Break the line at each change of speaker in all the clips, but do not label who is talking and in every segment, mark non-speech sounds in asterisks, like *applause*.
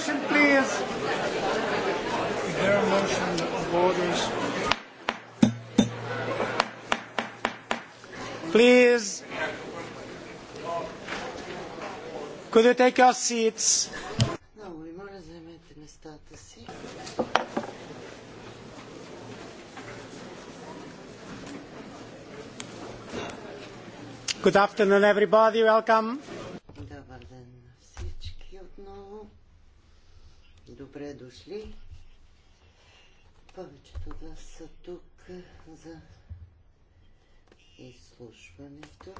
motion, please?
Is there a motion of orders?
Please. Could you take your seats? Good afternoon, everybody. Welcome.
добре дошли. Повечето от вас са тук за изслушването.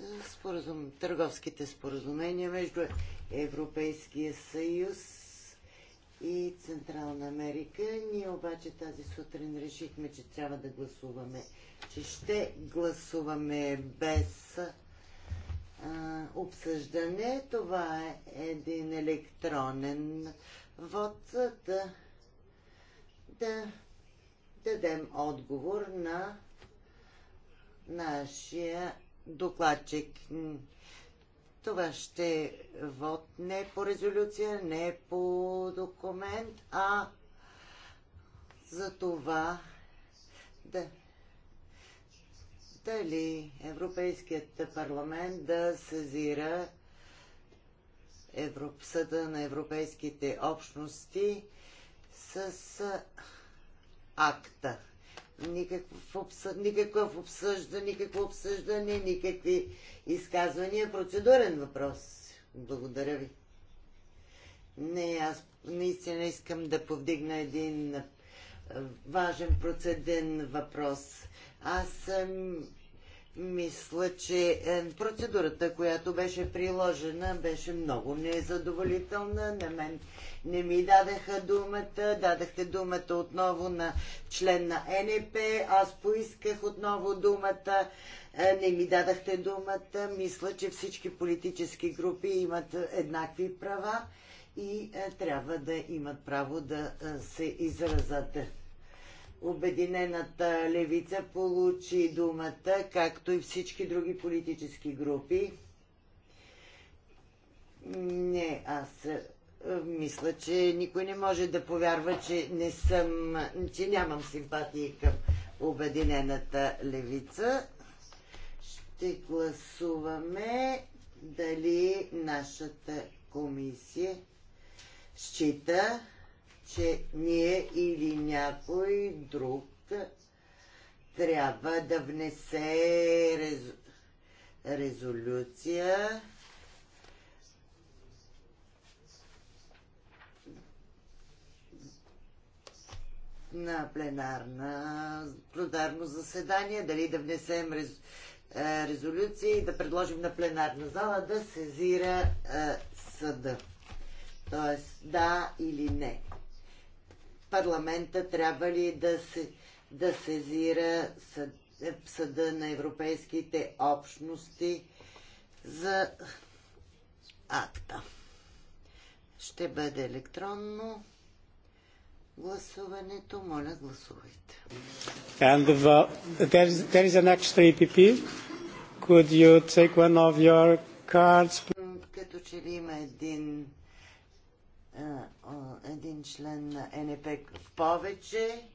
За споразум... търговските споразумения между Европейския съюз и Централна Америка. Ние обаче тази сутрин решихме, че трябва да гласуваме, че ще гласуваме без обсъждане. Това е един електронен вод да, да дадем отговор на нашия докладчик. Това ще е вод не по резолюция, не по документ, а за това да, ли Европейският парламент да сезира Европ... съда на европейските общности с акта? никакъв, никакъв обсъжда, никакво обсъждане, никакви изказвания. Процедурен въпрос. Благодаря ви. Не, аз наистина искам да повдигна един важен процеден въпрос. Аз съм мисля, че е, процедурата, която беше приложена, беше много незадоволителна. На мен не ми дадаха думата. Дадахте думата отново на член на НП. Аз поисках отново думата. Е, не ми дадахте думата. Мисля, че всички политически групи имат еднакви права и е, трябва да имат право да се изразат. Обединената левица получи думата, както и всички други политически групи. Не, аз е, е, мисля, че никой не може да повярва, че не съм, че нямам симпатии към Обединената левица. Ще гласуваме дали нашата комисия счита, че ние или някой друг трябва да внесе рез... резолюция на пленарна, пленарно заседание, дали да внесем рез, е, резолюция и да предложим на пленарна зала да сезира е, съда. Тоест да или не парламента трябва ли да, се, да сезира съд, съда на европейските общности за акта. Ще бъде електронно гласуването. Моля, гласувайте.
And the, there, is, there is an extra EPP. Could you take one of your cards?
Като че ли има един е, е, един член на НП в повече.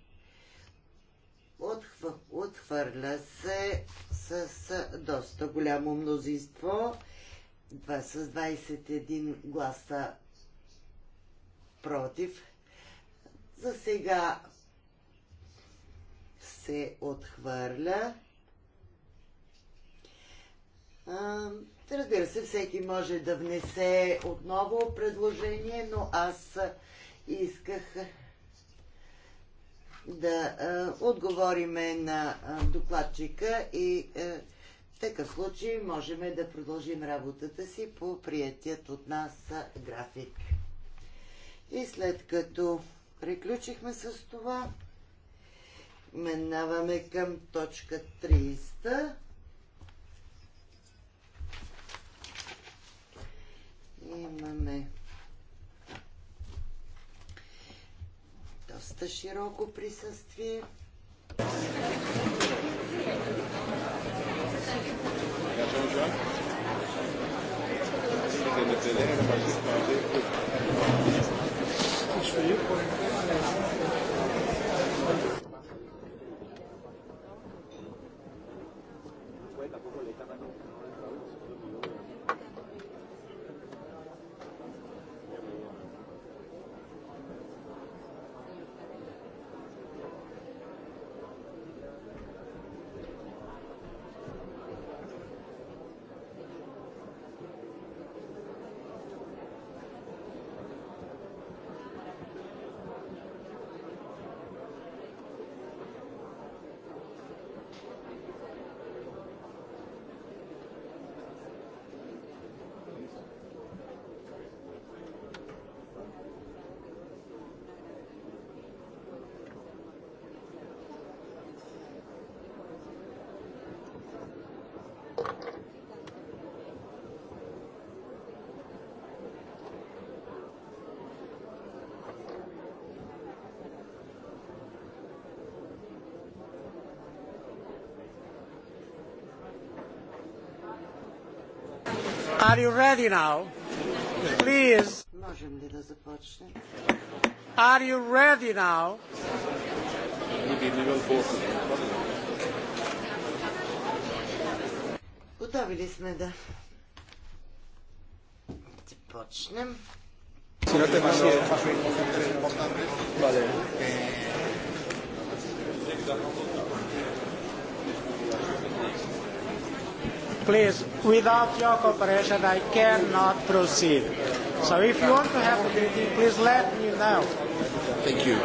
отхвърля се с, доста голямо мнозинство. с 21 гласа против. За сега се отхвърля. Разбира се, всеки може да внесе отново предложение, но аз исках да а, е, отговориме на а, е, докладчика и а, е, в такъв случай можем да продължим работата си по приятият от нас график. И след като приключихме с това, минаваме към точка 30 Имаме доста широко присъствие. Thank
you.
Are you ready now? Please. Можем ли да започнем? Are you
ready now? Готови ли сме да започнем?
Si no te mando paso importantes. Vale. Eh...
Please, without your cooperation, I cannot proceed. So if you want to have a meeting, please let me know. Thank you.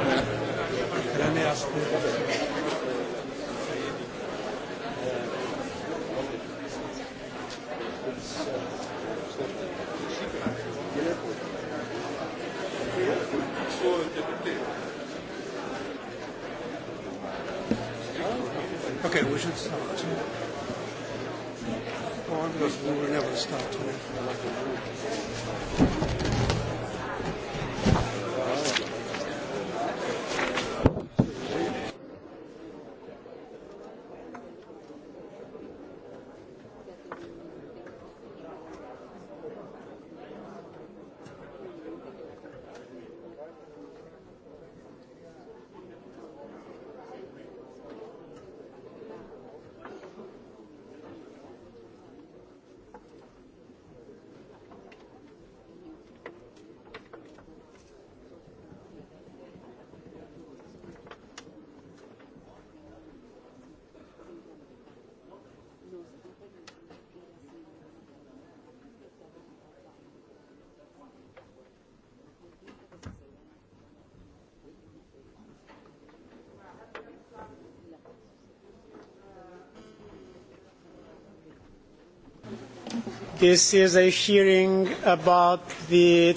This is a hearing about the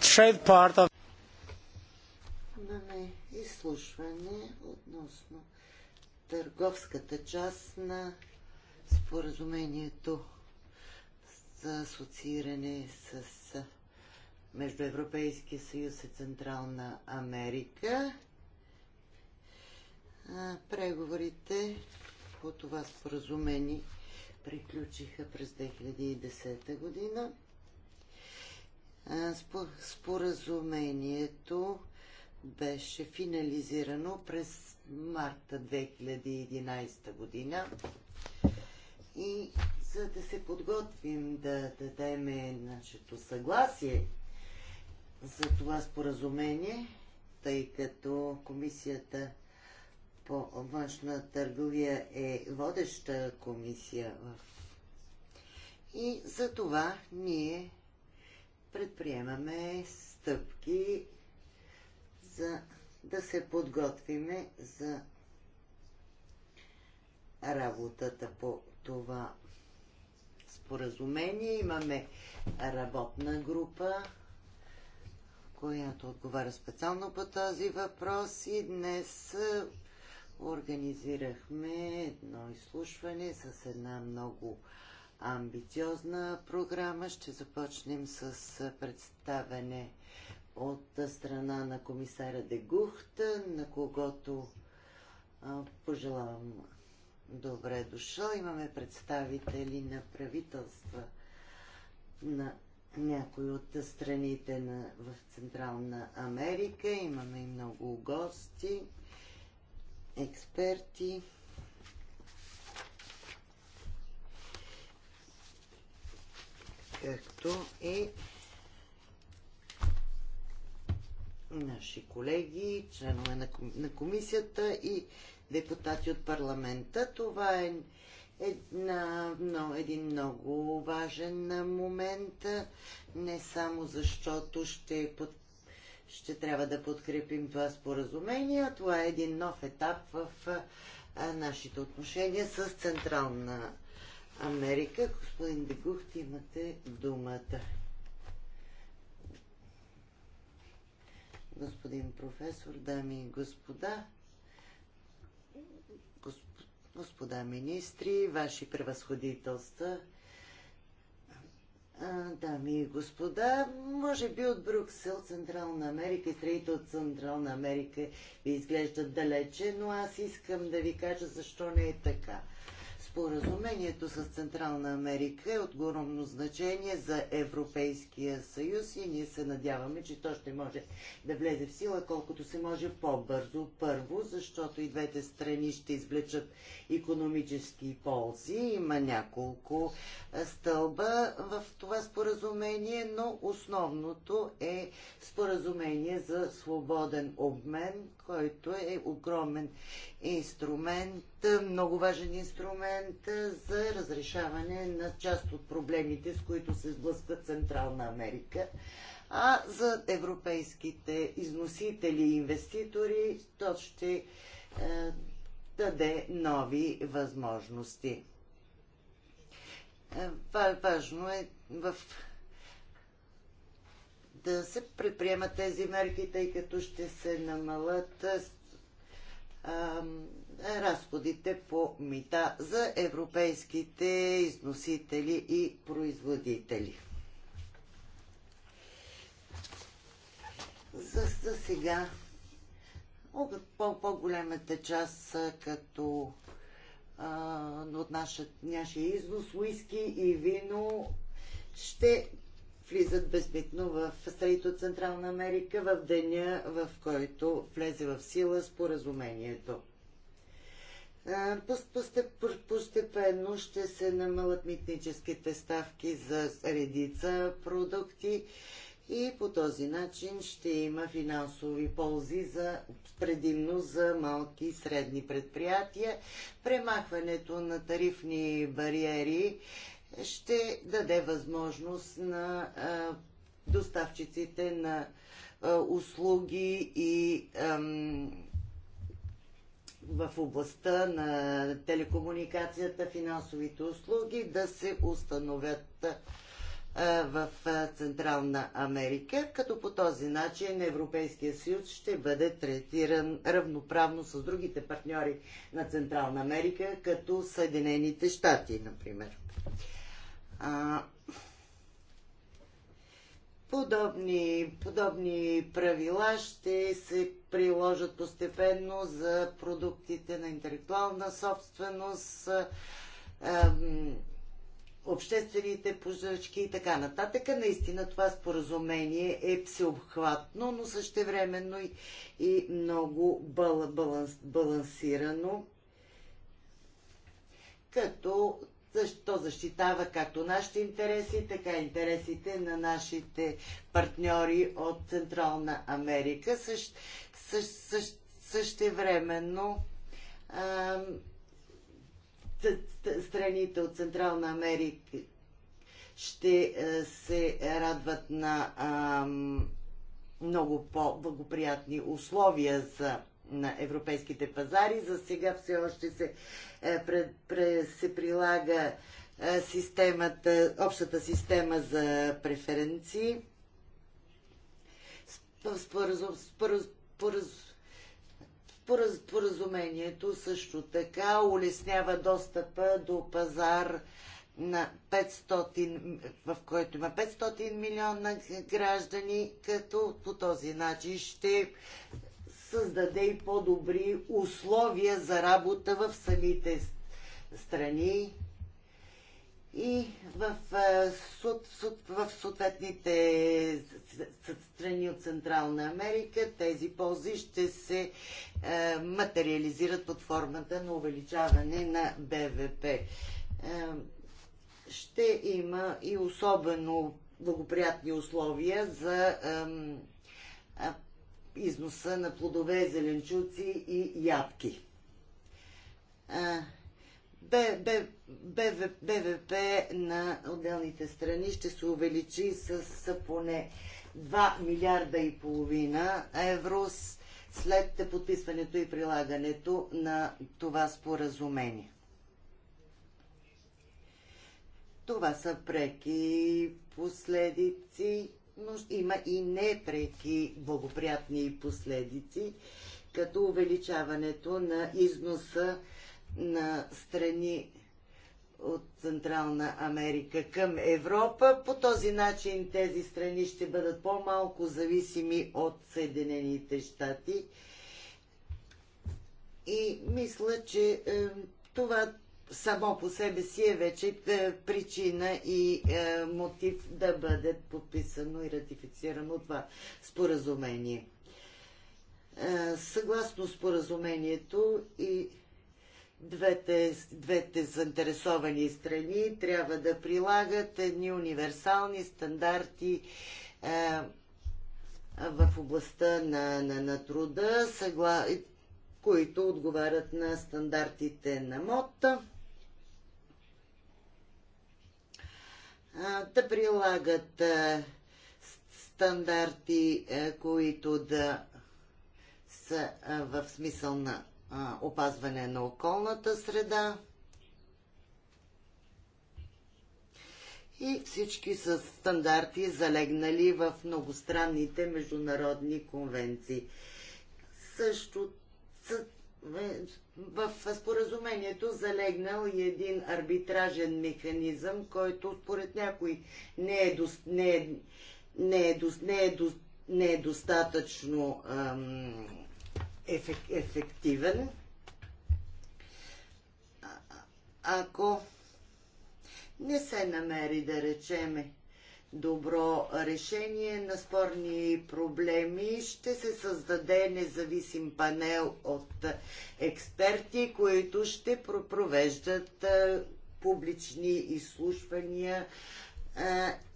trade part of
Имаме изслушване относно търговската част на споразумението за асоцииране с между Европейския съюз и Централна Америка. Преговорите по това споразумение приключиха през 2010 година. Споразумението беше финализирано през марта 2011 година и за да се подготвим да дадем нашето съгласие за това споразумение, тъй като комисията по външна търговия е водеща комисия. И за това ние предприемаме стъпки за да се подготвиме за работата по това споразумение. Имаме работна група, която отговаря специално по този въпрос и днес организирахме едно изслушване с една много амбициозна програма. Ще започнем с представене от страна на комисара Дегухт, на когото пожелавам добре дошъл. Имаме представители на правителства на някои от страните на, в Централна Америка. Имаме и много гости експерти. както и наши колеги, членове на, комисията и депутати от парламента. Това е една, но, един много важен момент, не само защото ще под ще трябва да подкрепим това споразумение. Това е един нов етап в нашите отношения с Централна Америка. Господин Дегухт, имате думата. Господин професор, дами и господа, господа министри, ваши превъзходителства, Дами и господа, може би от Брюксел, Централна Америка и страните от Централна Америка ви изглеждат далече, но аз искам да ви кажа защо не е така. Споразумението с Централна Америка е от огромно значение за Европейския съюз и ние се надяваме, че то ще може да влезе в сила колкото се може по-бързо. Първо, защото и двете страни ще извлечат економически ползи. Има няколко стълба в това споразумение, но основното е споразумение за свободен обмен който е огромен инструмент, много важен инструмент за разрешаване на част от проблемите, с които се сблъсква Централна Америка. А за европейските износители и инвеститори то ще е, даде нови възможности. Е, важно е в да се предприемат тези мерки, тъй като ще се намалят а, разходите по мита за европейските износители и производители. За, за сега по големата -по част като а, от нашия износ уиски и вино ще влизат безмитно в страните от Централна Америка в деня, в който влезе в сила споразумението. Постепенно ще се намалят митническите ставки за редица продукти и по този начин ще има финансови ползи за, предимно за малки и средни предприятия. Премахването на тарифни бариери ще даде възможност на доставчиците на услуги и в областта на телекомуникацията, финансовите услуги да се установят в Централна Америка, като по този начин Европейския съюз ще бъде третиран равноправно с другите партньори на Централна Америка, като Съединените щати, например. А, подобни, подобни правила ще се приложат постепенно за продуктите на интелектуална собственост, обществените пожъчки и така нататък. Наистина това споразумение е всеобхватно, но същевременно и, и много бал, баланс, балансирано, като то защитава както нашите интереси, така и интересите на нашите партньори от Централна Америка. Същ, същ, същ, същевременно а, страните от Централна Америка ще се радват на а, много по-благоприятни условия за на европейските пазари. За сега все още се, е, пред, пред, се прилага е, системата, общата система за преференции. Поразумението също така улеснява достъпа до пазар на 500, в който има 500 милиона граждани, като по този начин ще е, създаде и по-добри условия за работа в самите страни и в, в, в съответните страни от Централна Америка тези ползи ще се е, материализират под формата на увеличаване на БВП. Е, ще има и особено благоприятни условия за е, износа на плодове, зеленчуци и ябки. БВП на отделните страни ще се увеличи с поне 2 милиарда и половина евро след подписването и прилагането на това споразумение. Това са преки последици но има и непреки благоприятни последици, като увеличаването на износа на страни от Централна Америка към Европа. По този начин тези страни ще бъдат по-малко зависими от Съединените щати. И мисля, че е, това само по себе си е вече е, причина и е, мотив да бъде подписано и ратифицирано това споразумение. Е, съгласно споразумението и двете, двете заинтересовани страни трябва да прилагат едни универсални стандарти в областта на, на, на труда, съгла които отговарят на стандартите на МОТА. да прилагат стандарти, които да са в смисъл на опазване на околната среда. И всички са стандарти залегнали в многостранните международни конвенции. Също в споразумението залегнал и един арбитражен механизъм, който според някой не е, до, не е, не е, до, не е, до, не е достатъчно ам, ефек, ефективен. А, ако не се намери, да речеме, добро решение на спорни проблеми. Ще се създаде независим панел от експерти, които ще провеждат публични изслушвания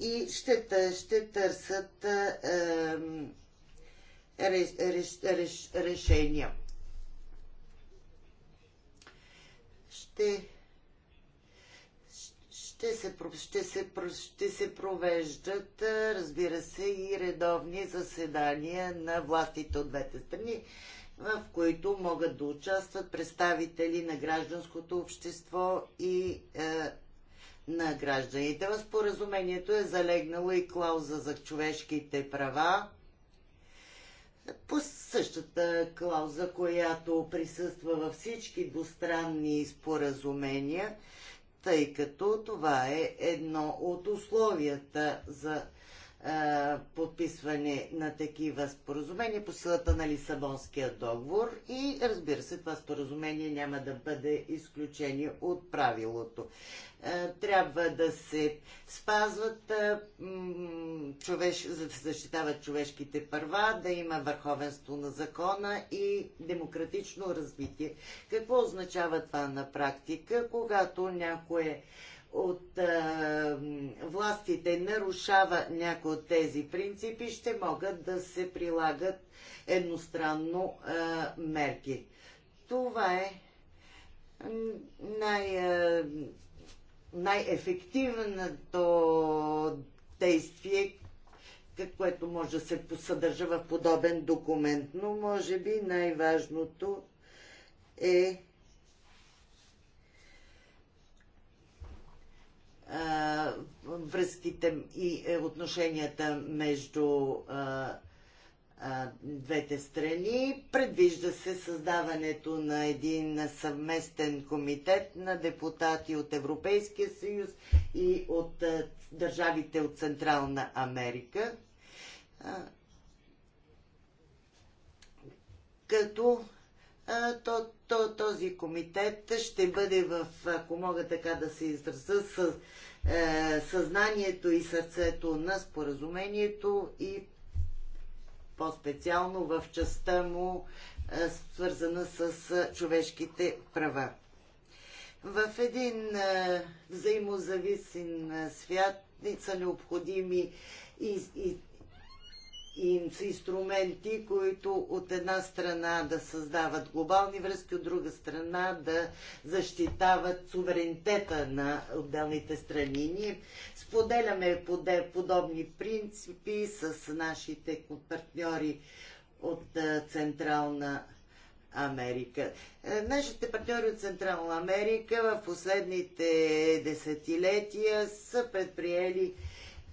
и ще, ще търсят решения. Ще ще се, ще се, ще се провеждат, разбира се, и редовни заседания на властите от двете страни, в които могат да участват представители на гражданското общество и е, на гражданите. В споразумението е залегнало и клауза за човешките права, по същата клауза, която присъства във всички двустранни споразумения, тъй като това е едно от условията за е, подписване на такива споразумения по силата на Лисабонския договор и разбира се, това споразумение няма да бъде изключение от правилото. Е, трябва да се спазват е, за да се защитават човешките права, да има върховенство на закона и демократично развитие. Какво означава това на практика, когато някое от а, властите нарушава някои от тези принципи, ще могат да се прилагат едностранно а, мерки. Това е най, а, най-ефективното действие, което може да се съдържа в подобен документ. Но може би най-важното е връзките и е, отношенията между двете страни. Предвижда се създаването на един съвместен комитет на депутати от Европейския съюз и от държавите от Централна Америка. Като то то този комитет ще бъде в, ако мога така да се израза, с е, съзнанието и сърцето на споразумението и по-специално в частта му е, свързана с е, човешките права. В един е, взаимозависим е, свят са необходими и, и инструменти, които от една страна да създават глобални връзки, от друга страна да защитават суверенитета на отделните страни. Ние споделяме подобни принципи с нашите партньори от Централна Америка. Е, нашите партньори от Централна Америка в последните десетилетия са предприели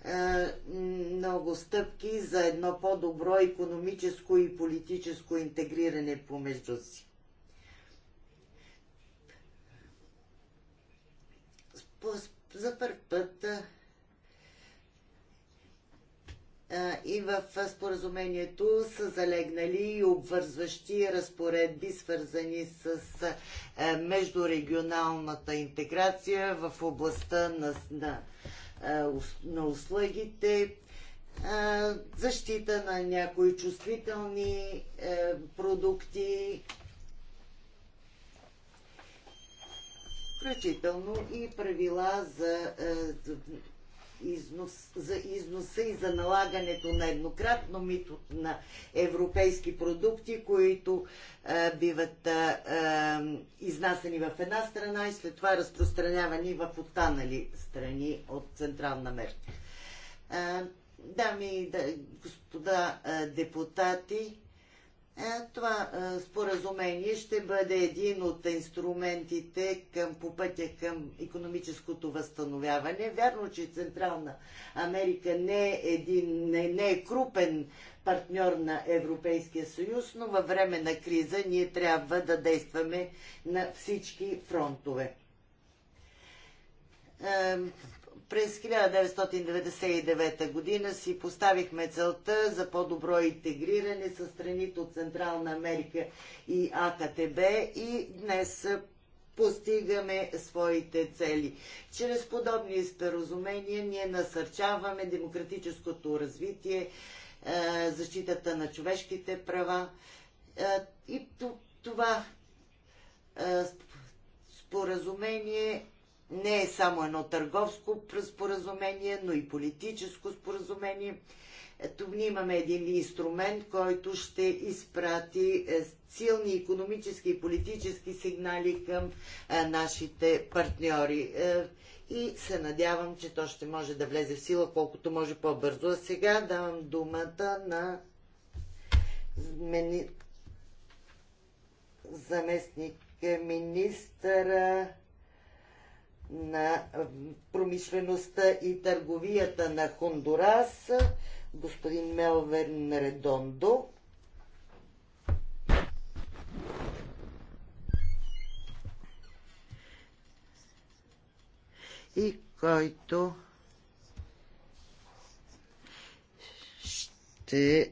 е, много стъпки за едно по-добро економическо и политическо интегриране помежду си. За първ път е, и в споразумението са залегнали и обвързващи разпоредби, свързани с е, междурегионалната интеграция в областта на, на на услугите, защита на някои чувствителни е, продукти, включително и правила за е, износ, за износа и за налагането на еднократно мито на европейски продукти, които а, е, биват а, е, а, е, изнасяни в една страна и след това разпространявани в останали страни от Централна Америка. Дами и да, господа а, депутати, е, това е, споразумение ще бъде един от инструментите към, по пътя към економическото възстановяване. Вярно, че Централна Америка не е, един, не, не е крупен партньор на Европейския съюз, но във време на криза ние трябва да действаме на всички фронтове е, през 1999 година си поставихме целта за по-добро интегриране с страните от Централна Америка и АКТБ и днес постигаме своите цели. Чрез подобни споразумения ние насърчаваме демократическото развитие, е, защитата на човешките права е, и това е, споразумение не е само едно търговско споразумение, но и политическо споразумение. Ето ние имаме един инструмент, който ще изпрати е, силни економически и политически сигнали към е, нашите партньори. Е, и се надявам, че то ще може да влезе в сила колкото може по-бързо. А сега давам думата на заместник министъра на промишлеността и търговията на Хондурас, господин Мелверн Редондо. И който ще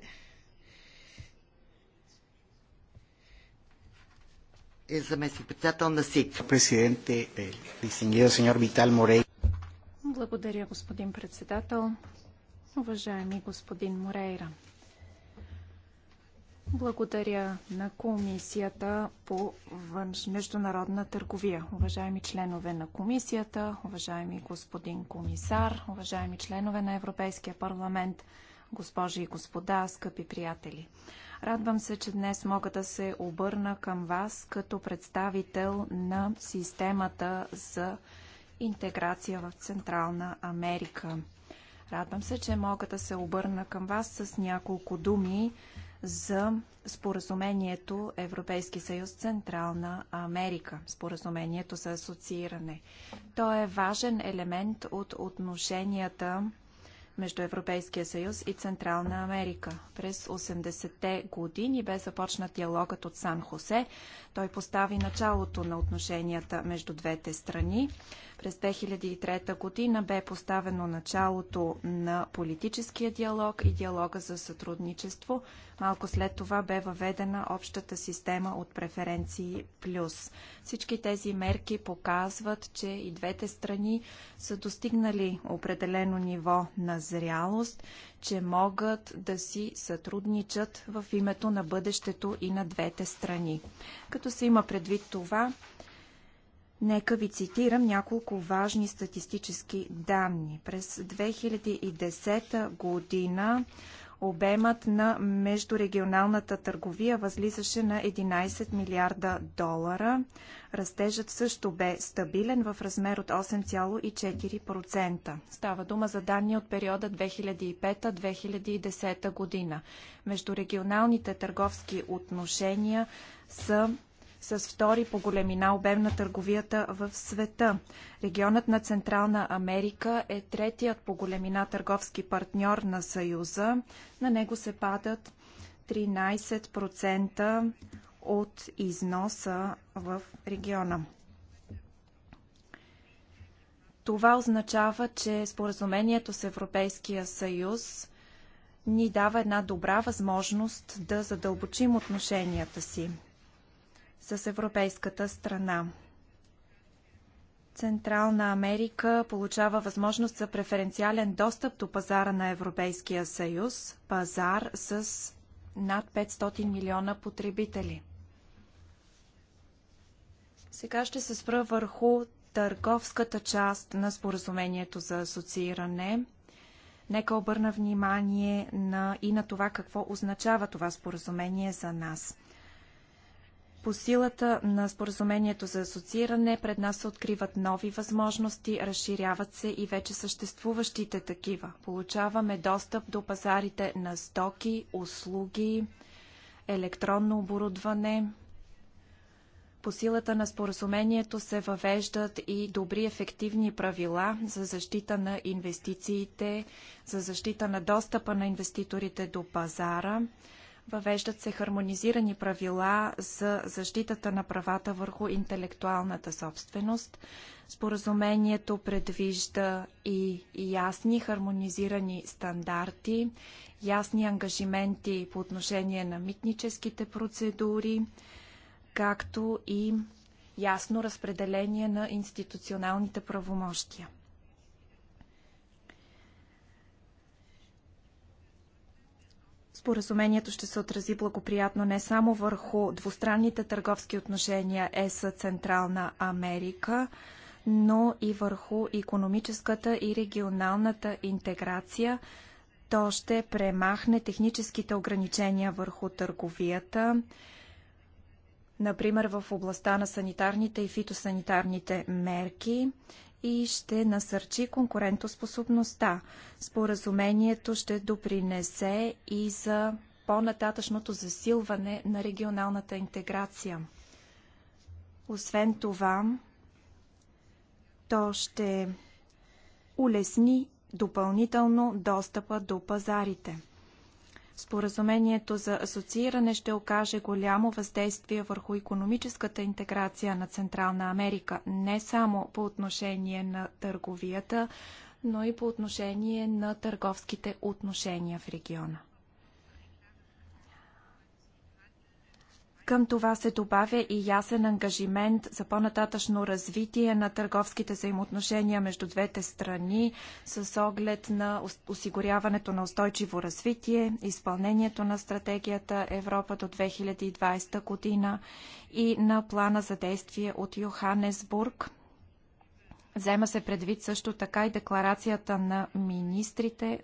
Е заместник председател на СИД. Е,
благодаря, господин председател. Уважаеми господин Морейра, благодаря на Комисията по международна търговия. Уважаеми членове на Комисията, уважаеми господин комисар, уважаеми членове на Европейския парламент, госпожи и господа, скъпи приятели. Радвам се, че днес мога да се обърна към вас като представител на системата за интеграция в Централна Америка. Радвам се, че мога да се обърна към вас с няколко думи за споразумението Европейски съюз Централна Америка, споразумението за асоцииране. То е важен елемент от отношенията между Европейския съюз и Централна Америка. През 80-те години бе започнат диалогът от Сан Хосе. Той постави началото на отношенията между двете страни. През 2003 година бе поставено началото на политическия диалог и диалога за сътрудничество. Малко след това бе въведена общата система от преференции плюс. Всички тези мерки показват, че и двете страни са достигнали определено ниво на зрялост, че могат да си сътрудничат в името на бъдещето и на двете страни. Като се има предвид това, Нека ви цитирам няколко важни статистически данни. През 2010 година обемът на междурегионалната търговия възлизаше на 11 милиарда долара. Растежът също бе стабилен в размер от 8,4%. Става дума за данни от периода 2005-2010 година. Междурегионалните търговски отношения са с втори по големина обем на търговията в света. Регионът на Централна Америка е третият по големина търговски партньор на Съюза. На него се падат 13% от износа в региона. Това означава, че споразумението с Европейския съюз ни дава една добра възможност да задълбочим отношенията си с европейската страна. Централна Америка получава възможност за преференциален достъп до пазара на Европейския съюз, пазар с над 500 милиона потребители. Сега ще се спра върху търговската част на споразумението за асоцииране. Нека обърна внимание на, и на това какво означава това споразумение за нас. По силата на споразумението за асоцииране пред нас се откриват нови възможности, разширяват се и вече съществуващите такива. Получаваме достъп до пазарите на стоки, услуги, електронно оборудване. По силата на споразумението се въвеждат и добри ефективни правила за защита на инвестициите, за защита на достъпа на инвеститорите до пазара, Въвеждат се хармонизирани правила за защитата на правата върху интелектуалната собственост. Споразумението предвижда и ясни хармонизирани стандарти, ясни ангажименти по отношение на митническите процедури, както и ясно разпределение на институционалните правомощия. Споразумението ще се отрази благоприятно не само върху двустранните търговски отношения ЕС Централна Америка, но и върху економическата и регионалната интеграция. То ще премахне техническите ограничения върху търговията, например в областта на санитарните и фитосанитарните мерки и ще насърчи конкурентоспособността. Споразумението ще допринесе и за по-нататъчното засилване на регионалната интеграция. Освен това, то ще улесни допълнително достъпа до пазарите. Споразумението за асоцииране ще окаже голямо въздействие върху економическата интеграция на Централна Америка, не само по отношение на търговията, но и по отношение на търговските отношения в региона. Към това се добавя и ясен ангажимент за по-нататъчно развитие на търговските взаимоотношения между двете страни с оглед на осигуряването на устойчиво развитие, изпълнението на стратегията Европа до 2020 година и на плана за действие от Йоханесбург. Взема се предвид също така и декларацията на министрите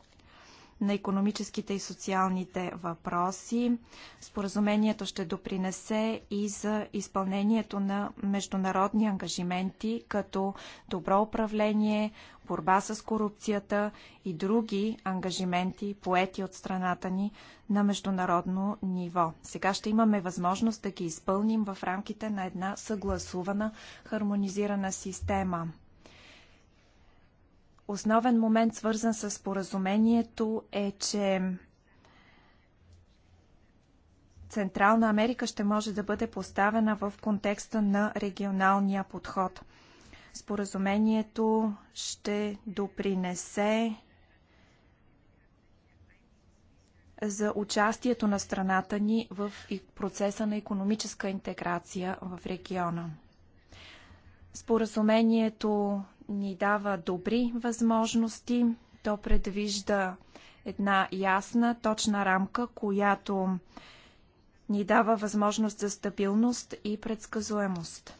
на економическите и социалните въпроси. Споразумението ще допринесе и за изпълнението на международни ангажименти, като добро управление, борба с корупцията и други ангажименти, поети от страната ни на международно ниво. Сега ще имаме възможност да ги изпълним в рамките на една съгласувана, хармонизирана система. Основен момент, свързан с споразумението, е, че Централна Америка ще може да бъде поставена в контекста на регионалния подход. Споразумението ще допринесе за участието на страната ни в процеса на економическа интеграция в региона. Споразумението ни дава добри възможности. То предвижда една ясна, точна рамка, която ни дава възможност за стабилност и предсказуемост.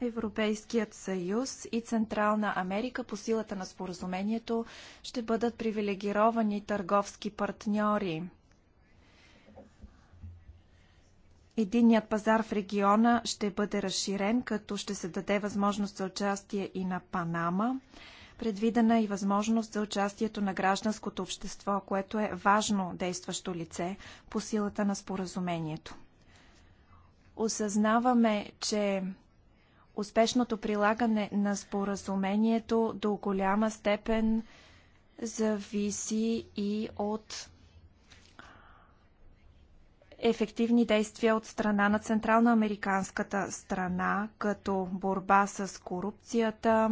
Европейският съюз и Централна Америка по силата на споразумението ще бъдат привилегировани търговски партньори. Единният пазар в региона ще бъде разширен, като ще се даде възможност за участие и на Панама. Предвидена е и възможност за участието на гражданското общество, което е важно действащо лице по силата на споразумението. Осъзнаваме, че успешното прилагане на споразумението до голяма степен зависи и от ефективни действия от страна на централноамериканската страна, като борба с корупцията,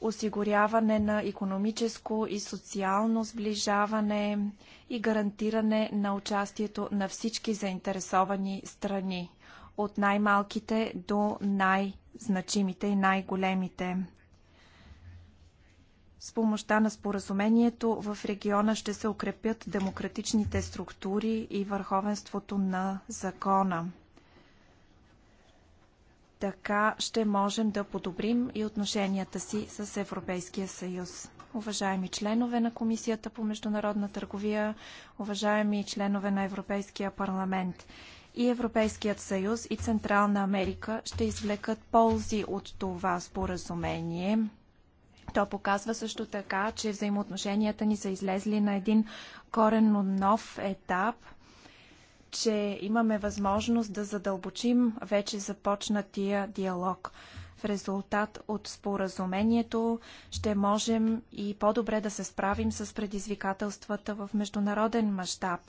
осигуряване на економическо и социално сближаване и гарантиране на участието на всички заинтересовани страни, от най-малките до най-значимите и най-големите. С помощта на споразумението в региона ще се укрепят демократичните структури и върховенството на закона. Така ще можем да подобрим и отношенията си с Европейския съюз. Уважаеми членове на Комисията по международна търговия, уважаеми членове на Европейския парламент, и Европейският съюз и Централна Америка ще извлекат ползи от това споразумение. То показва също така, че взаимоотношенията ни са излезли на един коренно нов етап, че имаме възможност да задълбочим вече започнатия диалог. В резултат от споразумението ще можем и по-добре да се справим с предизвикателствата в международен мащаб.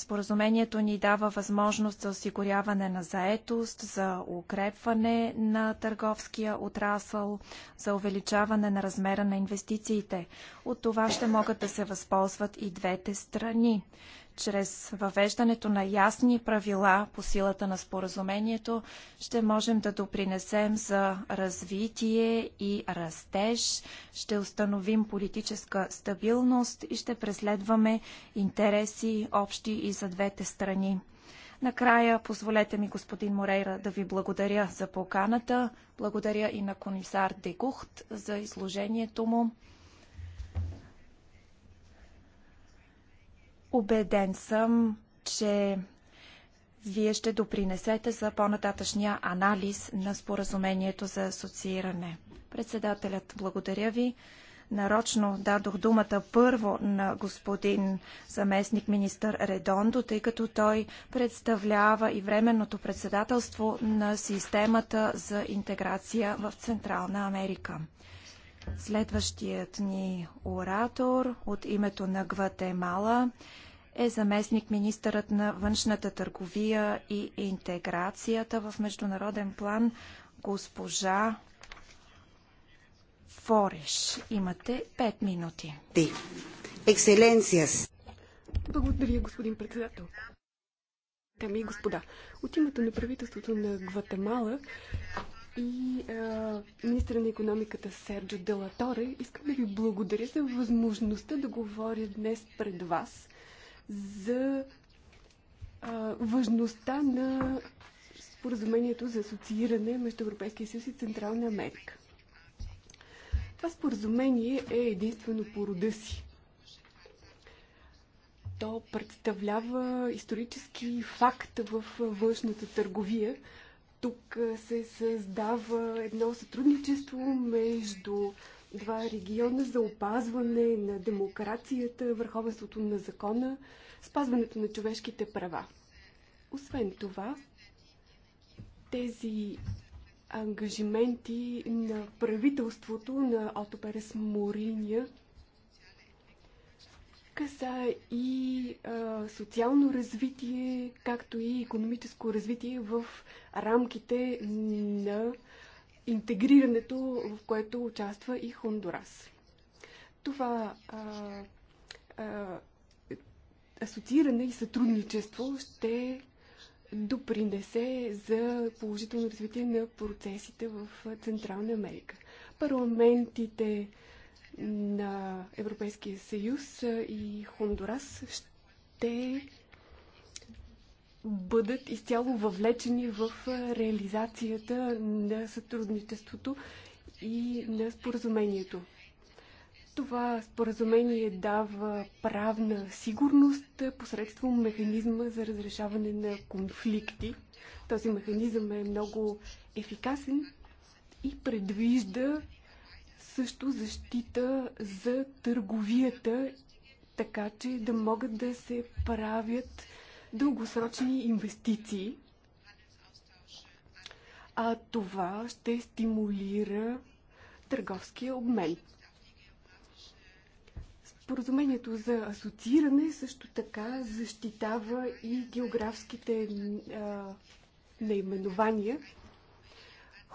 Споразумението ни дава възможност за осигуряване на заетост, за укрепване на търговския отрасъл, за увеличаване на размера на инвестициите. От това ще могат да се възползват и двете страни чрез въвеждането на ясни правила по силата на споразумението ще можем да допринесем за развитие и растеж, ще установим политическа стабилност и ще преследваме интереси общи и за двете страни. Накрая, позволете ми, господин Морейра, да ви благодаря за поканата. Благодаря и на комисар Дегухт за изложението му. Обеден съм, че вие ще допринесете за по-нататъчния анализ на споразумението за асоцииране. Председателят, благодаря ви. Нарочно дадох думата първо на господин заместник министър Редондо, тъй като той представлява и временното председателство на системата за интеграция в Централна Америка. Следващият ни оратор от името на Гватемала е заместник министърът на външната търговия и интеграцията в международен план госпожа Фореш. Имате 5 минути.
Екселенциас.
Благодаря, господин председател. Дами и господа, от името на правителството на Гватемала и а, министра на економиката Серджо Делаторе. Искам да ви благодаря за възможността да говоря днес пред вас за а, важността на споразумението за асоцииране между Европейския съюз и Централна Америка. Това споразумение е единствено по рода си. То представлява исторически факт в външната търговия, тук се създава едно сътрудничество между два региона за опазване на демокрацията, върховенството на закона, спазването на човешките права. Освен това, тези ангажименти на правителството на Отоперес Мориния каса и а, социално развитие, както и економическо развитие в рамките на интегрирането, в което участва и Хондурас. Това а, а, асоцииране и сътрудничество ще допринесе за положително развитие на процесите в Централна Америка. Парламентите на Европейския съюз и Хондурас ще бъдат изцяло въвлечени в реализацията на сътрудничеството и на споразумението. Това споразумение дава правна сигурност посредством механизма за разрешаване на конфликти. Този механизъм е много ефикасен и предвижда също защита за търговията, така че да могат да се правят дългосрочни инвестиции. А това ще стимулира търговския обмен. Споразумението за асоцииране също така защитава и географските а, наименования,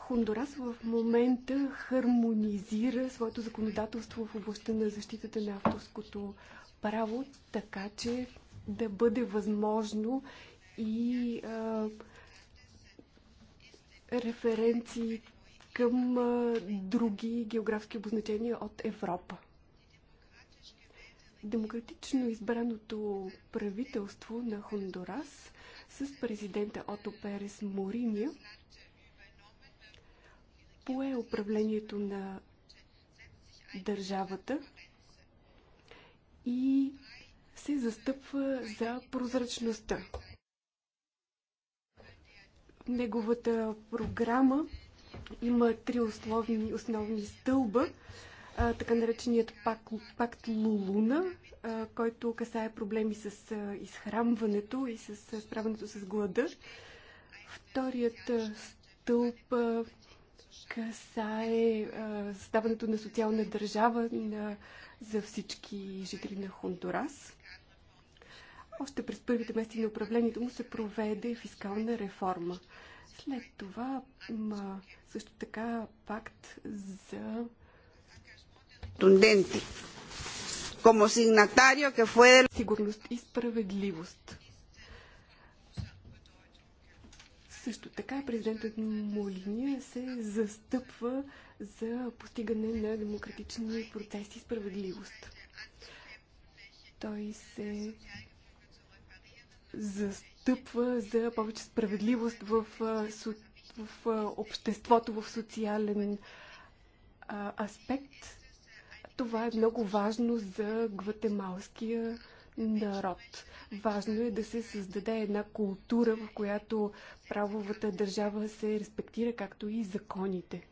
Хондурас в момента хармонизира своето законодателство в областта на защитата на авторското право, така че да бъде възможно и а, референции към а, други географски обозначения от Европа. Демократично избраното правителство на Хондурас с президента Ото Перес Мориния пое управлението на държавата и се застъпва за прозрачността. Неговата програма има три основни, основни стълба. А, така нареченият пакт, пакт Лулуна, а, който касае проблеми с а, изхранването и с а, справянето с глада. Вторият стълб а, касае създаването на социална държава на, за всички жители на Хондурас. Още през първите месеци на управлението му се проведе фискална реформа. След това ма, също така пакт за Тунденти. Como signatario que fue... Сигурност и справедливост. Също така президентът Молиния се застъпва за постигане на демократични процеси и справедливост. Той се застъпва за повече справедливост в, в обществото, в социален аспект. Това е много важно за гватемалския народ. Важно е да се създаде една култура, в която правовата държава се респектира, както и законите.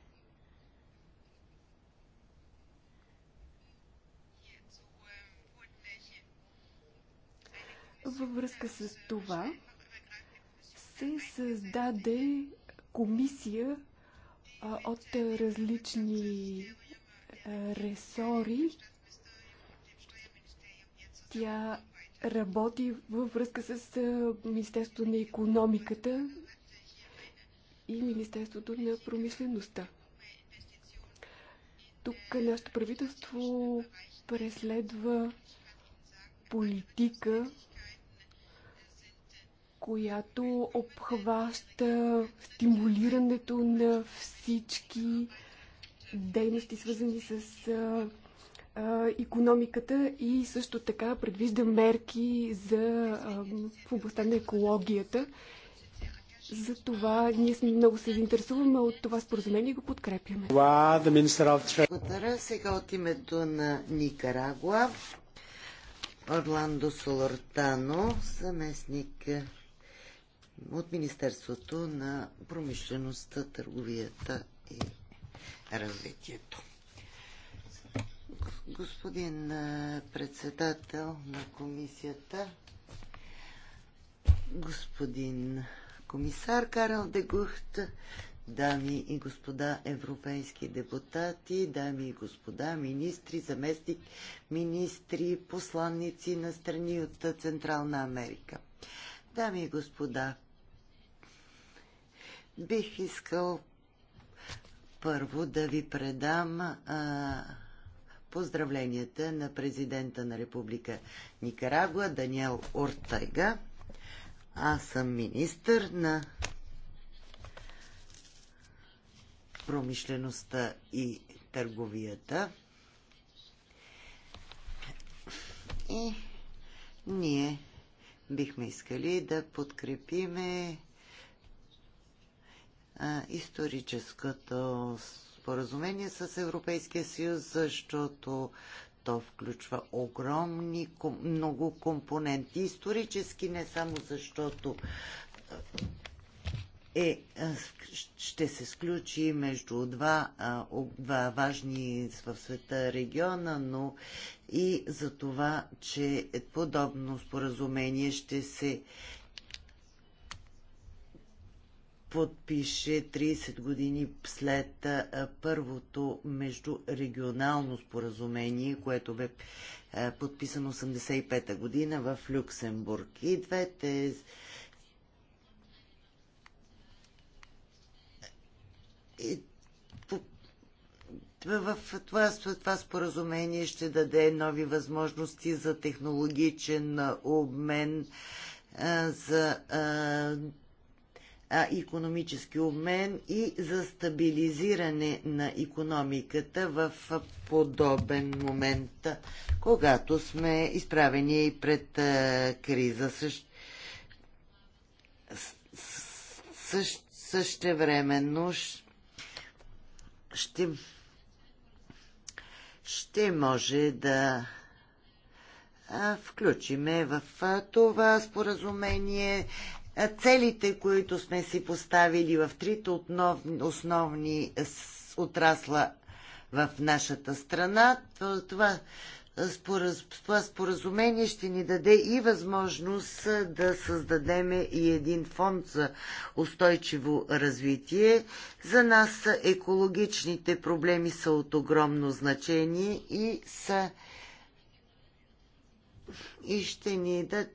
Във връзка с това се създаде комисия от различни ресори, тя работи във връзка с Министерството на економиката и Министерството на промишлеността. Тук нашето правителство преследва политика, която обхваща стимулирането на всички дейности, свързани с економиката и също така предвижда мерки за, в областта на екологията. Затова ние сме много се заинтересуваме от това споразумение и го подкрепяме. Благодаря сега от
името на Никарагуа. Орландо Солортано, съместник е, от Министерството на промишлеността, търговията и развитието. Господин председател на комисията, господин комисар Карл Дегухт, дами и господа европейски депутати, дами и господа министри, заместник министри, посланници на страни от Централна Америка. Дами и господа, бих искал първо да ви предам а, поздравленията на президента на Република Никарагуа Даниел Ортайга. Аз съм министър на промишлеността и търговията. И ние бихме искали да подкрепиме историческото споразумение с Европейския съюз, защото то включва огромни, много компоненти. Исторически не само защото е, ще се сключи между два, два важни в света региона, но и за това, че подобно споразумение ще се подпише 30 години след първото междурегионално споразумение, което бе подписано 85-та година в Люксембург. И двете в това, това споразумение ще даде нови възможности за технологичен обмен, за економически обмен и за стабилизиране на економиката в подобен момент, когато сме изправени и пред криза. Също, също, същевременно ще, ще може да включиме в това споразумение целите, които сме си поставили в трите основни отрасла в нашата страна. Това споразумение ще ни даде и възможност да създадем и един фонд за устойчиво развитие. За нас екологичните проблеми са от огромно значение и са и ще ни да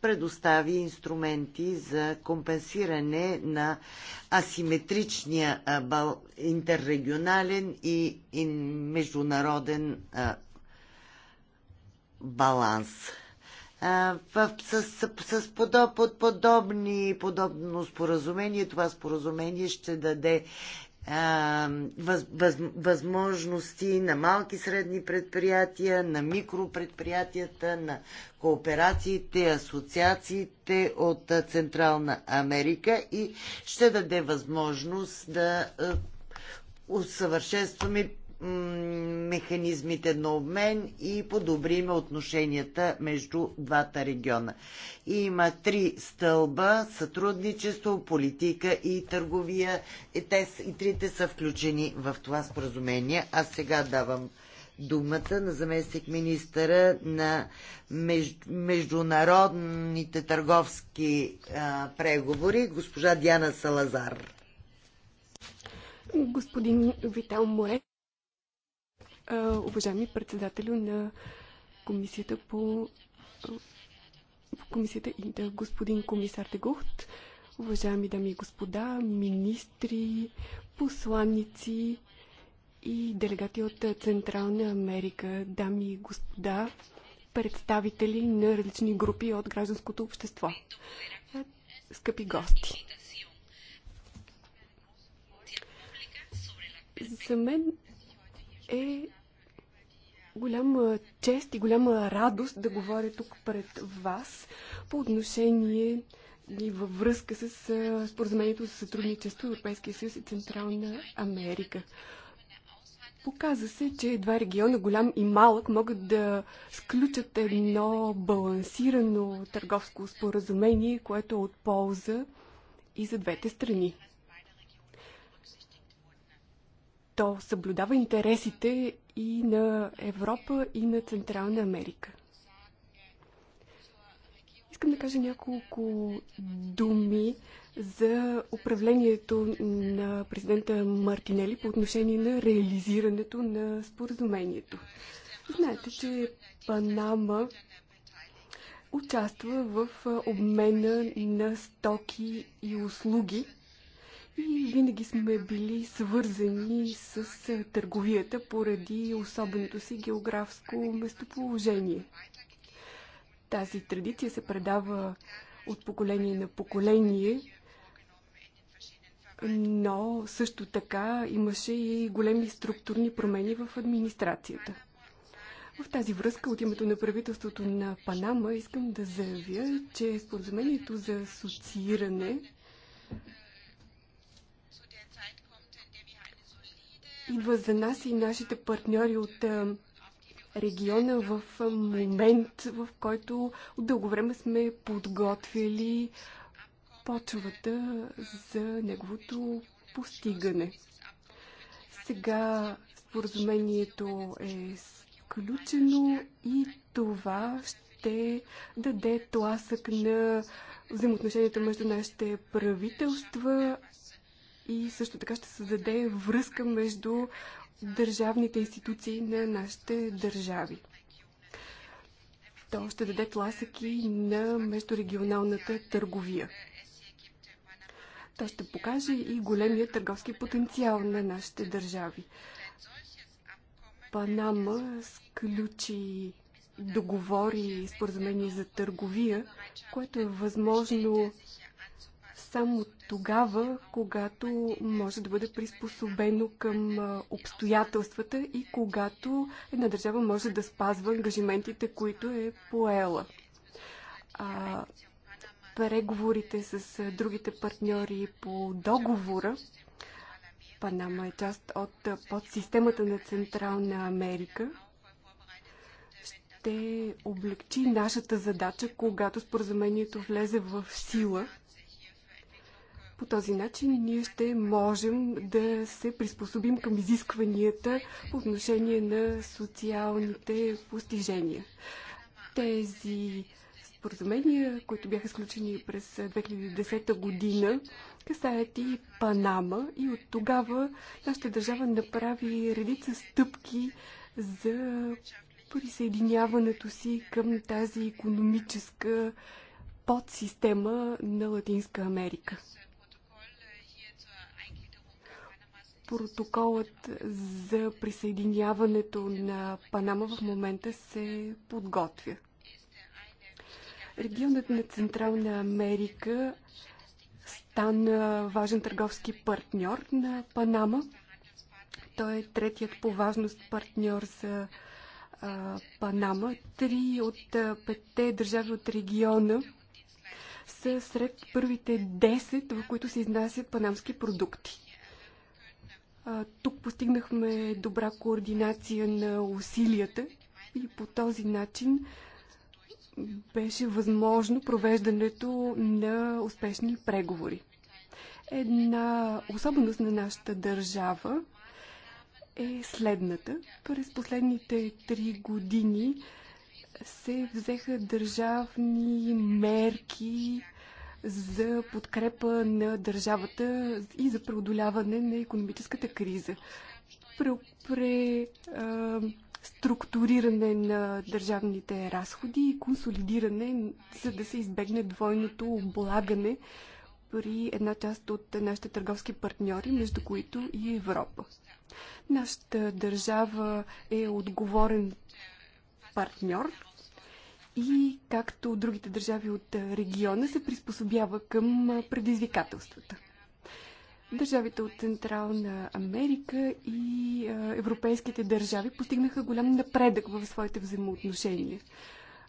предостави инструменти за компенсиране на асиметричния интеррегионален и международен баланс. В, с, с, с подоб, под подобни, подобно споразумение, това споразумение ще даде въз, въз, възможности на малки средни предприятия, на микропредприятията, на кооперациите, асоциациите от Централна Америка и ще даде възможност да усъвършенстваме механизмите на обмен и подобриме отношенията между двата региона. Има три стълба сътрудничество, политика и търговия. И, те, и трите са включени в това споразумение. А сега давам думата на заместник министъра на международните търговски а, преговори, госпожа Диана Салазар.
Господин Витал Море, уважаеми председателю на комисията по комисията и да господин комисар Дегухт, уважаеми дами и господа, министри, посланници и делегати от Централна Америка, дами и господа, представители на различни групи от гражданското общество. Скъпи гости! За мен е голяма чест и голяма радост да говоря тук пред вас по отношение и във връзка с споразумението за сътрудничество Европейския съюз и Централна Америка. Показа се, че два региона, голям и малък, могат да сключат едно балансирано търговско споразумение, което е от полза и за двете страни. То съблюдава интересите и на Европа, и на Централна Америка. Искам да кажа няколко думи за управлението на президента Мартинели по отношение на реализирането на споразумението. Знаете, че Панама участва в обмена на стоки и услуги и винаги сме били свързани с е, търговията поради особеното си географско местоположение. Тази традиция се предава от поколение на поколение, но също така имаше и големи структурни промени в администрацията. В тази връзка от името на правителството на Панама искам да заявя, че споразумението за асоцииране идва за нас и нашите партньори от региона в момент, в който от дълго време сме подготвили почвата за неговото постигане. Сега споразумението е сключено и това ще даде тласък на взаимоотношенията между нашите правителства и също така ще създаде връзка между държавните институции на нашите държави. То ще даде тласък и на междурегионалната търговия. То ще покаже и големия търговски потенциал на нашите държави. Панама сключи договори и споразумения за търговия, което е възможно само тогава, когато може да бъде приспособено към обстоятелствата и когато една държава може да спазва ангажиментите, които е поела. А, преговорите с другите партньори по договора, Панама е част от подсистемата на Централна Америка, ще облегчи нашата задача, когато споразумението влезе в сила – по този начин ние ще можем да се приспособим към изискванията по отношение на социалните постижения. Тези споразумения, които бяха сключени през 2010 година, касаят и Панама и от тогава нашата държава направи редица стъпки за присъединяването си към тази економическа подсистема на Латинска Америка. Протоколът за присъединяването на Панама в момента се подготвя. Регионът на Централна Америка стана важен търговски партньор на Панама. Той е третият по важност партньор за а, Панама. Три от а, петте държави от региона са сред първите 10, в които се изнасят панамски продукти. Тук постигнахме добра координация на усилията и по този начин беше възможно провеждането на успешни преговори. Една особеност на нашата държава е следната. През последните три години се взеха държавни мерки за подкрепа на държавата и за преодоляване на економическата криза. структуриране на държавните разходи и консолидиране, за да се избегне двойното облагане при една част от нашите търговски партньори, между които и Европа. Нашата държава е отговорен партньор и както другите държави от региона се приспособява към предизвикателствата. Държавите от Централна Америка и европейските държави постигнаха голям напредък в своите взаимоотношения.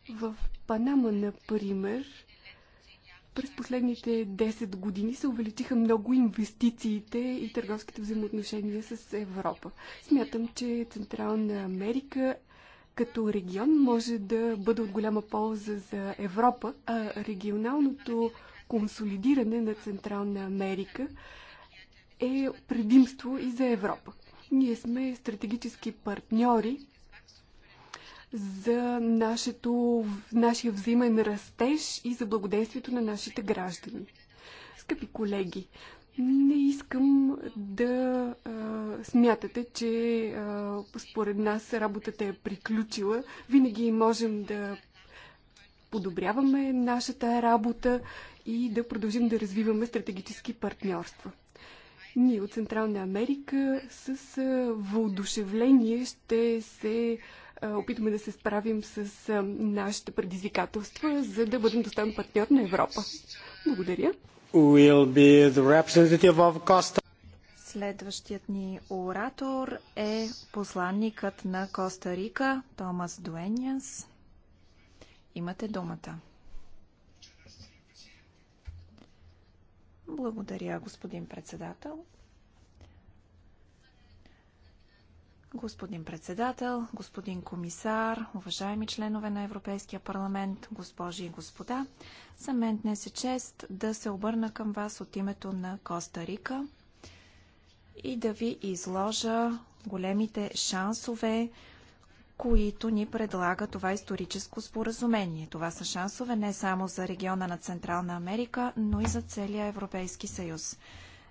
В Панама, например, през последните 10 години се увеличиха много инвестициите и търговските взаимоотношения с Европа. Смятам, че Централна Америка като регион може да бъде от голяма полза за Европа, а регионалното консолидиране на Централна Америка е предимство и за Европа. Ние сме стратегически партньори за нашето, нашия взаимен растеж и за благодействието на нашите граждани. Скъпи колеги, не искам да а, смятате, че а, според нас работата е приключила. Винаги можем да подобряваме нашата работа и да продължим да развиваме стратегически партньорства. Ние от Централна Америка с а, въодушевление ще се а, опитаме да се справим с а, нашите предизвикателства, за да бъдем достоен партньор на Европа.
Благодаря
will be the representative of Costa.
Следващият ни оратор е посланникът на Коста Рика, Томас Дуеняс. Имате думата. Благодаря, господин председател. Господин председател, господин комисар, уважаеми членове на Европейския парламент, госпожи и господа, за мен днес е чест да се обърна към вас от името на Коста Рика и да ви изложа големите шансове, които ни предлага това историческо споразумение. Това са шансове не само за региона на Централна Америка, но и за целия Европейски съюз.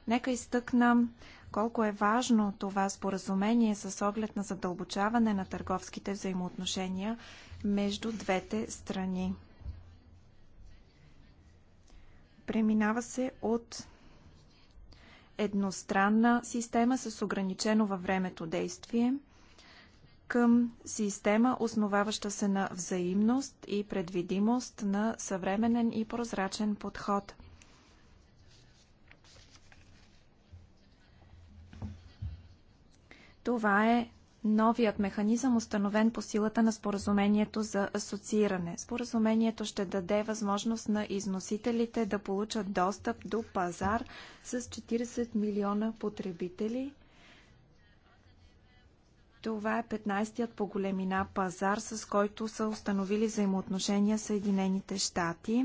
Нека изтъкна колко е важно това споразумение с оглед на задълбочаване на търговските взаимоотношения между двете страни. Преминава се от едностранна система с ограничено във времето действие към система, основаваща се на взаимност и предвидимост на съвременен и прозрачен подход. Това е новият механизъм, установен по силата на споразумението за асоцииране. Споразумението ще даде възможност на износителите да получат достъп до пазар с 40 милиона потребители. Това е 15-тият по големина пазар, с който са установили взаимоотношения Съединените щати.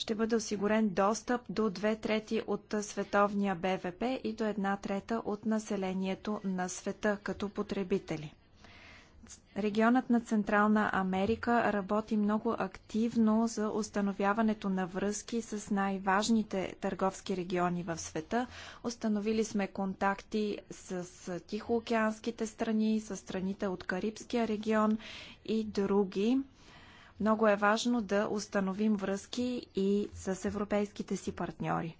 ще бъде осигурен достъп до две трети от световния БВП и до една трета от населението на света като потребители. Регионът на Централна Америка работи много активно за установяването на връзки с най-важните търговски региони в света. Установили сме контакти с тихоокеанските страни, с страните от Карибския регион и други. Много е важно да установим връзки и с европейските си партньори.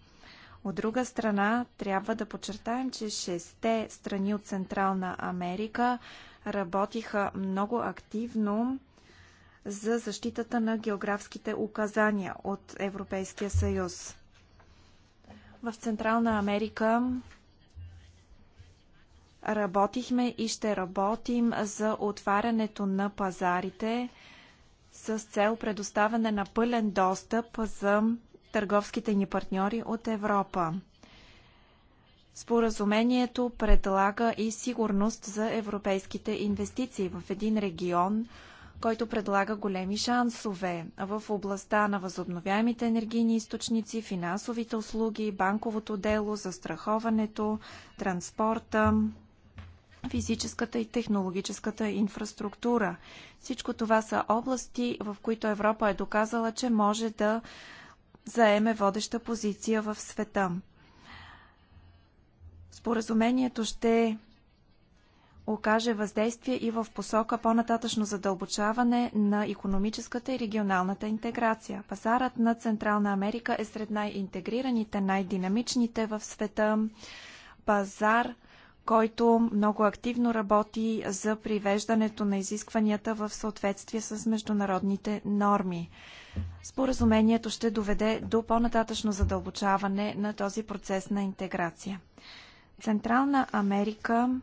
От друга страна, трябва да подчертаем, че шесте страни от Централна Америка работиха много активно за защитата на географските указания от Европейския съюз. В Централна Америка работихме и ще работим за отварянето на пазарите с цел предоставяне на пълен достъп за търговските ни партньори от Европа. Споразумението предлага и сигурност за европейските инвестиции в един регион, който предлага големи шансове в областта на възобновяемите енергийни източници, финансовите услуги, банковото дело, застраховането, транспорта, физическата и технологическата инфраструктура. Всичко това са области, в които Европа е доказала, че може да заеме водеща позиция в света. Споразумението ще окаже въздействие и в посока по-нататъчно задълбочаване на економическата и регионалната интеграция. Пазарът на Централна Америка е сред най-интегрираните, най-динамичните в света. Пазар – който много активно работи за привеждането на изискванията в съответствие с международните норми. Споразумението ще доведе до по-нататъчно задълбочаване на този процес на интеграция. Централна Америка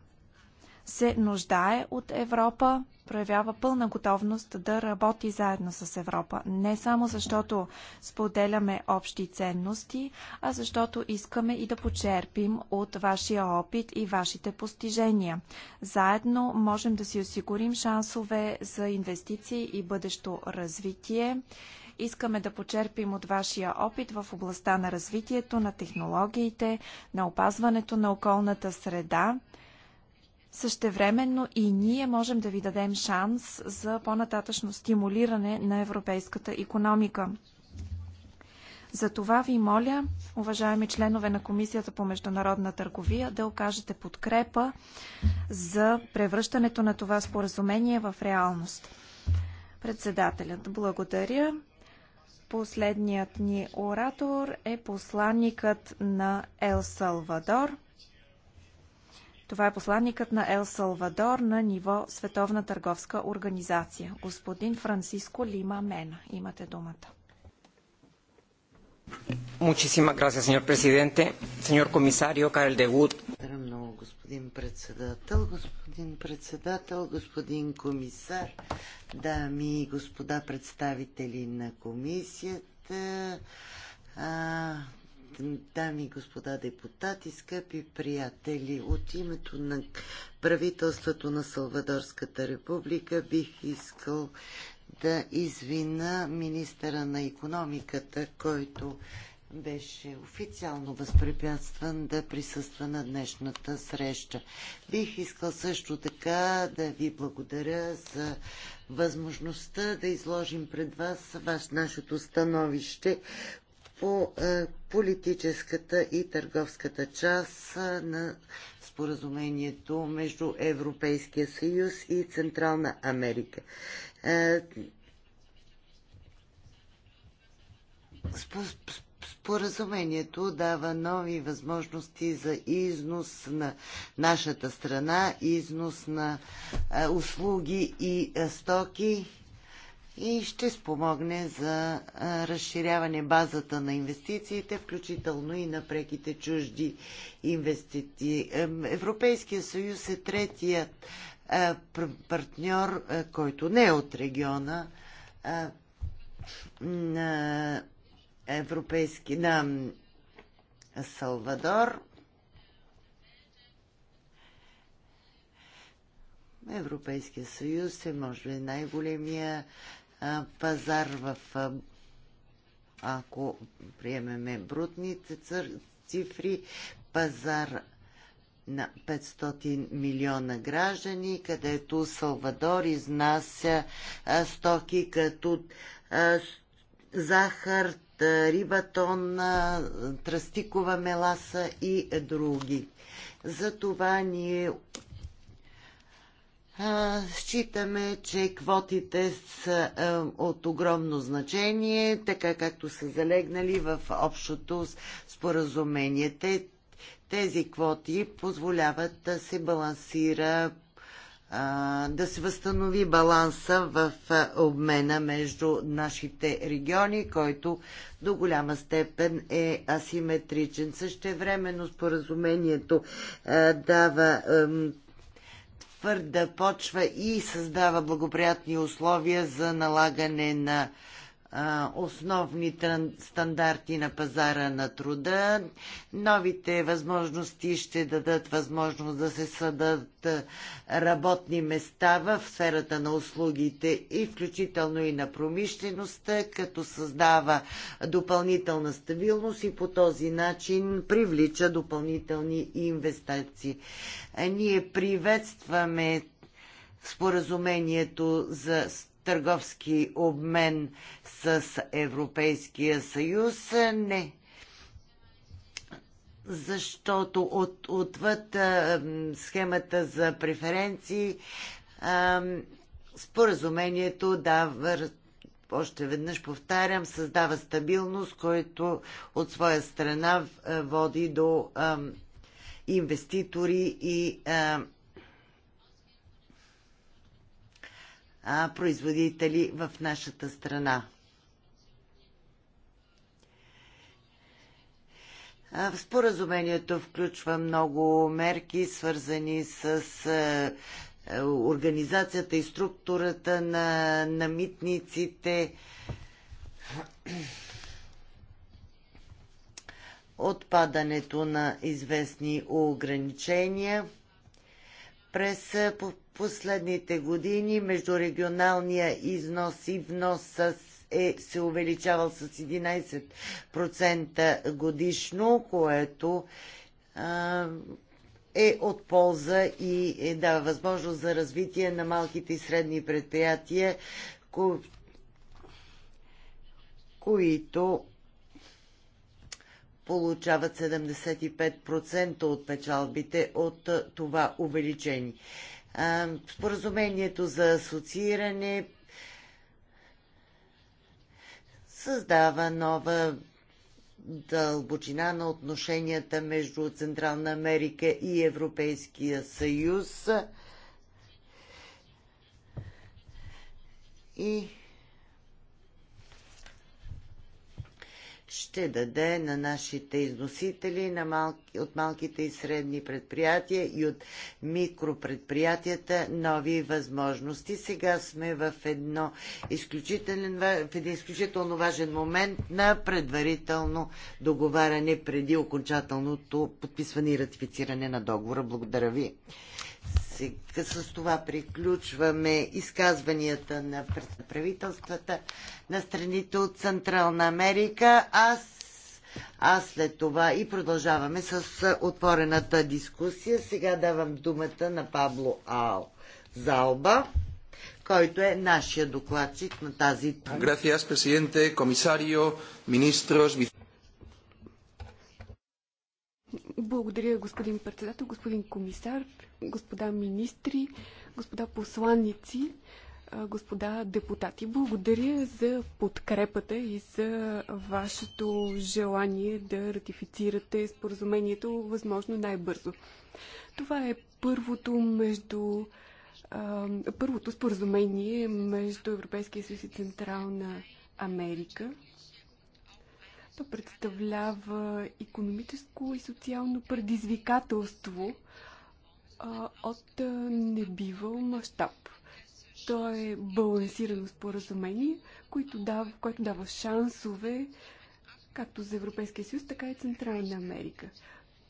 се нуждае от Европа, проявява пълна готовност да работи заедно с Европа. Не само защото споделяме общи ценности, а защото искаме и да почерпим от вашия опит и вашите постижения. Заедно можем да си осигурим шансове за инвестиции и бъдещо развитие. Искаме да почерпим от вашия опит в областта на развитието, на технологиите, на опазването на околната среда – Същевременно и ние можем да ви дадем шанс за по-нататъчно стимулиране на европейската економика. За това ви моля, уважаеми членове на Комисията по международна търговия, да окажете подкрепа за превръщането на това споразумение в реалност. Председателят, благодаря. Последният ни оратор е посланникът на Ел Салвадор. Това е посланникът на Ел Салвадор на ниво Световна търговска организация. Господин Франциско Лима Мена. Имате думата.
Muchísimas gracias, señor presidente. Señor комисарио, Карел Дегут.
Благодаря Много, господин председател, господин председател, господин комисар, дами и господа представители на комисията, дами и господа депутати, скъпи приятели, от името на правителството на Салвадорската република бих искал да извина министъра на економиката, който беше официално възпрепятстван да присъства на днешната среща. Бих искал също така да ви благодаря за възможността да изложим пред вас ваш, нашето становище по е, политическата и търговската част е, на споразумението между Европейския съюз и Централна Америка. Е, споразумението дава нови възможности за износ на нашата страна, износ на услуги и стоки и ще спомогне за разширяване базата на инвестициите, включително и на преките чужди инвестиции. Европейския съюз е третият партньор, който не е от региона на европейски на Салвадор. Европейския съюз е може би най-големия пазар в ако приемеме брутните цифри, пазар на 500 милиона граждани, където Салвадор изнася стоки като захар, рибатон, тръстикова меласа и други. Затова ние Считаме, че квотите са е, от огромно значение, така както са залегнали в общото споразумение. Тези квоти позволяват да се балансира, да се възстанови баланса в е, обмена между нашите региони, който до голяма степен е асиметричен. времено споразумението е, дава твърда почва и създава благоприятни условия за налагане на основни стандарти на пазара на труда. Новите възможности ще дадат възможност да се съдат работни места в сферата на услугите и включително и на промишлеността, като създава допълнителна стабилност и по този начин привлича допълнителни инвестиции. Ние приветстваме споразумението за търговски обмен с Европейския съюз? Не. Защото от, отвъд а, схемата за преференции а, споразумението дава още веднъж повтарям, създава стабилност, който от своя страна води до а, инвеститори и а, а, производители в нашата страна. В споразумението включва много мерки, свързани с организацията и структурата на, на митниците, отпадането на известни ограничения. През последните години междурегионалния износ и внос с е, се увеличавал с 11% годишно, което е от полза и е, дава възможност за развитие на малките и средни предприятия, ко... които получават 75% от печалбите от това увеличение споразумението за асоцииране създава нова дълбочина на отношенията между Централна Америка и Европейския съюз. И ще даде на нашите износители на малки, от малките и средни предприятия и от микропредприятията нови възможности. Сега сме в, едно в един изключително важен момент на предварително договаряне преди окончателното подписване и ратифициране на договора. Благодаря ви. Сега с това приключваме изказванията на правителствата на страните от Централна Америка. Аз а след това и продължаваме с отворената дискусия. Сега давам думата на Пабло Ал Залба, който е нашия докладчик
на тази. Gracias,
президенте, комисарио, министрос,
благодаря, господин председател, господин комисар, господа министри, господа посланници, господа депутати. Благодаря за подкрепата и за вашето желание да ратифицирате споразумението възможно най-бързо. Това е първото между първото споразумение между Европейския съюз и Централна Америка то представлява економическо и социално предизвикателство а, от а, небивал мащаб. То е балансирано споразумение, което дава, което дава шансове както за Европейския съюз, така и Централна Америка.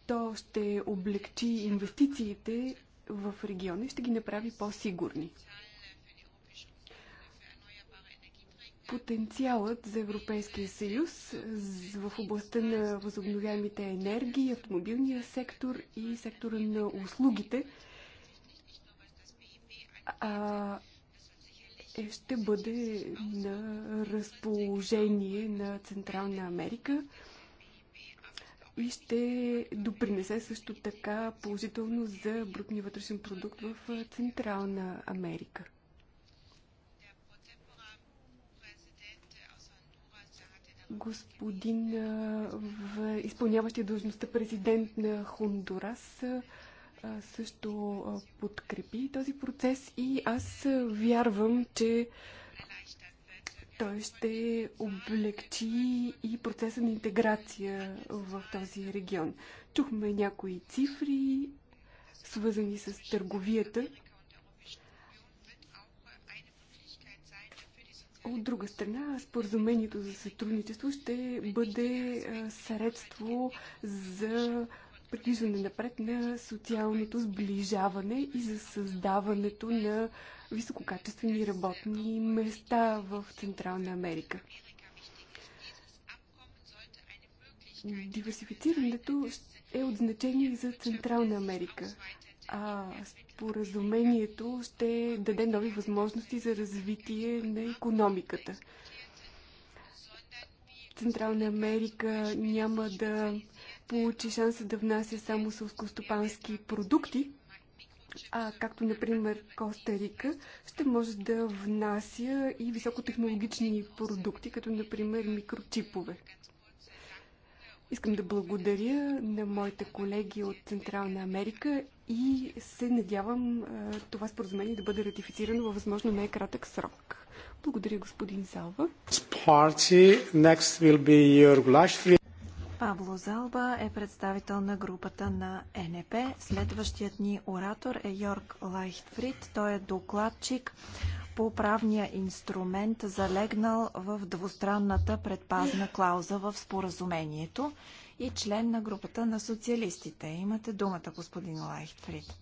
То ще облегчи инвестициите в региона и ще ги направи по-сигурни. потенциалът за Европейския съюз в областта на възобновяемите енергии, автомобилния сектор и сектора на услугите а, е, ще бъде на разположение на Централна Америка и ще допринесе също така положително за брутния вътрешен продукт в Централна Америка. господин изпълняващия длъжността президент на Хондурас също подкрепи този процес и аз вярвам, че той ще облегчи и процеса на интеграция в този регион. Чухме някои цифри, свързани с търговията. От друга страна, споразумението за сътрудничество ще бъде средство за придвижване напред на социалното сближаване и за създаването на висококачествени работни места в Централна Америка. Диверсифицирането е от значение за Централна Америка а споразумението ще даде нови възможности за развитие на економиката. Централна Америка няма да получи шанса да внася само сълскостопански продукти, а както например Коста Рика, ще може да внася и високотехнологични продукти, като например микрочипове. Искам да благодаря на моите колеги от Централна Америка и се надявам това споразумение да бъде ратифицирано във възможно най-кратък срок.
Благодаря, господин Залва. Пабло Залба е представител на групата на НП. Следващият ни оратор е Йорг Лайхтфрид. Той е докладчик по правния инструмент, залегнал в двустранната предпазна клауза в споразумението и член на групата на социалистите. Имате думата, господин Лайхтфрид.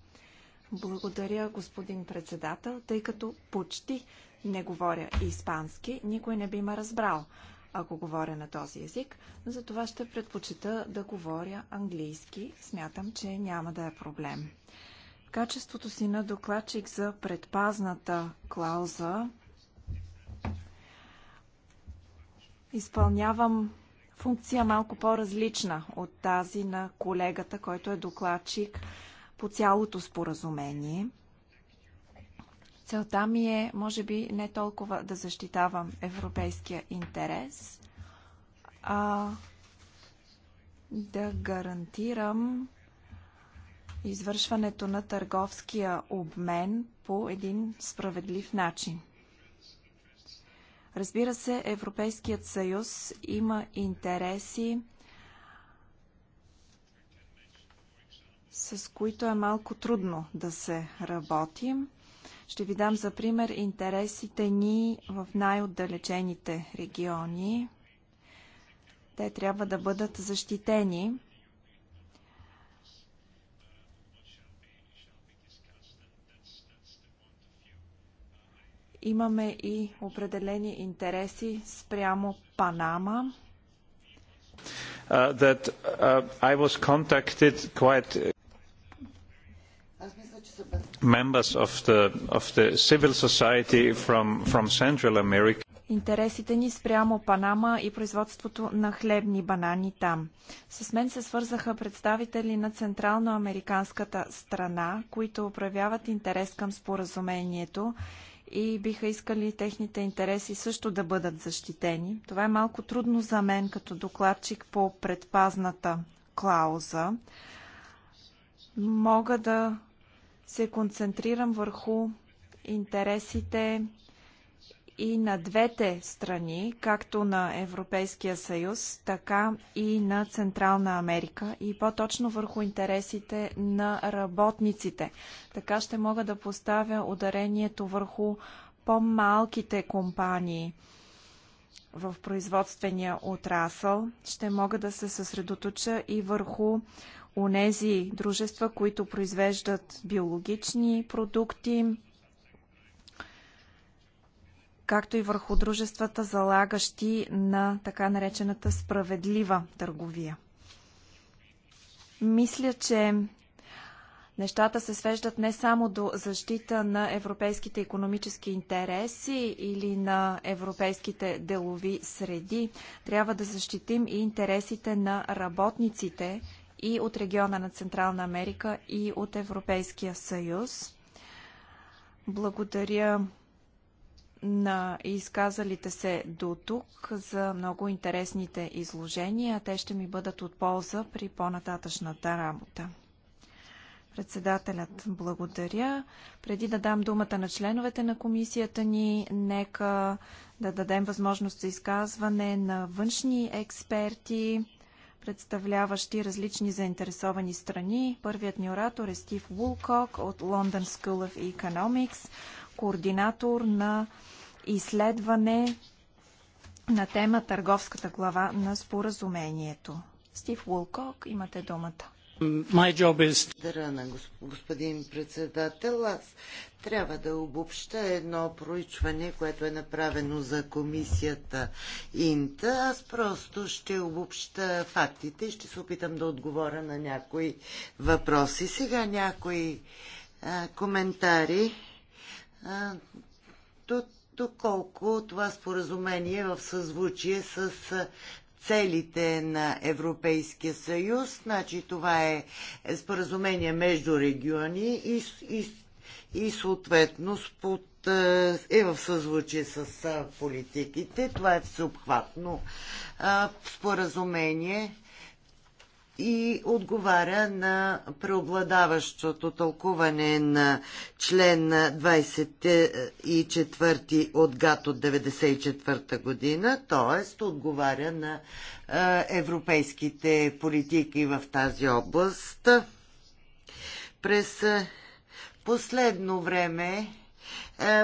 Благодаря, господин председател, тъй като почти не говоря испански, никой не би ме разбрал, ако говоря на този език. Затова ще предпочита да говоря английски. Смятам, че няма да е проблем. В качеството си на докладчик за предпазната клауза изпълнявам функция малко по-различна от тази на колегата, който е докладчик по цялото споразумение. Целта ми е, може би, не толкова да защитавам европейския интерес, а да гарантирам извършването на търговския обмен по един справедлив начин. Разбира се, Европейският съюз има интереси, с които е малко трудно да се работи. Ще ви дам за пример интересите ни в най-отдалечените региони. Те трябва да бъдат защитени. Имаме и определени интереси спрямо Панама.
Uh, that, uh, quite... Uh, members of the, of the civil society from, from Central America
интересите ни спрямо Панама и производството на хлебни банани там. С мен се свързаха представители на Централноамериканската страна, които управяват интерес към споразумението и биха искали техните интереси също да бъдат защитени. Това е малко трудно за мен като докладчик по предпазната клауза. Мога да се концентрирам върху интересите и на двете страни, както на Европейския съюз, така и на Централна Америка и по-точно върху интересите на работниците. Така ще мога да поставя ударението върху по-малките компании в производствения отрасъл. Ще мога да се съсредоточа и върху онези дружества, които произвеждат биологични продукти, както и върху дружествата, залагащи на така наречената справедлива търговия. Мисля, че нещата се свеждат не само до защита на европейските економически интереси или на европейските делови среди. Трябва да защитим и интересите на работниците и от региона на Централна Америка и от Европейския съюз. Благодаря на изказалите се до тук за много интересните изложения. Те ще ми бъдат от полза при по-нататъчната работа. Председателят, благодаря. Преди да дам думата на членовете на комисията ни, нека да дадем възможност за изказване на външни експерти, представляващи различни заинтересовани страни. Първият ни оратор е Стив Вулкок от London School of Economics координатор на изследване на тема търговската глава на споразумението. Стив Уолкок, имате думата.
My job is... Дърана, господин председател, аз трябва да обобща едно проучване, което е направено за комисията Инта. Аз просто ще обобща фактите и ще се опитам да отговоря на някои въпроси. Сега някои а, коментари доколко това споразумение е в съзвучие с целите на Европейския съюз. Значи това е споразумение между региони и, и, и съответно спод, е в съзвучие с политиките. Това е всеобхватно споразумение и отговаря на преобладаващото тълкуване на член 24 от ГАТ от 1994 година, т.е. отговаря на е, европейските политики в тази област. През е, последно време е,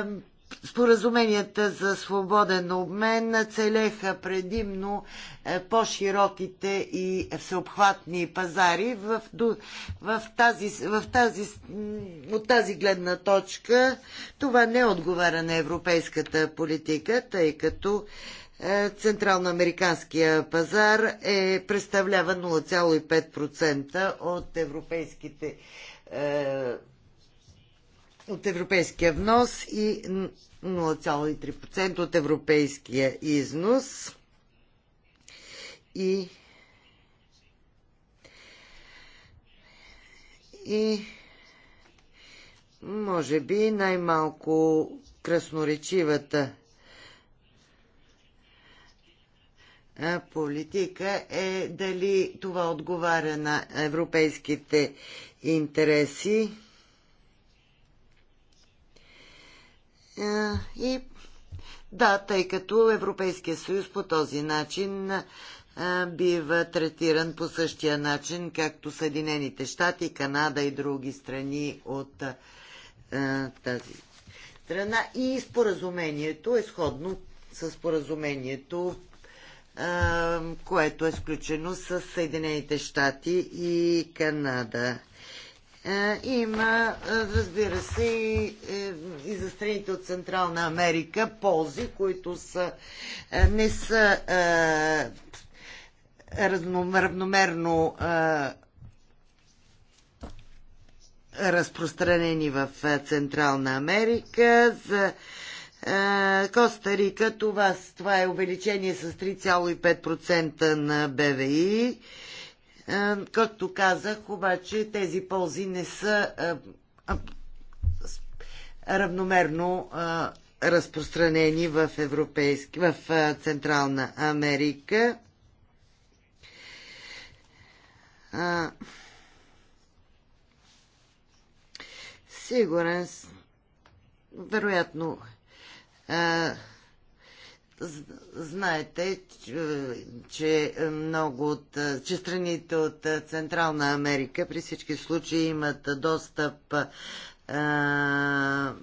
Споразуменията за свободен обмен целеха предимно е, по-широките и всеобхватни пазари. В, в тази, в тази, от тази гледна точка това не отговаря на европейската политика, тъй като е, Централноамериканския пазар е, представлява 0,5% от европейските е, от европейския внос и 0,3% от европейския износ. И и може би най-малко красноречивата политика е дали това отговаря на европейските интереси И да, тъй като Европейския съюз по този начин бива третиран по същия начин, както Съединените щати, Канада и други страни от тази страна. И споразумението е сходно с споразумението, което е сключено с Съединените щати и Канада. Е, има, е, разбира се, и, е, и за страните от Централна Америка ползи, които са, не са равномерно разпространени в Централна Америка. За Коста Рика това, това е увеличение с 3,5% на БВИ. Е, както казах, обаче тези ползи не са е, равномерно е, разпространени в, европейски, в Централна Америка. сигурен, вероятно, Знаете, че много от, че страните от Централна Америка при всички случаи имат достъп а,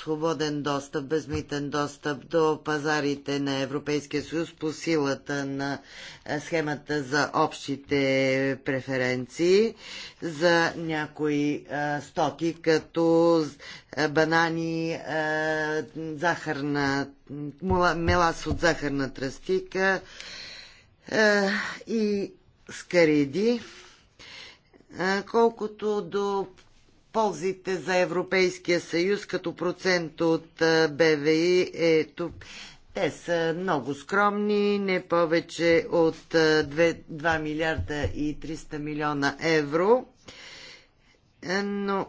свободен достъп, безмитен достъп до пазарите на Европейския съюз по силата на е, схемата за общите преференции за някои е, стоки, като е, банани, захарна, мелас от захарна тръстика и скариди. Колкото до ползите за Европейския съюз като процент от БВИ е тук. Те са много скромни, не повече от 2, 2 милиарда и 300 милиона евро. Но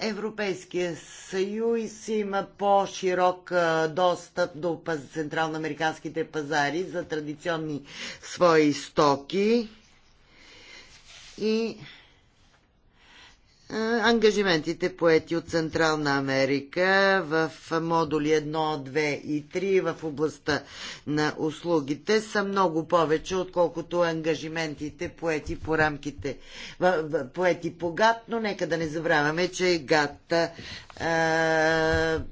Европейския съюз има по-широк достъп до централноамериканските пазари за традиционни свои стоки и ангажиментите поети от Централна Америка в модули 1, 2 и 3 в областта на услугите са много повече, отколкото ангажиментите поети по рамките, поети по ГАТ, но нека да не забравяме, че ГАТ а,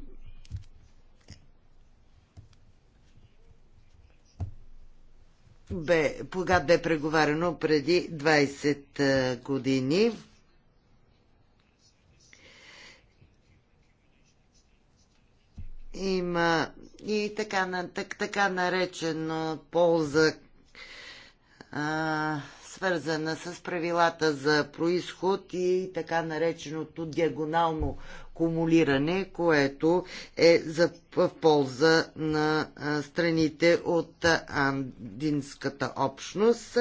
бе, по ГАТ бе преговарено преди 20 години. има и така, так, така наречена полза, а, свързана с правилата за происход и така нареченото диагонално кумулиране, което е за, в полза на а, страните от андинската общност.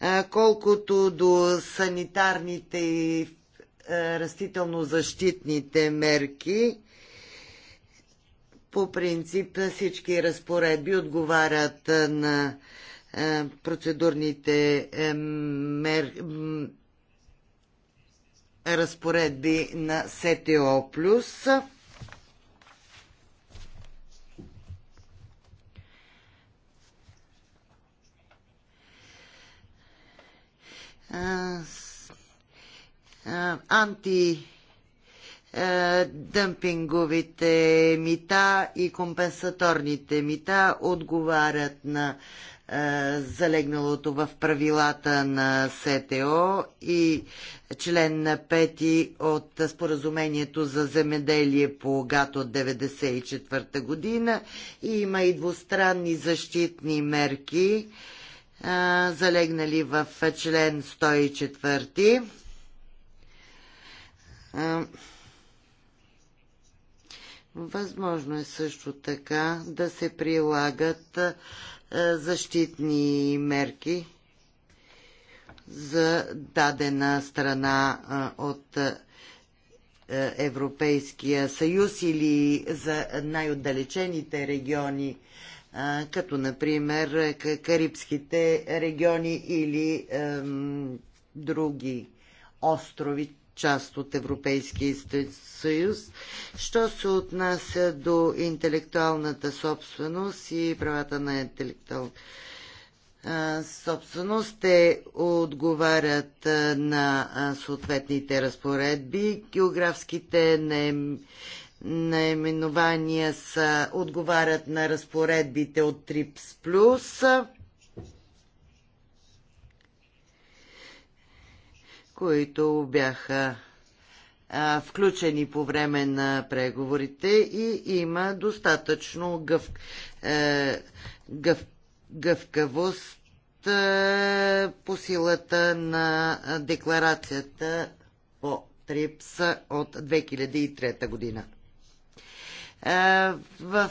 А, колкото до санитарните и растително-защитните мерки, по принцип всички разпоредби отговарят на процедурните е, мер... разпоредби на СТО+. Анти е, дъмпинговите мита и компенсаторните мита отговарят на е, залегналото в правилата на СТО и член на пети от споразумението за земеделие по ГАТ от 1994 година и има и двустранни защитни мерки, е, залегнали в член 104 Възможно е също така да се прилагат защитни мерки за дадена страна от Европейския съюз или за най-отдалечените региони, като например Карибските региони или други острови част от Европейския съюз. Що се отнася до интелектуалната собственост и правата на интелектуалната собственост, те отговарят на съответните разпоредби. Географските наименования са, отговарят на разпоредбите от ТРИПС+. които бяха а, включени по време на преговорите и има достатъчно гъв, а, е, гъв, гъвкавост а, е, по силата на декларацията по ТРИПС от 2003 година. Е, в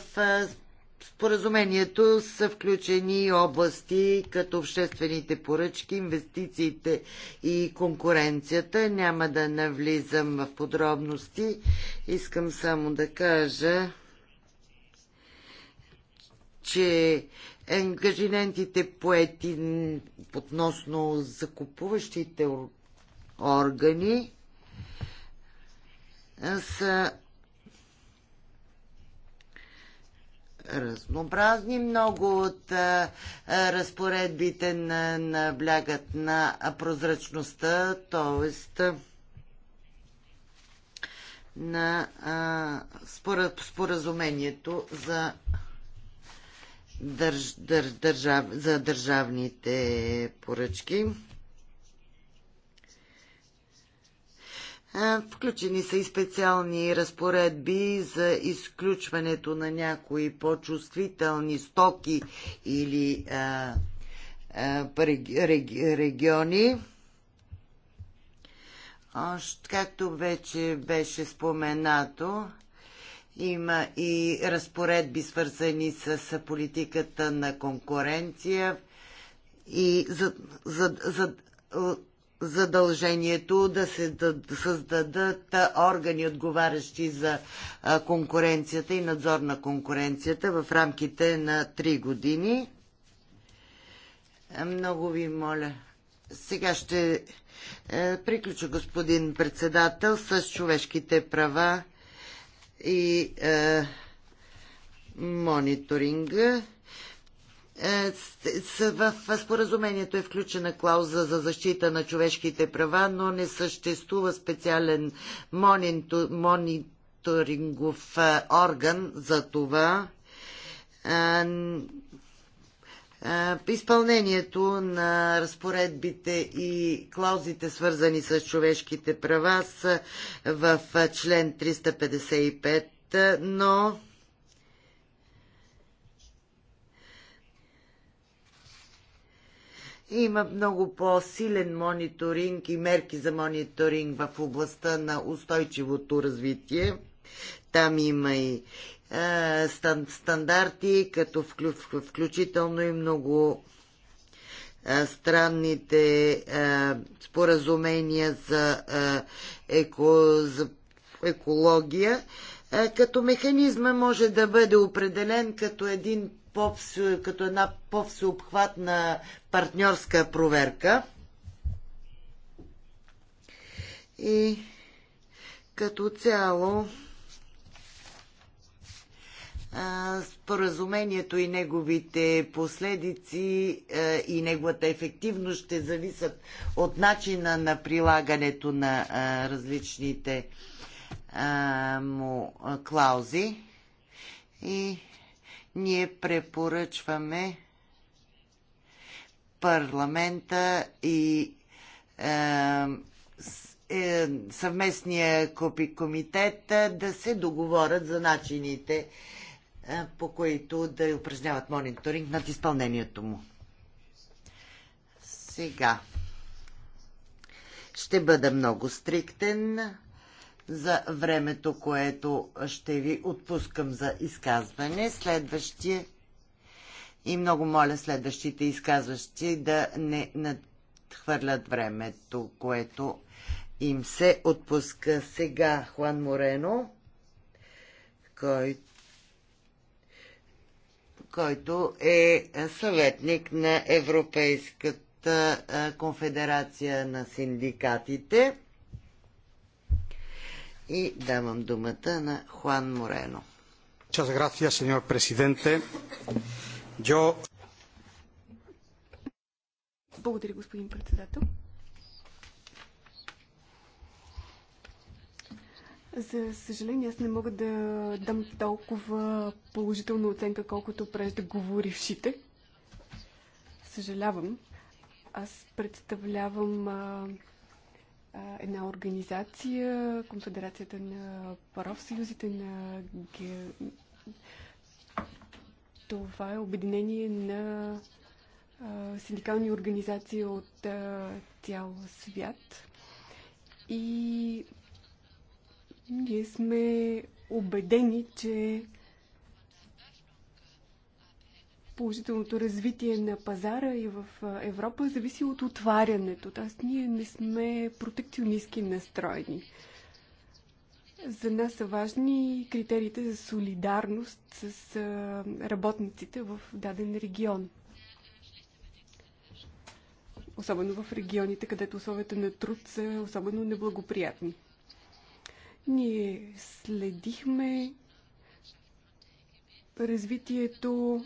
споразумението са включени области като обществените поръчки, инвестициите и конкуренцията. Няма да навлизам в подробности. Искам само да кажа, че ангажиментите поети относно закупуващите органи са разнообразни. Много от а, разпоредбите наблягат на прозрачността, т.е. на а, според, споразумението за, държ, дър, държав, за държавните поръчки. Включени са и специални разпоредби за изключването на някои по-чувствителни стоки или региони. както вече беше споменато, има и разпоредби свързани с политиката на конкуренция и за, за, за задължението да се създадат органи, отговарящи за конкуренцията и надзор на конкуренцията в рамките на 3 години. Много ви моля. Сега ще е, приключа, господин председател, с човешките права и е, мониторинга. Е, в споразумението е включена клауза за защита на човешките права, но не съществува специален мониторингов е, орган за това. Е, изпълнението на разпоредбите и клаузите, свързани с човешките права, са в член 355, но Има много по-силен мониторинг и мерки за мониторинг в областта на устойчивото развитие. Там има и е, стандарти, като включително и много странните е, споразумения за, е, еко, за екология, е, като механизма може да бъде определен като един като една по-всеобхватна партньорска проверка. И като цяло споразумението и неговите последици и неговата ефективност ще зависят от начина на прилагането на различните му клаузи. И ние препоръчваме парламента и е, е, съвместния комитет да се договорят за начините е, по които да упражняват мониторинг над изпълнението му. Сега ще бъда много стриктен за времето, което ще ви отпускам за изказване. Следващия и много моля следващите изказващи да не надхвърлят времето, което им се отпуска сега Хуан Морено, кой, който е съветник на Европейската конфедерация на синдикатите. И давам думата на Хуан Морено. Muchas gracias, señor presidente. Yo...
Благодаря, господин председател. За съжаление, аз не мога да дам толкова положителна оценка, колкото преждеговорившите. Съжалявам. Аз представлявам а, една организация, Конфедерацията на профсъюзите на Това е обединение на а, синдикални организации от а, цял свят. И ние сме убедени, че положителното развитие на пазара и в Европа зависи от отварянето. Тоест, ние не сме протекционистки настроени. За нас са важни критериите за солидарност с работниците в даден регион. Особено в регионите, където условията на труд са особено неблагоприятни. Ние следихме развитието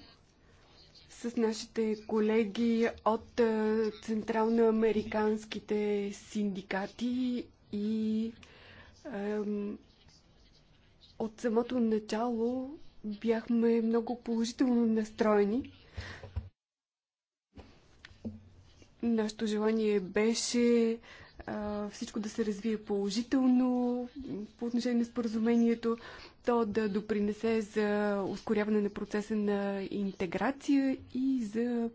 с нашите колеги от е, централноамериканските синдикати и ем, от самото начало бяхме много положително настроени. Нашето желание беше всичко да се развие положително по отношение на споразумението, то да допринесе за ускоряване на процеса на интеграция и за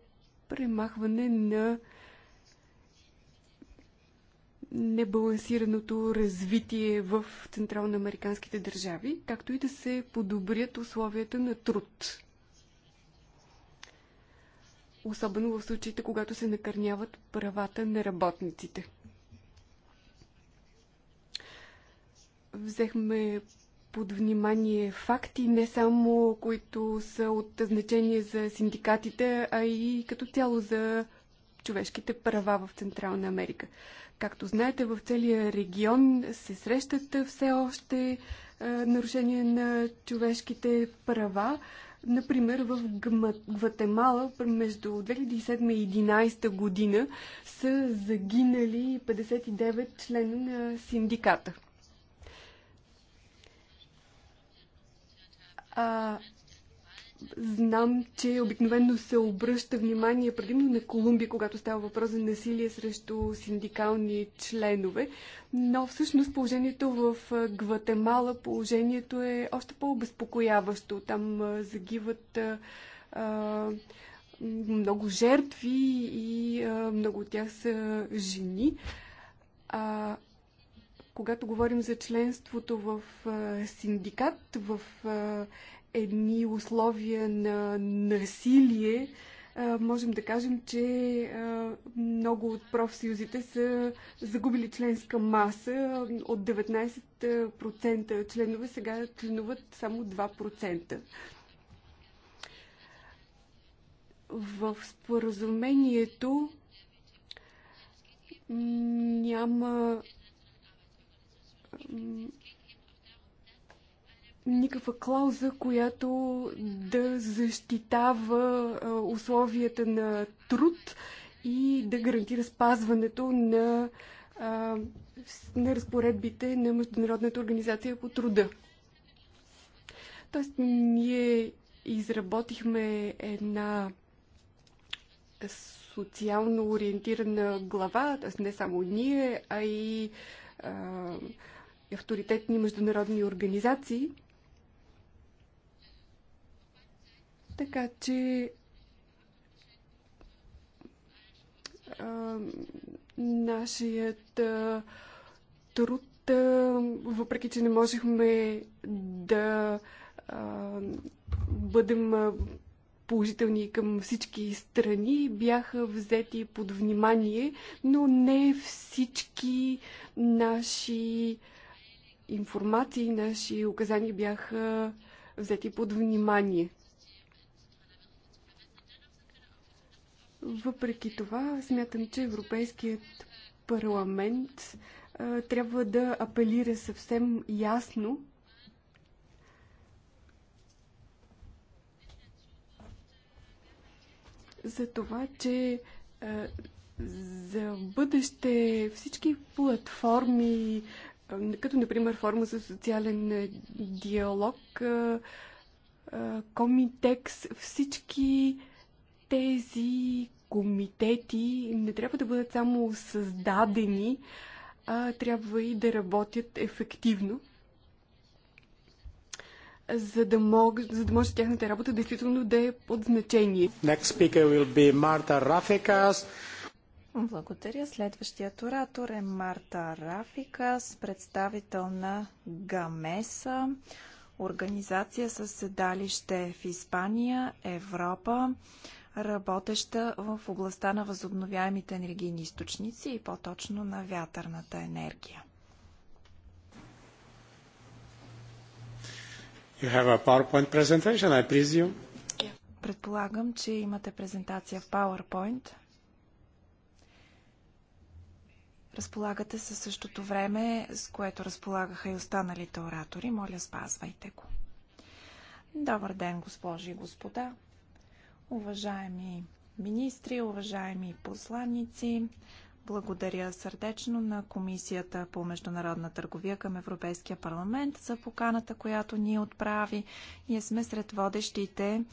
премахване на небалансираното развитие в централноамериканските държави, както и да се подобрят условията на труд. Особено в случаите, когато се накърняват правата на работниците. взехме под внимание факти, не само които са от значение за синдикатите, а и като цяло за човешките права в Централна Америка. Както знаете, в целия регион се срещат все още е, нарушения на човешките права. Например, в Гватемала между 2007 и 2011 година са загинали 59 члена на синдиката. А, знам, че обикновено се обръща внимание предимно на Колумбия, когато става въпрос за насилие срещу синдикални членове, но всъщност положението в Гватемала, положението е още по-обезпокояващо. Там загиват а, много жертви и а, много от тях са жени. А, когато говорим за членството в синдикат, в едни условия на насилие, можем да кажем, че много от профсъюзите са загубили членска маса. От 19% членове сега членуват само 2%. В споразумението няма никаква клауза, която да защитава условията на труд и да гарантира спазването на, на разпоредбите на Международната организация по труда. Тоест, ние изработихме една социално ориентирана глава, т.е. не само ние, а и а, авторитетни международни организации. Така че а, нашият а, труд, а, въпреки че не можехме да а, бъдем а, положителни към всички страни, бяха взети под внимание, но не всички наши информации, наши указания бяха взети под внимание. Въпреки това, смятам, че Европейският парламент а, трябва да апелира съвсем ясно за това, че а, за бъдеще всички платформи като например форма за социален е, диалог, е, е, комитекс, всички тези комитети не трябва да бъдат само създадени, а трябва и да работят ефективно, за да, мог, за да може тяхната работа действително да е под значение. Next speaker
will be Marta Rafekas.
Благодаря. Следващият оратор е Марта Рафикас, представител на Гамеса, организация със седалище в Испания, Европа, работеща в областта на възобновяемите енергийни източници и по-точно на вятърната енергия.
You have a PowerPoint presentation, I presume.
Предполагам, че имате презентация в PowerPoint. Разполагате със същото време, с което разполагаха и останалите оратори. Моля, спазвайте го. Добър ден, госпожи и господа, уважаеми министри, уважаеми посланници, Благодаря сърдечно на Комисията по международна търговия към Европейския парламент за поканата, която ни отправи. Ние сме сред водещите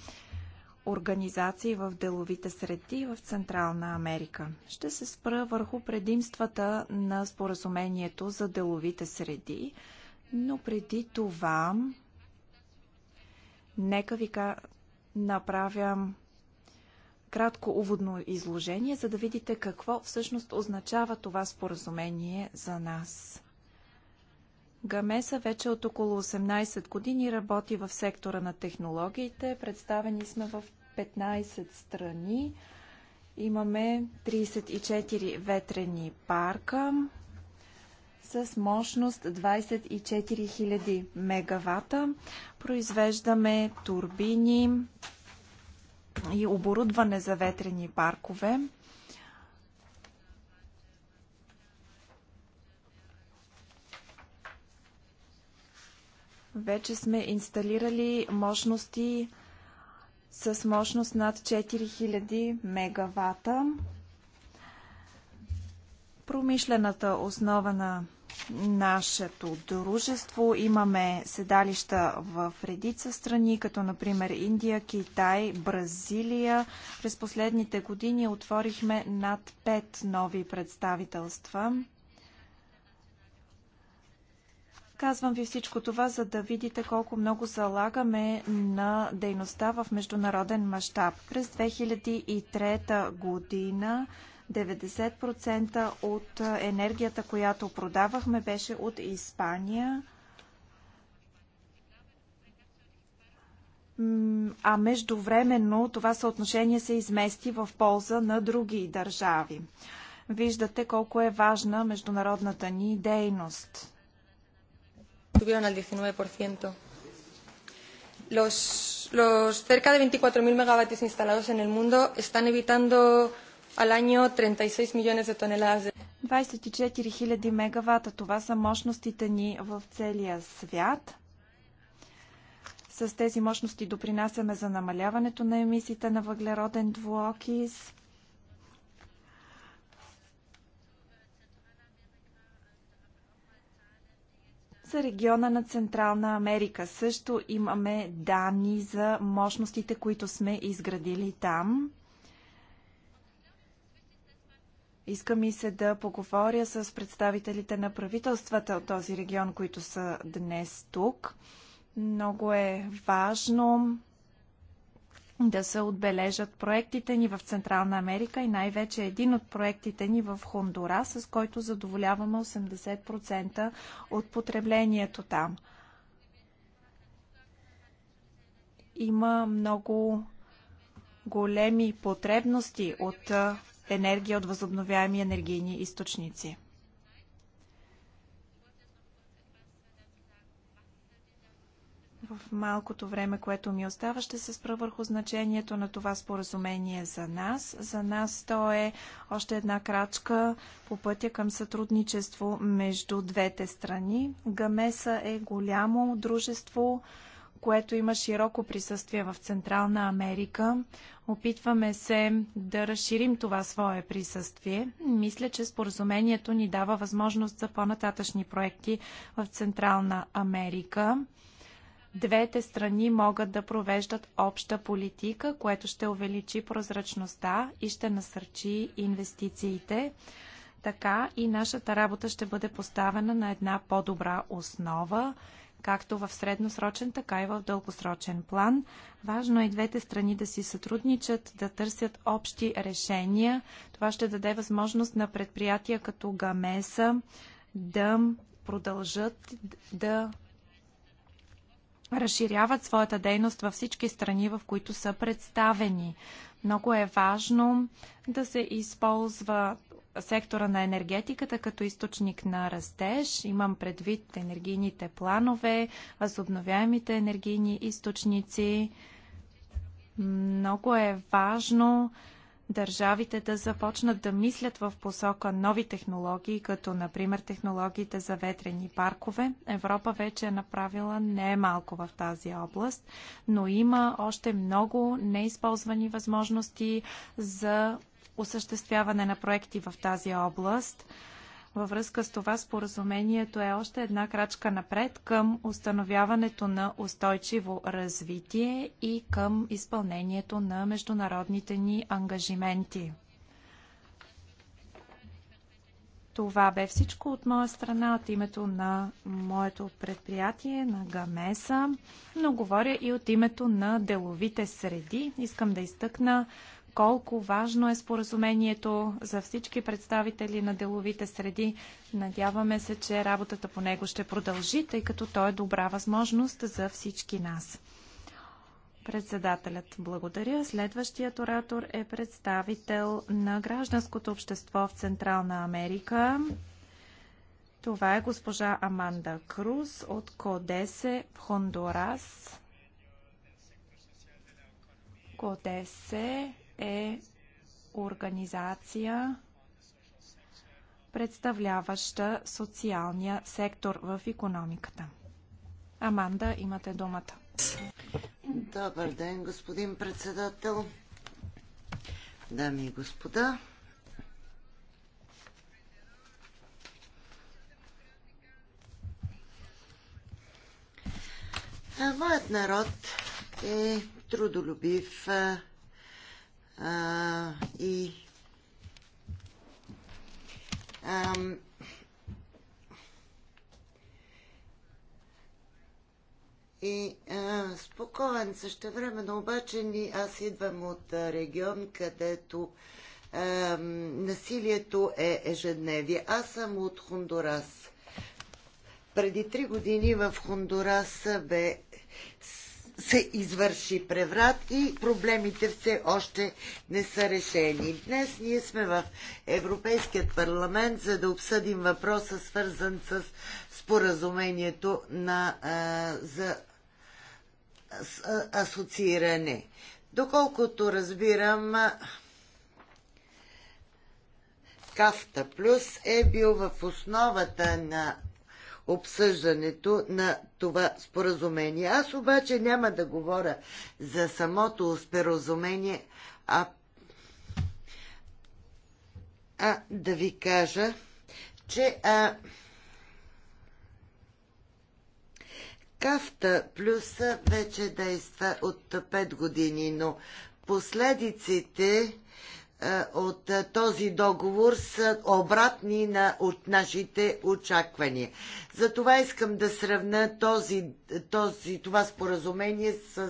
организации в деловите среди в Централна Америка. Ще се спра върху предимствата на споразумението за деловите среди, но преди това нека ви направя кратко уводно изложение, за да видите какво всъщност означава това споразумение за нас. Гамеса вече от около 18 години работи в сектора на технологиите. Представени сме в 15 страни. Имаме 34 ветрени парка с мощност 24 000 мегавата. Произвеждаме турбини и оборудване за ветрени паркове. Вече сме инсталирали мощности с мощност над 4000 мегавата. Промишлената основа на нашето дружество имаме седалища в редица страни, като например Индия, Китай, Бразилия. През последните години отворихме над 5 нови представителства. Казвам ви всичко това, за да видите колко много залагаме на дейността в международен мащаб. През 2003 година 90% от енергията, която продавахме, беше от Испания. А междувременно това съотношение се измести в полза на други държави. Виждате колко е важна международната ни дейност subieron al 19%. Los, los cerca de 24.000 megavatios instalados en el mundo están evitando al año 36 millones de toneladas de 24 000 мегавата, това са мощностите ни в целия свят. С тези мощности допринасяме за намаляването на емисиите на въглероден двуокис. За региона на Централна Америка също имаме данни за мощностите, които сме изградили там. Иска ми се да поговоря с представителите на правителствата от този регион, които са днес тук. Много е важно да се отбележат проектите ни в Централна Америка и най-вече един от проектите ни в Хондура, с който задоволяваме 80% от потреблението там. Има много големи потребности от енергия от възобновяеми енергийни източници. В малкото време, което ми остава, ще се спра върху значението на това споразумение за нас. За нас то е още една крачка по пътя към сътрудничество между двете страни. Гамеса е голямо дружество, което има широко присъствие в Централна Америка. Опитваме се да разширим това свое присъствие. Мисля, че споразумението ни дава възможност за по-нататъчни проекти в Централна Америка. Двете страни могат да провеждат обща политика, което ще увеличи прозрачността и ще насърчи инвестициите. Така и нашата работа ще бъде поставена на една по-добра основа, както в средносрочен, така и в дългосрочен план. Важно е и двете страни да си сътрудничат, да търсят общи решения. Това ще даде възможност на предприятия като Гамеса да продължат да разширяват своята дейност във всички страни, в които са представени. Много е важно да се използва сектора на енергетиката като източник на растеж. Имам предвид енергийните планове, възобновяемите енергийни източници. Много е важно държавите да започнат да мислят в посока нови технологии, като например технологиите за ветрени паркове. Европа вече е направила не е малко в тази област, но има още много неизползвани възможности за осъществяване на проекти в тази област. Във връзка с това споразумението е още една крачка напред към установяването на устойчиво развитие и към изпълнението на международните ни ангажименти. Това бе всичко от моя страна, от името на моето предприятие, на Гамеса, но говоря и от името на деловите среди. Искам да изтъкна колко важно е споразумението за всички представители на деловите среди. Надяваме се, че работата по него ще продължи, тъй като то е добра възможност за всички нас. Председателят благодаря. Следващият оратор е представител на гражданското общество в Централна Америка. Това е госпожа Аманда Круз от Кодесе в Хондурас. Кодесе е организация, представляваща социалния сектор в економиката. Аманда, имате думата.
Добър ден, господин председател. Дами и господа, Моят народ е трудолюбив, а, и ам, И а, спокоен но обаче ни, аз идвам от а, регион, където а, насилието е ежедневие. Аз съм от Хондурас. Преди три години в Хондурас бе се извърши преврат и проблемите все още не са решени. Днес ние сме в Европейският парламент, за да обсъдим въпроса, свързан с споразумението на, а, за асоцииране. Доколкото разбирам, Кафта Плюс е бил в основата на обсъждането на това споразумение. Аз обаче няма да говоря за самото споразумение, а, а да ви кажа, че а, Кафта плюс вече действа от 5 години, но последиците от този договор са обратни на от нашите очаквания. Затова искам да сравна този, този, това споразумение с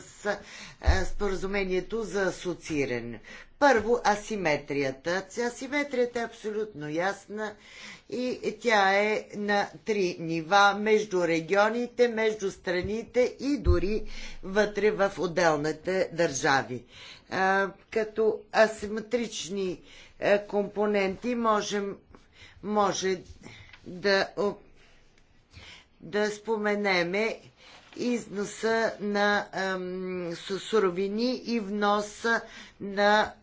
споразумението за асоцииране. Първо, асиметрията. Асиметрията е абсолютно ясна и тя е на три нива между регионите, между страните и дори вътре в отделните държави. Като асиметрични компоненти можем, може да да споменеме износа на суровини и вноса на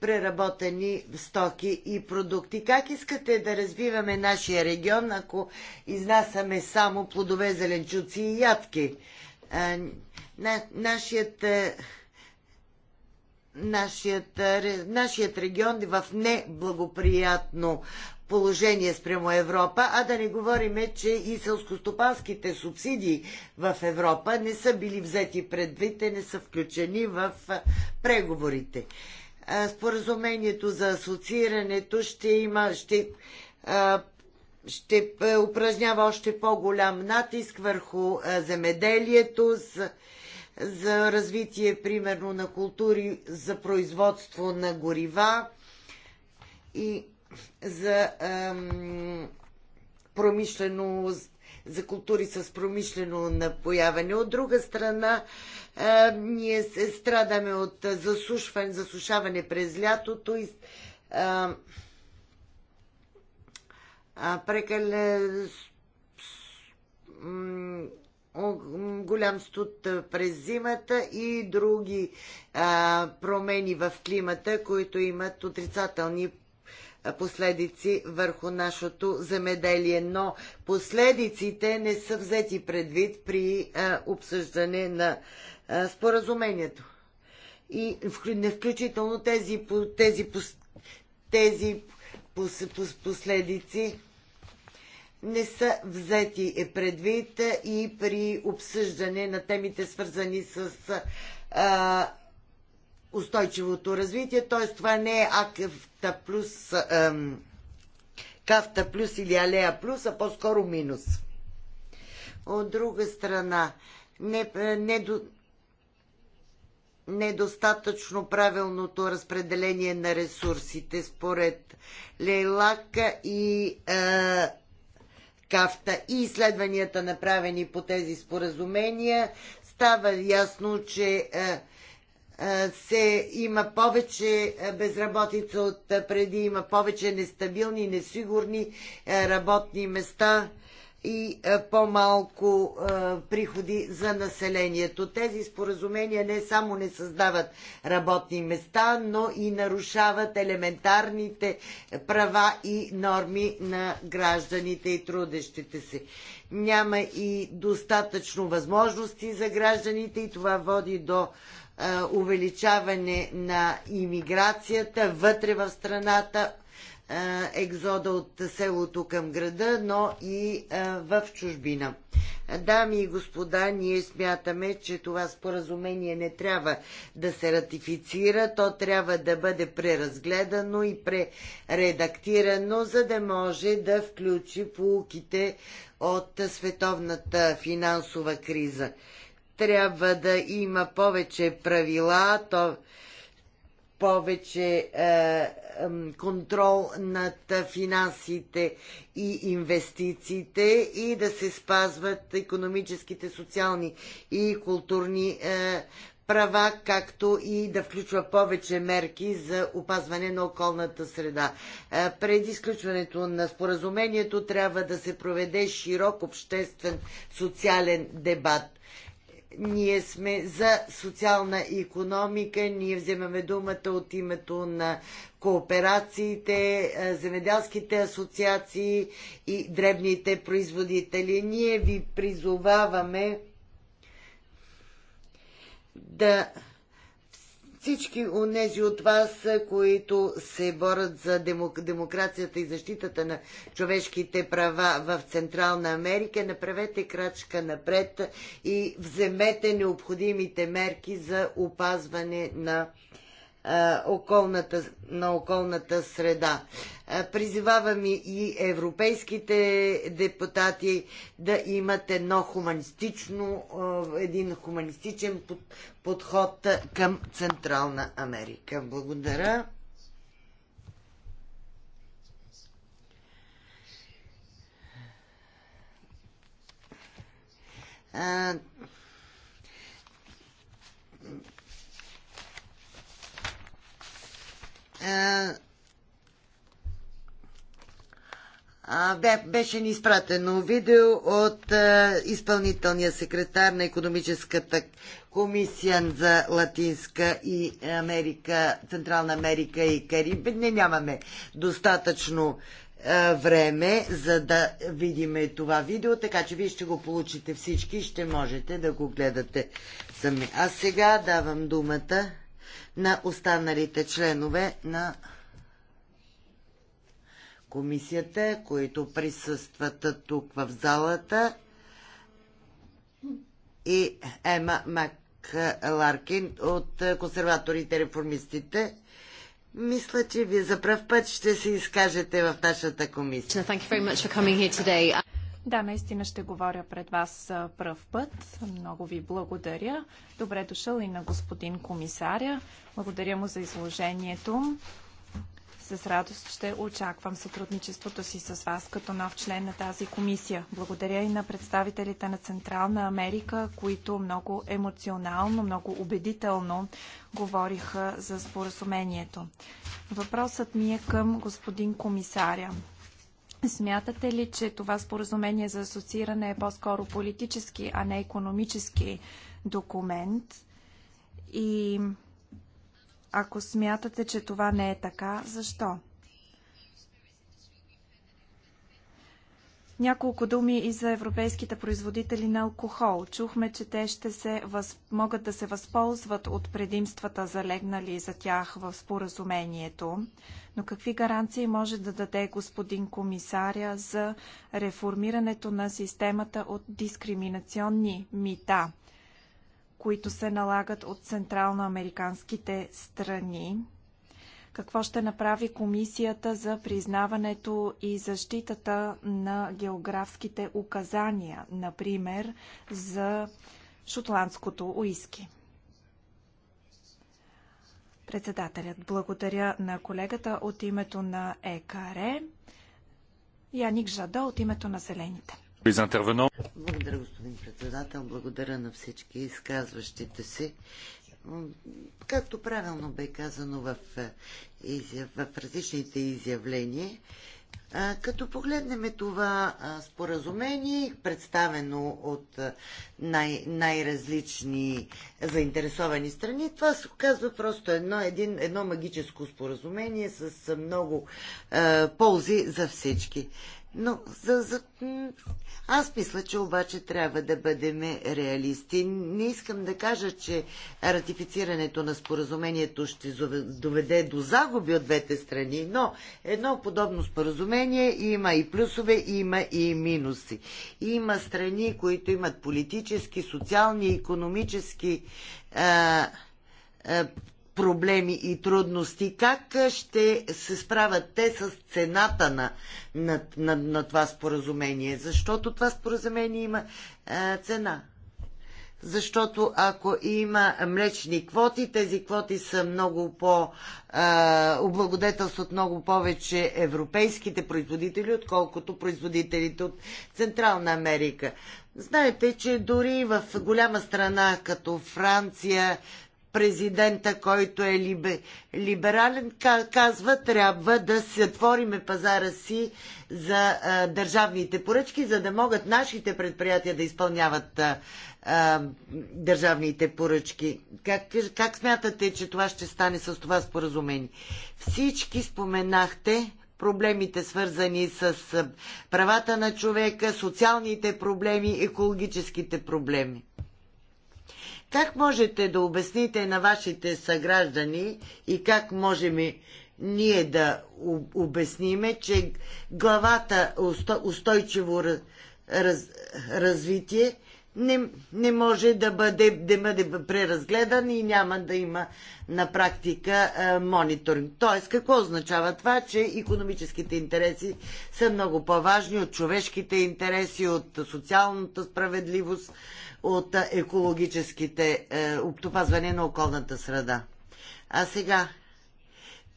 преработени стоки и продукти. Как искате да развиваме нашия регион, ако изнасяме само плодове, зеленчуци и ядки? нашият нашият, нашият регион е в неблагоприятно положение спрямо Европа, а да не говорим, че и селскостопанските субсидии в Европа не са били взети предвид, те не са включени в преговорите. Споразумението за асоциирането ще има, ще, ще упражнява още по-голям натиск върху земеделието, с за развитие, примерно, на култури за производство на горива и за ам, промишлено за култури с промишлено напояване. От друга страна, а, ние се страдаме от засушване, засушаване през лятото и а, а, прекале голям студ през зимата и други а, промени в климата, които имат отрицателни последици върху нашето земеделие. Но последиците не са взети предвид при а, обсъждане на а, споразумението. И не включително тези, тези, тези последици не са взети е, предвид е, и при обсъждане на темите свързани с а, устойчивото развитие, т.е. това не е АКФТА плюс, а, КАФТА плюс или Алея плюс, а по-скоро минус. От друга страна, не, не до, недостатъчно правилното разпределение на ресурсите според Лейлака и КАФТА и изследванията направени по тези споразумения, става ясно, че е, е, се има повече е, безработица от преди, има повече нестабилни, несигурни работни места и е, по-малко е, приходи за населението. Тези споразумения не само не създават работни места, но и нарушават елементарните права и норми на гражданите и трудещите се. Няма и достатъчно възможности за гражданите и това води до е, увеличаване на имиграцията вътре в страната, е, екзода от селото към града, но и е, в чужбина. Дами и господа, ние смятаме, че това споразумение не трябва да се ратифицира, то трябва да бъде преразгледано и прередактирано, за да може да включи полуките от световната финансова криза. Трябва да има повече правила, то повече е, е, контрол над финансите и инвестициите и да се спазват економическите, социални и културни е, права, както и да включва повече мерки за опазване на околната среда. Е, Преди изключването на споразумението трябва да се проведе широк обществен социален дебат ние сме за социална економика, ние вземаме думата от името на кооперациите, е, земеделските асоциации и дребните производители. Ние ви призоваваме да всички онези от вас, които се борят за демокрацията и защитата на човешките права в Централна Америка, направете крачка напред и вземете необходимите мерки за опазване на околната, на околната среда. Призивавам и европейските депутати да имат едно хуманистично, един хуманистичен подход към Централна Америка. Благодаря. Е, беше ни изпратено видео от е, изпълнителния секретар на економическата комисия за Латинска и Америка, Централна Америка и Кариб. Не нямаме достатъчно е, време, за да видим това видео, така че вие ще го получите всички и ще можете да го гледате сами. А сега давам думата на останалите членове на комисията, които присъстват тук в залата и Ема Мак Ларкин от консерваторите и реформистите. Мисля, че вие за пръв път ще се изкажете в нашата комисия.
Да, наистина ще говоря пред вас пръв път. Много ви благодаря. Добре дошъл и на господин комисаря. Благодаря му за изложението. С радост ще очаквам сътрудничеството си с вас като нов член на тази комисия. Благодаря и на представителите на Централна Америка, които много емоционално, много убедително говориха за споразумението. Въпросът ми е към господин комисаря. Смятате ли, че това споразумение за асоцииране е по-скоро политически, а не економически документ? И ако смятате, че това не е така, защо? Няколко думи и за европейските производители на алкохол. Чухме, че те ще се въз... могат да се възползват от предимствата, залегнали за тях в споразумението. Но какви гаранции може да даде господин комисаря за реформирането на системата от дискриминационни мита, които се налагат от централноамериканските страни? Какво ще направи комисията за признаването и защитата на географските указания, например за шотландското уиски? Председателят благодаря на колегата от името на ЕКАРЕ. Яник Жада от името на Зелените.
Благодаря, господин председател. Благодаря на всички изказващите си както правилно бе казано в, е, в различните изявления, като погледнем това споразумение, представено от най- най-различни заинтересовани страни, това се оказва просто едно, един, едно магическо споразумение с много е, ползи за всички. Но за, за... аз мисля, че обаче трябва да бъдем реалисти. Не искам да кажа, че ратифицирането на споразумението ще доведе до загуби от двете страни, но едно подобно споразумение има и плюсове, има и минуси. Има страни, които имат политически, социални, економически а, проблеми и трудности. Как ще се справят те с цената на, на, на, на това споразумение? Защото това споразумение има е, цена. Защото ако има млечни квоти, тези квоти са много по... Е, облагодетелстват много повече европейските производители, отколкото производителите от Централна Америка. Знаете, че дори в голяма страна като Франция президента, който е либе, либерален, казва, трябва да се отвориме пазара си за а, държавните поръчки, за да могат нашите предприятия да изпълняват а, а, държавните поръчки. Как, как смятате, че това ще стане с това споразумение? Всички споменахте проблемите свързани с правата на човека, социалните проблеми, екологическите проблеми. Как можете да обясните на вашите съграждани и как можем ние да обясниме, че главата устойчиво раз, раз, развитие не, не може да бъде, да бъде преразгледан и няма да има на практика е, мониторинг. Тоест, какво означава това, че економическите интереси са много по-важни от човешките интереси, от социалната справедливост? от екологическите е, опазване на околната среда. А сега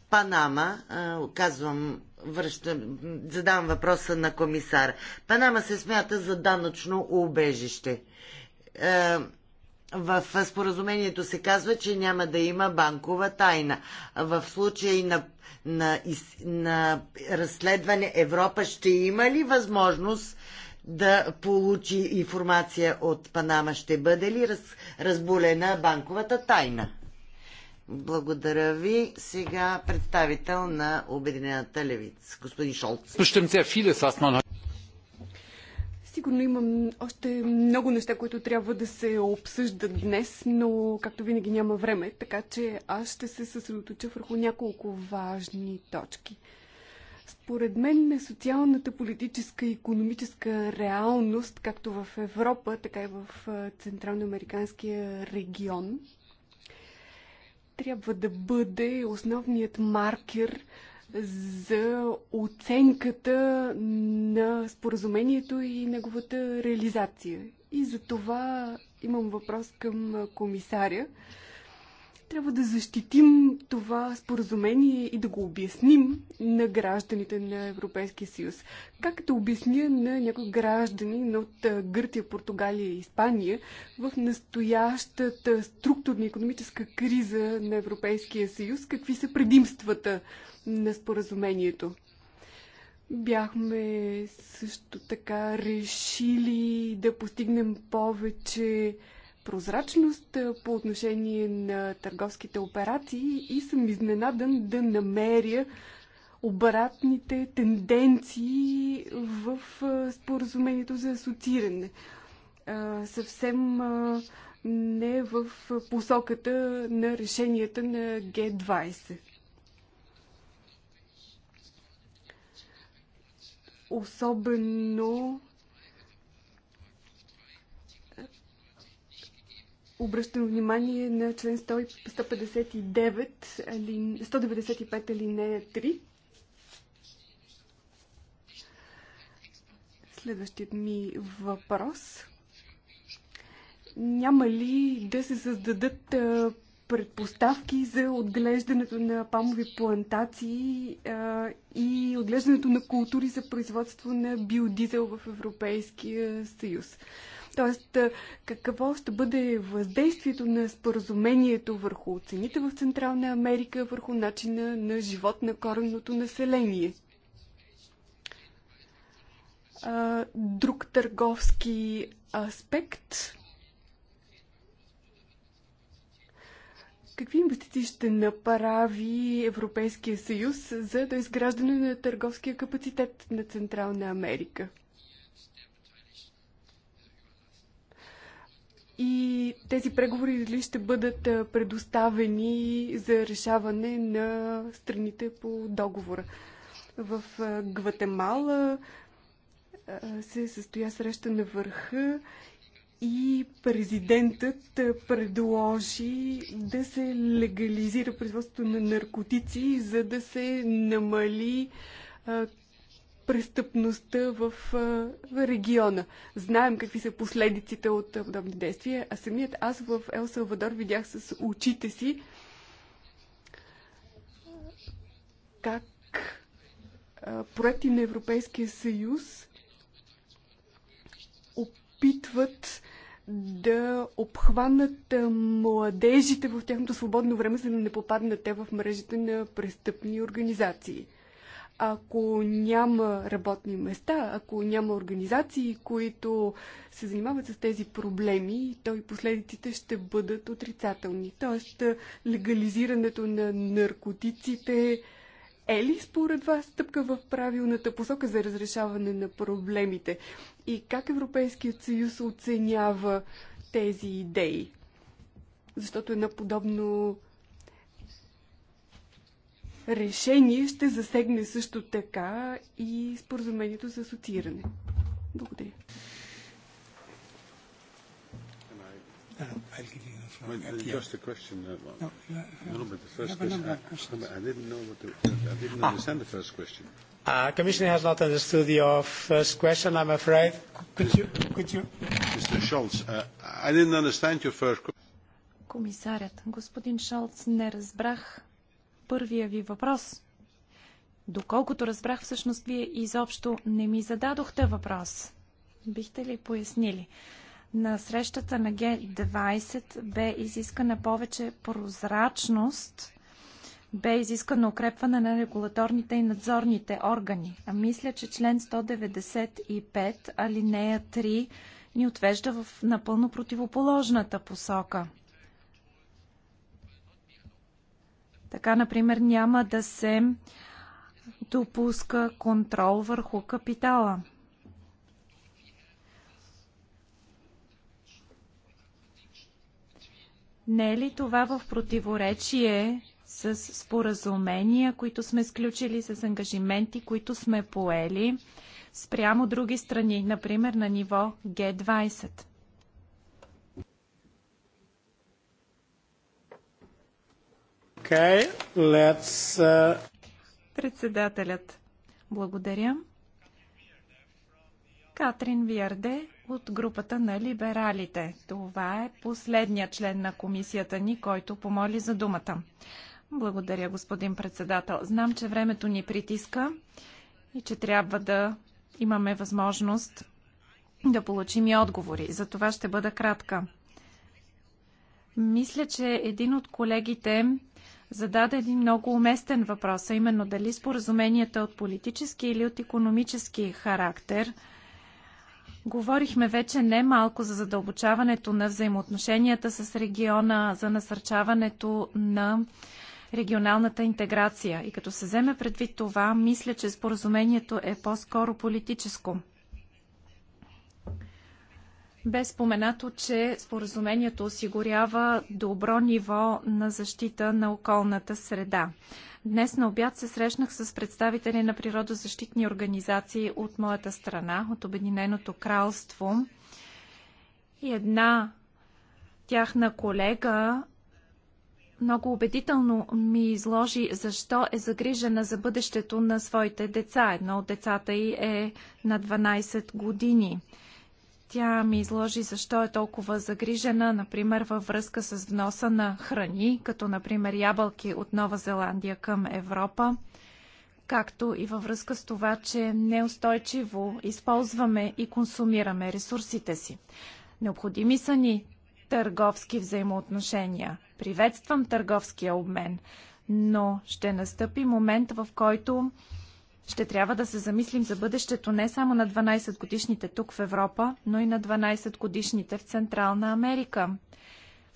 Панама, е, казвам, връщам, задавам въпроса на комисар. Панама се смята за данъчно убежище. Е, в споразумението се казва, че няма да има банкова тайна. В случай на, на, на разследване Европа ще има ли възможност да получи информация от Панама? Ще бъде ли раз, разболена банковата тайна? Благодаря ви. Сега представител на Обединената левица, господин Шолц.
Сигурно имам още много неща, които трябва да се обсъждат днес, но както винаги няма време, така че аз ще се съсредоточа върху няколко важни точки. Според мен социалната, политическа и економическа реалност, както в Европа, така и в Централноамериканския регион, трябва да бъде основният маркер за оценката на споразумението и неговата реализация. И за това имам въпрос към комисаря. Трябва да защитим това споразумение и да го обясним на гражданите на Европейския съюз. Как да обясня на някои граждани от Гърция, Португалия и Испания в настоящата структурна економическа криза на Европейския съюз, какви са предимствата на споразумението? Бяхме също така решили да постигнем повече прозрачност по отношение на търговските операции и съм изненадан да намеря обратните тенденции в споразумението за асоцииране. Съвсем не в посоката на решенията на Г-20. Особено Обръщам внимание на член 159, 195 не 3. Следващият ми въпрос. Няма ли да се създадат предпоставки за отглеждането на памови плантации а, и отглеждането на култури за производство на биодизел в Европейския съюз. Тоест, какво ще бъде въздействието на споразумението върху цените в Централна Америка, върху начина на живот на коренното население? Друг търговски аспект Какви инвестиции ще направи Европейския съюз за доизграждане на търговския капацитет на Централна Америка? и тези преговори ли ще бъдат предоставени за решаване на страните по договора. В Гватемала се състоя среща на върха и президентът предложи да се легализира производството на наркотици, за да се намали престъпността в региона. Знаем какви са последиците от подобни действия, а самият аз в Ел Салвадор видях с очите си как проекти на Европейския съюз опитват да обхванат младежите в тяхното свободно време, за да не попаднат те в мрежите на престъпни организации – ако няма работни места, ако няма организации, които се занимават с тези проблеми, то и последиците ще бъдат отрицателни. Тоест, легализирането на наркотиците е ли според вас стъпка в правилната посока за разрешаване на проблемите? И как Европейският съюз оценява тези идеи? Защото едно подобно решение ще засегне също така и споразумението за асоцииране. Благодаря.
Uh, Commissioner has not understood your first question, I'm afraid. Could you, could
you?
Mr. Schultz, uh, I didn't understand your first question.
Комисарят, господин Шолц, не разбрах първия ви въпрос. Доколкото разбрах, всъщност вие изобщо не ми зададохте въпрос. Бихте ли пояснили? На срещата на Г20 бе изискана повече прозрачност, бе изискано укрепване на регулаторните и надзорните органи. А мисля, че член 195, алинея 3, ни отвежда в напълно противоположната посока – Така, например, няма да се допуска контрол върху капитала. Не е ли това в противоречие с споразумения, които сме сключили, с ангажименти, които сме поели спрямо други страни, например на ниво Г20?
Okay, let's... Uh, Председателят.
Благодаря. Катрин Виарде от групата на либералите. Това е последният член на комисията ни, който помоли за думата. Благодаря, господин председател. Знам, че времето ни притиска и че трябва да имаме възможност да получим и отговори. За това ще бъда кратка. Мисля, че един от колегите зададе един много уместен въпрос, а именно дали споразумението е от политически или от економически характер. Говорихме вече не малко за задълбочаването на взаимоотношенията с региона, за насърчаването на регионалната интеграция. И като се вземе предвид това, мисля, че споразумението е по-скоро политическо. Бе споменато, че споразумението осигурява добро ниво на защита на околната среда. Днес на обяд се срещнах с представители на природозащитни организации от моята страна, от Обединеното кралство. И една тяхна колега много убедително ми изложи защо е загрижена за бъдещето на своите деца. Едно от децата й е на 12 години. Тя ми изложи защо е толкова загрижена, например във връзка с вноса на храни, като например ябълки от Нова Зеландия към Европа, както и във връзка с това, че неустойчиво използваме и консумираме ресурсите си. Необходими са ни търговски взаимоотношения. Приветствам търговския обмен, но ще настъпи момент, в който ще трябва да се замислим за бъдещето не само на 12-годишните тук в Европа, но и на 12-годишните в Централна Америка.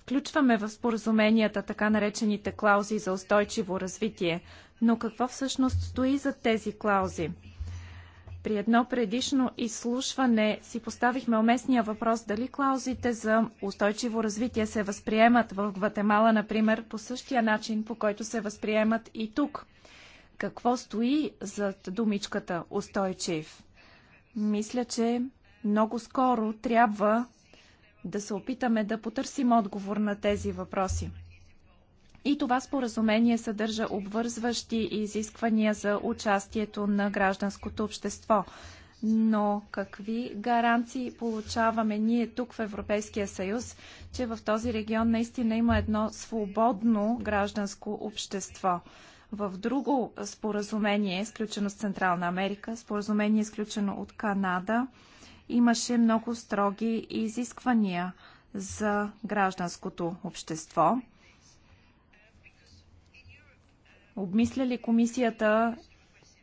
Включваме в споразуменията така наречените клаузи за устойчиво развитие, но какво всъщност стои за тези клаузи? При едно предишно изслушване си поставихме уместния въпрос дали клаузите за устойчиво развитие се възприемат в Гватемала, например, по същия начин, по който се възприемат и тук – какво стои зад думичката устойчив? Мисля, че много скоро трябва да се опитаме да потърсим отговор на тези въпроси. И това споразумение съдържа обвързващи изисквания за участието на гражданското общество. Но какви гаранции получаваме ние тук в Европейския съюз, че в този регион наистина има едно свободно гражданско общество? в друго споразумение, изключено с Централна Америка, споразумение изключено от Канада, имаше много строги изисквания за гражданското общество. Обмисля ли комисията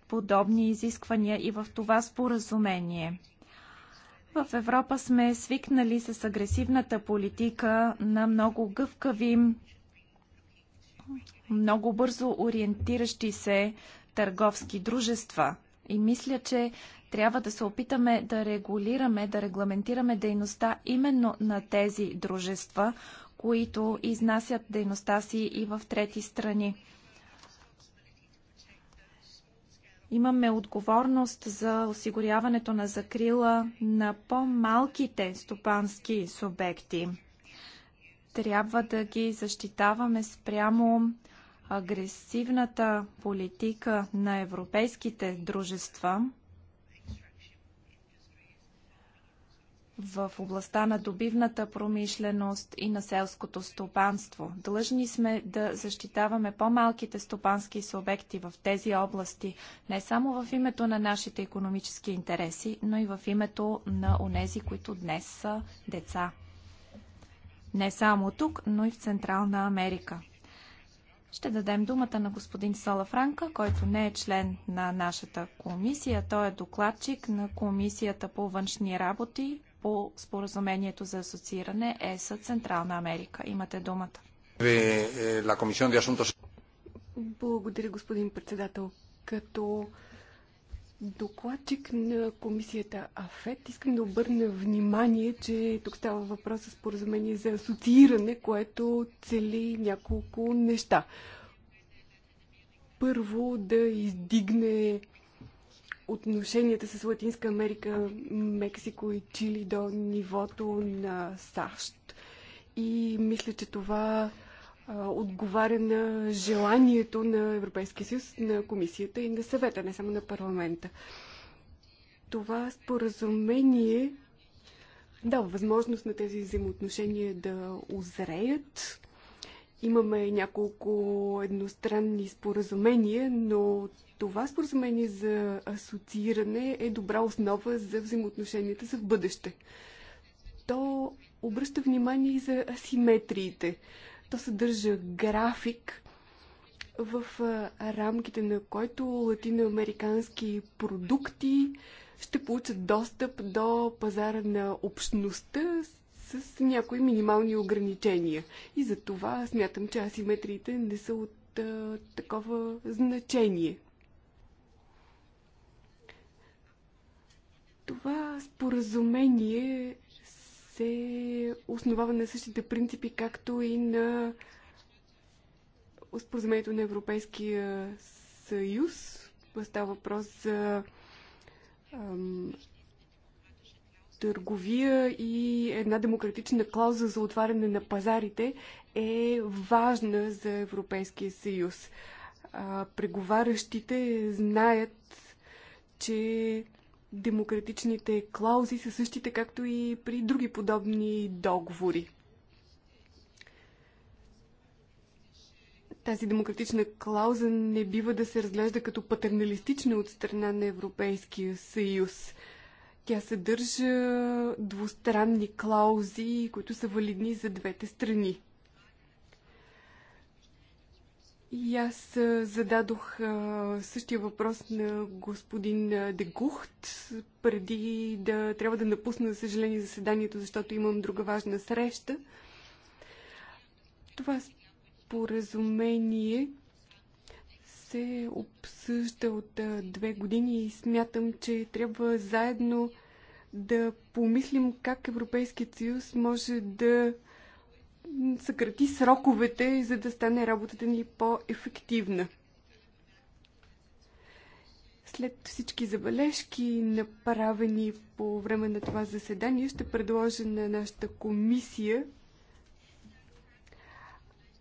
подобни изисквания и в това споразумение? В Европа сме свикнали с агресивната политика на много гъвкави много бързо ориентиращи се търговски дружества. И мисля, че трябва да се опитаме да регулираме, да регламентираме дейността именно на тези дружества, които изнасят дейността си и в трети страни. Имаме отговорност за осигуряването на закрила на по-малките стопански субекти. Трябва да ги защитаваме спрямо агресивната политика на европейските дружества в областта на добивната промишленост и на селското стопанство. Длъжни сме да защитаваме по-малките стопански субекти в тези области, не само в името на нашите економически интереси, но и в името на онези, които днес са деца. Не само тук, но и в Централна Америка. Ще дадем думата на господин Франка, който не е член на нашата комисия. Той е докладчик на Комисията по външни работи по споразумението за асоцииране ЕС Централна Америка. Имате думата.
Е,
Благодаря, господин председател. Като
докладчик на комисията АФЕТ, искам да обърна внимание, че тук става въпрос за споразумение за асоцииране, което цели няколко неща. Първо да издигне отношенията с Латинска Америка, Мексико и Чили до нивото на САЩ. И мисля, че това отговаря на желанието на Европейския съюз, на комисията и на съвета, не само на парламента. Това споразумение дава възможност на тези взаимоотношения да озреят. Имаме няколко едностранни споразумения, но това споразумение за асоцииране е добра основа за взаимоотношенията за в бъдеще. То обръща внимание и за асиметриите. То съдържа график, в рамките на който латиноамерикански продукти ще получат достъп до пазара на общността с, с някои минимални ограничения. И за това смятам, че асиметриите не са от а, такова значение. Това споразумение се основава на същите принципи, както и на споразумението на Европейския съюз. Става въпрос за ам, търговия и една демократична клауза за отваряне на пазарите е важна за Европейския съюз. А, преговарящите знаят, че демократичните клаузи са същите, както и при други подобни договори. Тази демократична клауза не бива да се разглежда като патерналистична от страна на Европейския съюз. Тя съдържа двустранни клаузи, които са валидни за двете страни. И аз зададох същия въпрос на господин Дегухт преди да трябва да напусна, за съжаление, заседанието, защото имам друга важна среща. Това споразумение се обсъжда от две години и смятам, че трябва заедно да помислим как Европейският съюз може да съкрати сроковете, за да стане работата ни по-ефективна. След всички забележки, направени по време на това заседание, ще предложа на нашата комисия,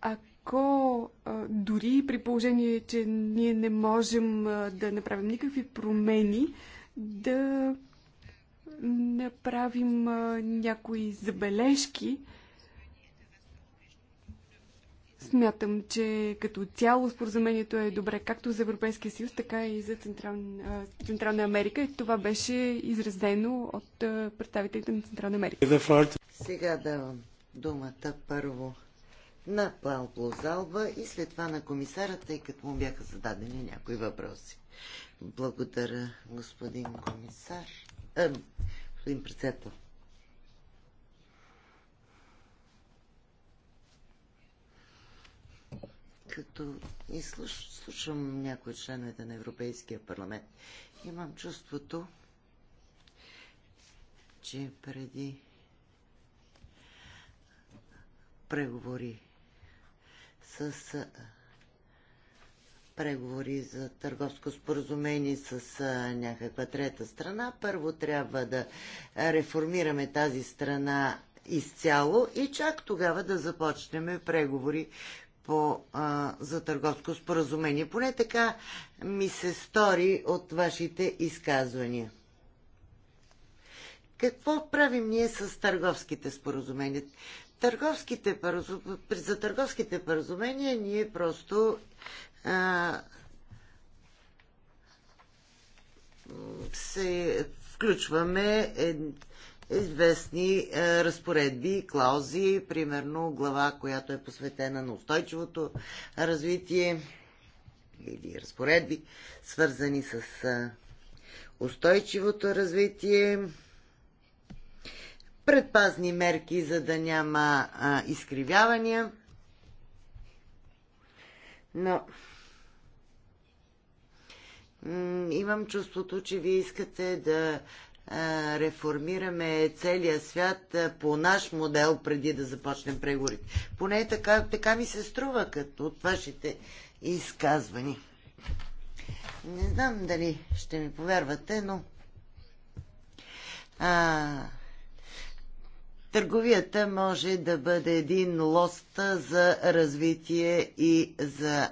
ако дори при положение, че ние не можем да направим никакви промени, да направим някои забележки, Смятам, че като цяло споразумението е добре както за Европейския съюз, така и за Централна, Централна Америка. И това беше изразено от представителите на Централна Америка. Сега давам думата
първо на Пал Плозалба и след това на комисарата, тъй като му бяха зададени някои въпроси. Благодаря, господин комисар. Е, господин председател. като слушам някои членове на Европейския парламент, имам чувството, че преди преговори с преговори за търговско споразумение с някаква трета страна. Първо трябва да реформираме тази страна изцяло и чак тогава да започнем преговори по, а, за търговско споразумение. Поне така ми се стори от вашите изказвания. Какво правим ние с търговските споразумения? Търговските, за търговските споразумения ние просто а, се включваме известни е, разпоредби, клаузи, примерно глава, която е посветена на устойчивото развитие или разпоредби, свързани с е, устойчивото развитие, предпазни мерки, за да няма е, изкривявания. Но имам чувството, че вие искате да реформираме целия свят по наш модел преди да започнем преговорите. Поне така, така ми се струва като от вашите изказвани. Не знам дали ще ми повярвате, но а, търговията може да бъде един лост за развитие и за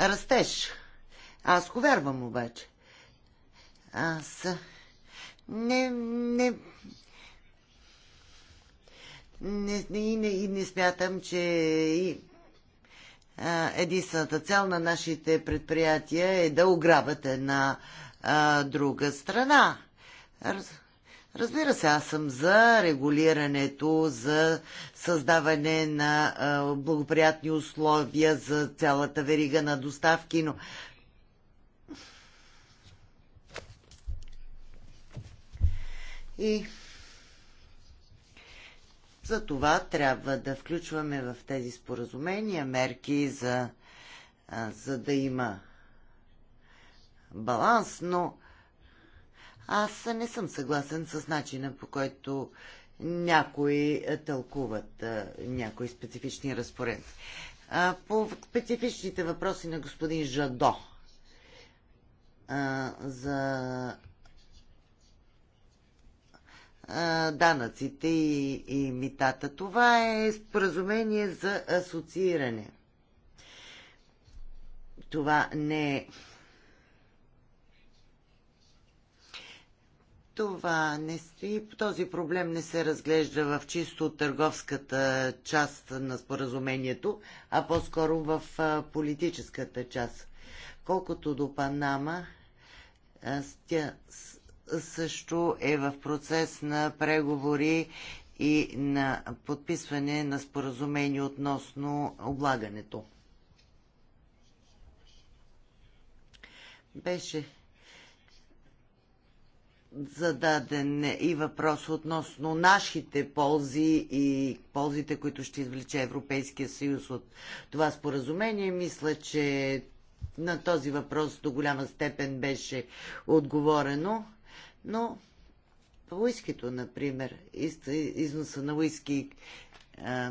растеж. Аз го вярвам обаче. Аз не, не, не, и не, и не смятам, че и, а, единствената цел на нашите предприятия е да ограбят една а, друга страна. Раз, разбира се, аз съм за регулирането, за създаване на а, благоприятни условия за цялата верига на доставки, но И за това трябва да включваме в тези споразумения мерки за, за да има баланс, но аз не съм съгласен с начина по който някои тълкуват някои специфични разпоредби. По специфичните въпроси на господин Жадо за данъците и, и митата. Това е споразумение за асоцииране. Това не е. Това не стои. Този проблем не се разглежда в чисто търговската част на споразумението, а по-скоро в политическата част. Колкото до Панама, тя също е в процес на преговори и на подписване на споразумение относно облагането. Беше зададен и въпрос относно нашите ползи и ползите, които ще извлече Европейския съюз от това споразумение. Мисля, че на този въпрос до голяма степен беше отговорено но уискито, например, износа на уиски,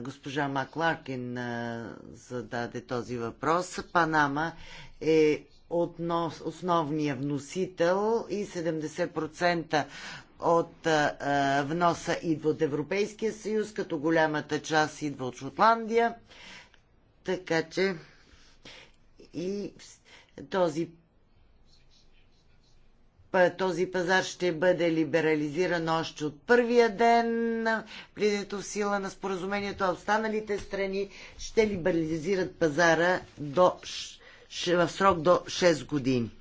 госпожа Макларкин зададе този въпрос. Панама е относ, основния вносител и 70% от а, вноса идва от Европейския съюз, като голямата част идва от Шотландия. Така че и този този пазар ще бъде либерализиран още от първия ден на влизането в сила на споразумението, а останалите страни ще либерализират пазара до, в срок до 6 години.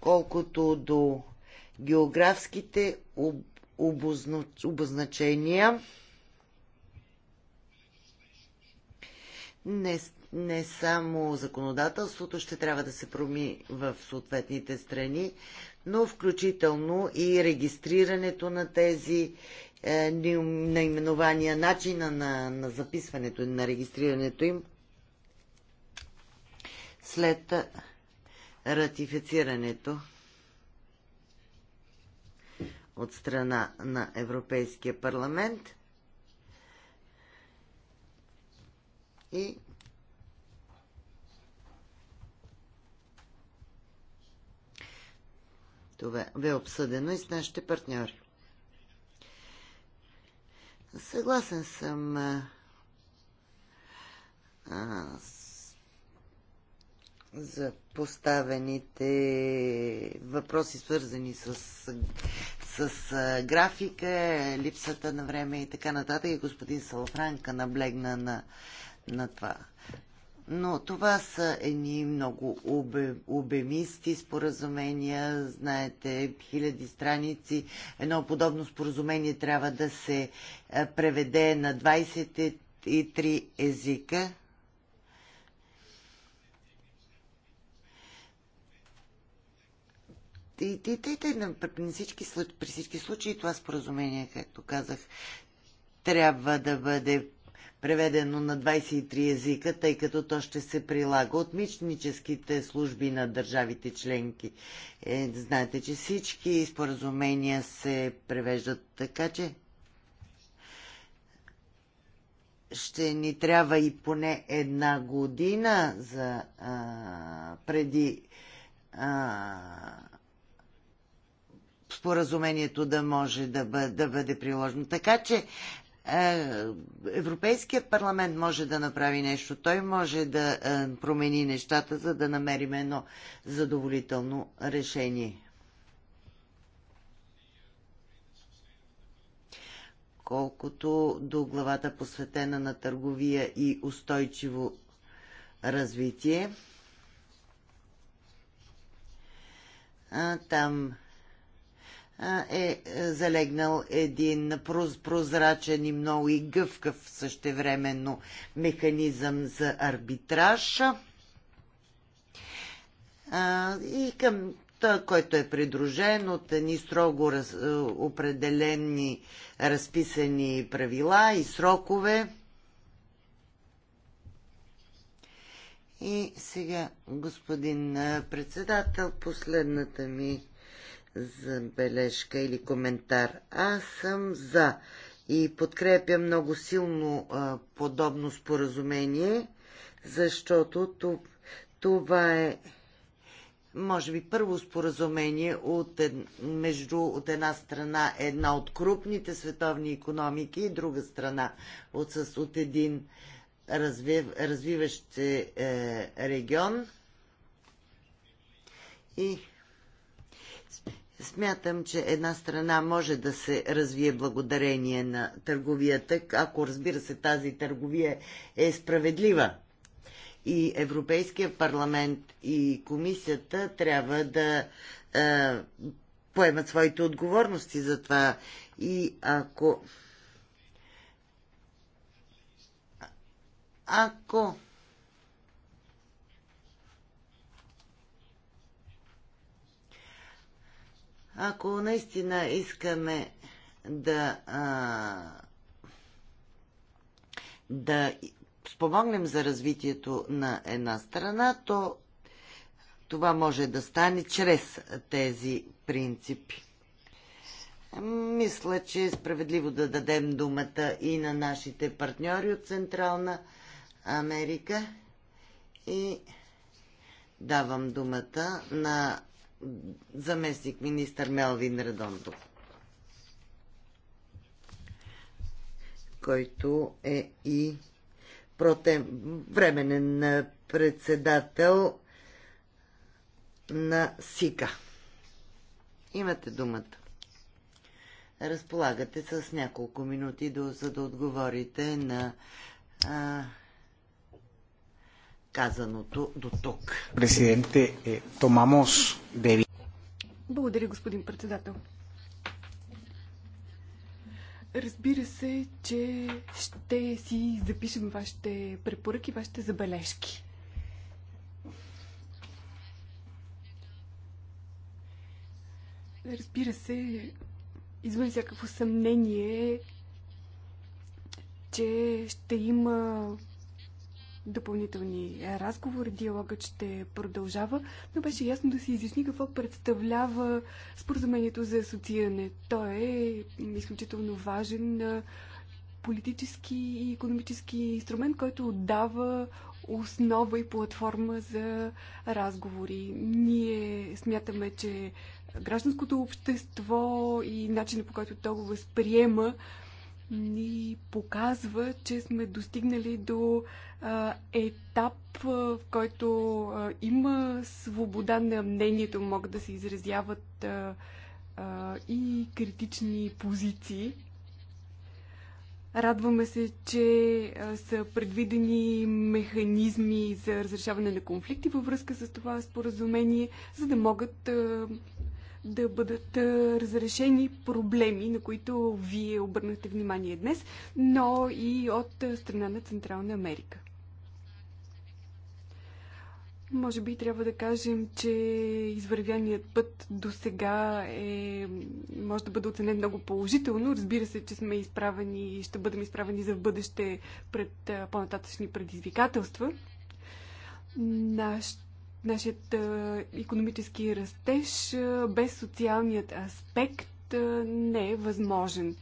Колкото до географските обозначения, днес не само законодателството ще трябва да се проми в съответните страни, но включително и регистрирането на тези е, наименования, начина на, на записването и на регистрирането им след ратифицирането от страна на Европейския парламент и Това бе обсъдено и с нашите партньори. Съгласен съм а, а, с, за поставените въпроси, свързани с, с а, графика, липсата на време и така нататък. И господин Салафранка наблегна на, на това. Но това са едни много обемисти споразумения, знаете, хиляди страници. Едно подобно споразумение трябва да се е, преведе на 23 езика. И, и, и, и при, всички, при всички случаи това споразумение, както казах, трябва да бъде преведено на 23 езика, тъй като то ще се прилага от митническите служби на държавите членки. Е, знаете, че всички споразумения се превеждат така, че ще ни трябва и поне една година за а, преди а, споразумението да може да бъде, да бъде приложено. Така че е, Европейският парламент може да направи нещо. Той може да е, промени нещата, за да намерим едно задоволително решение. Колкото до главата посветена на търговия и устойчиво развитие, там е, е залегнал един прозрачен и много и гъвкав същевременно механизъм за арбитраж и към който е придружен от ни строго раз, е, определени разписани правила и срокове. И сега, господин председател, последната ми забележка или коментар. Аз съм за и подкрепя много силно а, подобно споразумение, защото това е може би първо споразумение от, между от една страна една от крупните световни економики и друга страна от, с, от един развив, развиващ се е, регион. И Смятам, че една страна може да се развие благодарение на търговията, ако разбира се тази търговия е справедлива. И Европейския парламент и комисията трябва да е, поемат своите отговорности за това. И ако. Ако Ако наистина искаме да, а, да спомогнем за развитието на една страна, то това може да стане чрез тези принципи. Мисля, че е справедливо да дадем думата и на нашите партньори от Централна Америка. И давам думата на заместник министър Мелвин Редондо, който е и протем, временен председател на СИКА. Имате думата. Разполагате с няколко минути, до, за да отговорите на а, казаното до тук. Президенте,
е, томамос деви.
Благодаря, господин председател. Разбира се, че ще си запишем вашите препоръки, вашите забележки. Разбира се, извън всякакво съмнение, че ще има допълнителни разговори, диалогът ще продължава, но беше ясно да се изясни какво представлява споразумението за асоцииране. То е изключително важен политически и економически инструмент, който дава основа и платформа за разговори. Ние смятаме, че гражданското общество и начинът по който то го възприема ни показва, че сме достигнали до а, етап, в който а, има свобода на мнението, могат да се изразяват а, а, и критични позиции. Радваме се, че са предвидени механизми за разрешаване на конфликти във връзка с това споразумение, за да могат да бъдат разрешени проблеми, на които вие обърнахте внимание днес, но и от страна на Централна Америка. Може би трябва да кажем, че извървяният път до сега е, може да бъде оценен много положително. Разбира се, че сме изправени и ще бъдем изправени за в бъдеще пред по-нататъчни предизвикателства. Нашите нашият економически растеж без социалният аспект не е възможен.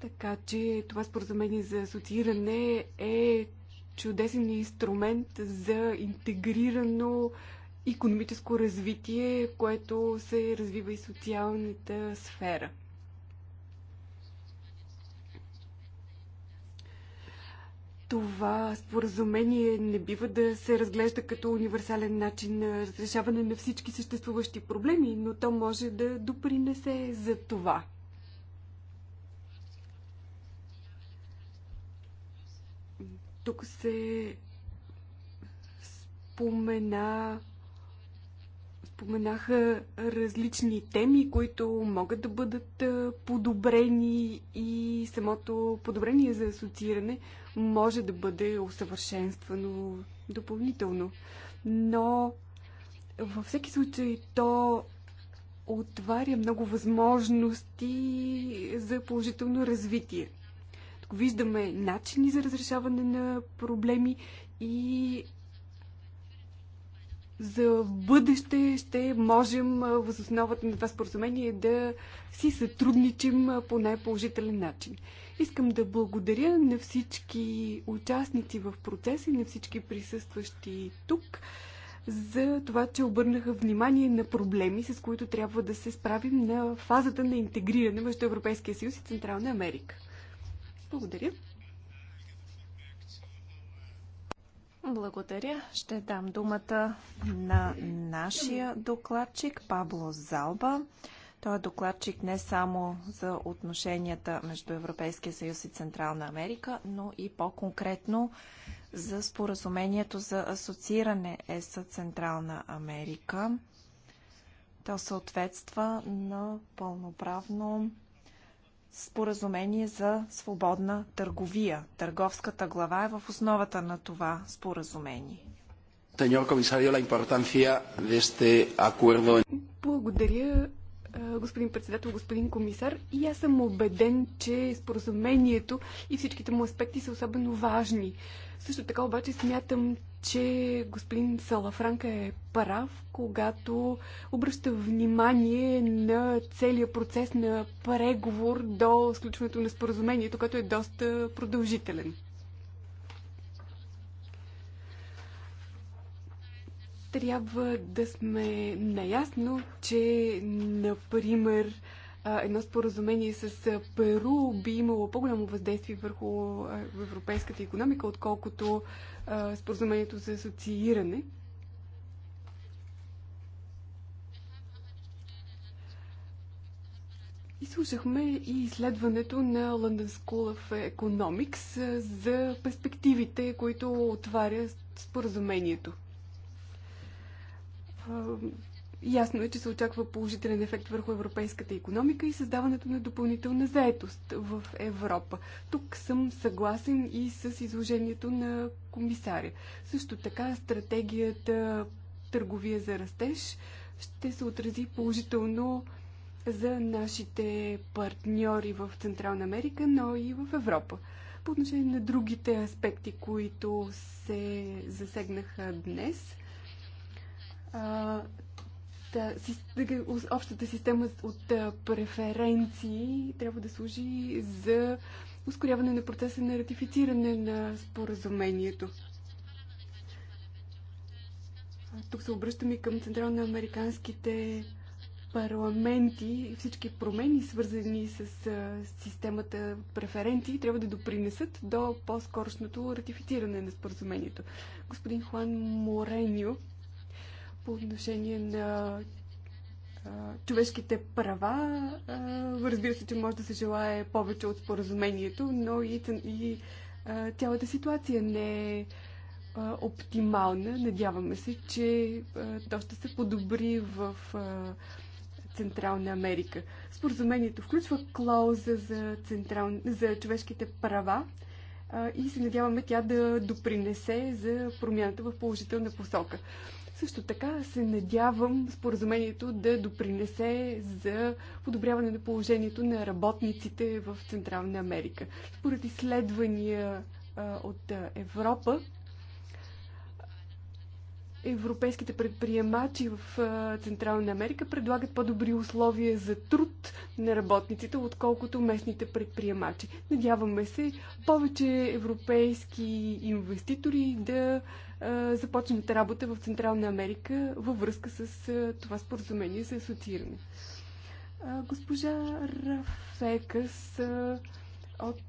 Така че това споразумение за асоцииране е чудесен инструмент за интегрирано економическо развитие, което се развива и социалната сфера. това споразумение не бива да се разглежда като универсален начин на разрешаване на всички съществуващи проблеми, но то може да допринесе за това. Тук се спомена споменаха различни теми, които могат да бъдат подобрени и самото подобрение за асоцииране може да бъде усъвършенствано допълнително. Но във всеки случай то отваря много възможности за положително развитие. Тук виждаме начини за разрешаване на проблеми и за бъдеще ще можем въз основата на това споразумение да си сътрудничим по най-положителен начин. Искам да благодаря на всички участници в процеса и на всички присъстващи тук за това, че обърнаха внимание на проблеми, с които трябва да се справим на фазата на интегриране между Европейския съюз и Централна Америка. Благодаря.
Благодаря. Ще дам думата на нашия докладчик Пабло Залба. Той е докладчик не само за отношенията между Европейския съюз и Централна Америка, но и по-конкретно за споразумението за асоцииране ЕС Централна Америка. То съответства на пълноправно споразумение за свободна търговия. Търговската глава е в основата на това споразумение. Благодаря, е, господин председател,
господин комисар. И аз съм убеден, че споразумението и всичките му аспекти са особено важни. Също така обаче смятам, че господин Салафранка е прав, когато обръща внимание на целият процес на преговор до сключването на споразумението, което е доста продължителен. трябва да сме наясно, че, например, едно споразумение с Перу би имало по-голямо въздействие върху европейската економика, отколкото споразумението за асоцииране. И слушахме и изследването на London School of Economics за перспективите, които отваря споразумението. Е, ясно е, че се очаква положителен ефект върху европейската економика и създаването на допълнителна заетост в Европа. Тук съм съгласен и с изложението на комисаря. Също така стратегията търговия за растеж ще се отрази положително за нашите партньори в Централна Америка, но и в Европа. По отношение на другите аспекти, които се засегнаха днес – да, общата система от преференции трябва да служи за ускоряване на процеса на ратифициране на споразумението. Тук се обръщам и към централноамериканските парламенти. Всички промени, свързани с системата преференции, трябва да допринесат до по-скорошното ратифициране на споразумението. Господин Хуан Мореньо по отношение на а, човешките права. А, разбира се, че може да се желае повече от споразумението, но и, и а, цялата ситуация не е а, оптимална. Надяваме се, че а, то ще се подобри в. А, Централна Америка. Споразумението включва клауза за, централ... за човешките права а, и се надяваме тя да допринесе за промяната в положителна посока. Също така се надявам споразумението да допринесе за подобряване на положението на работниците в Централна Америка. Според изследвания от Европа, европейските предприемачи в Централна Америка предлагат по-добри условия за труд на работниците, отколкото местните предприемачи. Надяваме се повече европейски инвеститори да започнат работа в Централна Америка във връзка с това споразумение за асоцииране. Госпожа Рафекас от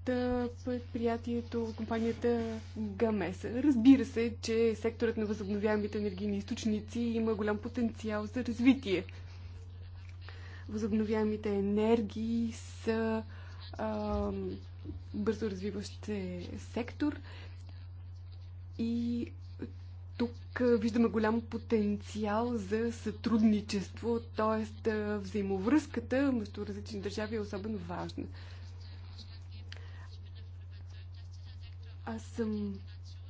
предприятието, компанията Гамеса. Разбира се, че секторът на възобновяемите енергийни източници има голям потенциал за развитие. Възобновяемите енергии са а, бързо развиващ се сектор и тук виждаме голям потенциал за сътрудничество, т.е. взаимовръзката между различни държави е особено важна. Аз съм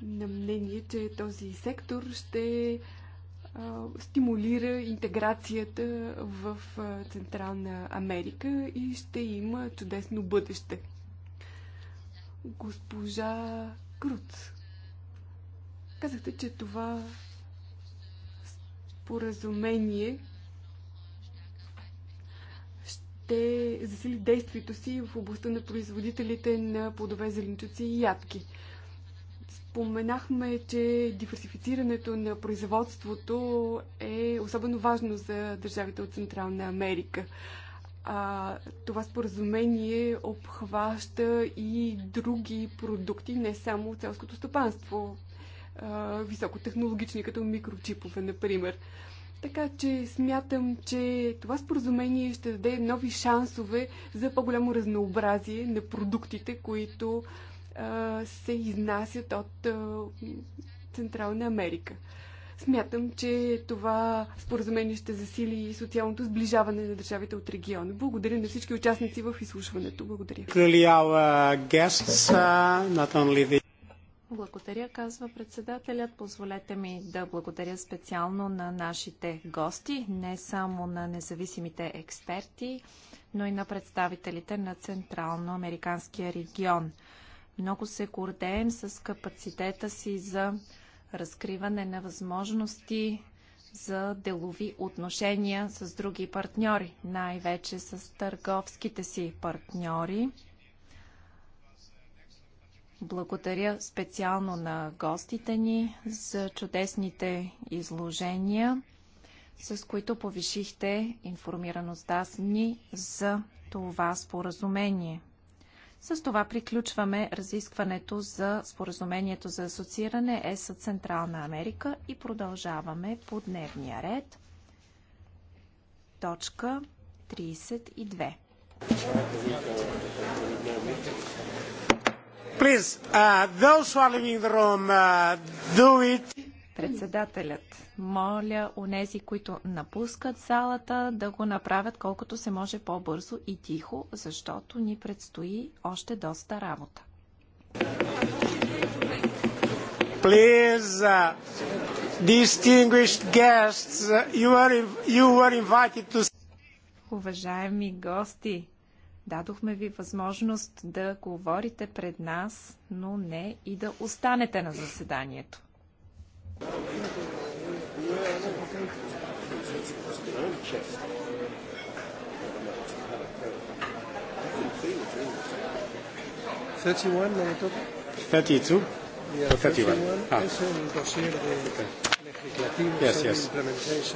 на мнение, че този сектор ще стимулира интеграцията в Централна Америка и ще има чудесно бъдеще. Госпожа Круц. Казахте, че това споразумение ще засили действието си в областта на производителите на плодове, зеленчуци и ядки. Споменахме, че диверсифицирането на производството е особено важно за държавите от Централна Америка. А, това споразумение обхваща и други продукти, не само целското стопанство високотехнологични, като микрочипове, например. Така че смятам, че това споразумение ще даде нови шансове за по-голямо разнообразие на продуктите, които а, се изнасят от а, Централна Америка. Смятам, че това споразумение ще засили и социалното сближаване на държавите от региона. Благодаря на
всички участници в изслушването. Благодаря. Благодаря, казва председателят. Позволете ми да благодаря специално на нашите гости, не само на независимите експерти, но и на представителите на Централно-Американския регион. Много се гордеем с капацитета си за разкриване на възможности за делови отношения с други партньори, най-вече с търговските си партньори. Благодаря специално на гостите ни за чудесните изложения, с които повишихте информираността ни за това споразумение. С това приключваме разискването за споразумението за асоцииране ЕС Централна Америка и продължаваме по дневния ред. Точка 32. Please, uh,
those who are the room, uh, do it.
Председателят, моля онези, които напускат залата, да го направят колкото се може по-бързо и тихо, защото ни предстои още доста работа.
Please, uh, distinguished
guests, uh, you were, you were invited to... Уважаеми гости, Дадохме ви възможност да говорите пред нас, но не и да останете на заседанието.
Eh, ah. Yes, yes.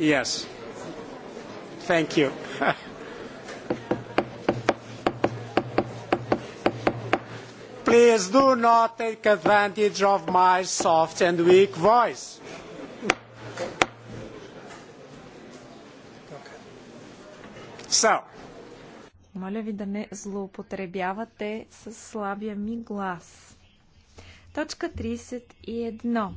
Yes. Thank you. *laughs* Please do not take advantage of my soft and weak
voice. So. Моля ви да не злоупотребявате с слабия ми глас. Точка 31.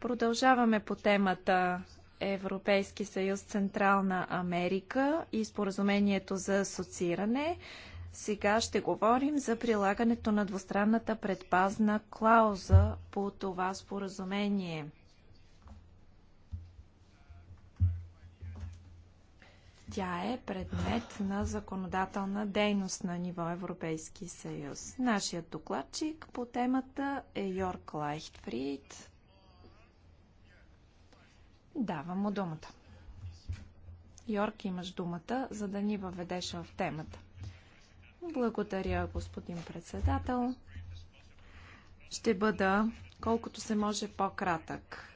Продължаваме по темата Европейски съюз Централна Америка и споразумението за асоцииране. Сега ще говорим за прилагането на двустранната предпазна клауза по това споразумение. Тя е предмет на законодателна дейност на ниво Европейски съюз. Нашият докладчик по темата е Йорк Лайхтфрид. Давам му думата. Йорк, имаш думата, за да ни въведеш в темата. Благодаря, господин председател. Ще бъда колкото се може по-кратък.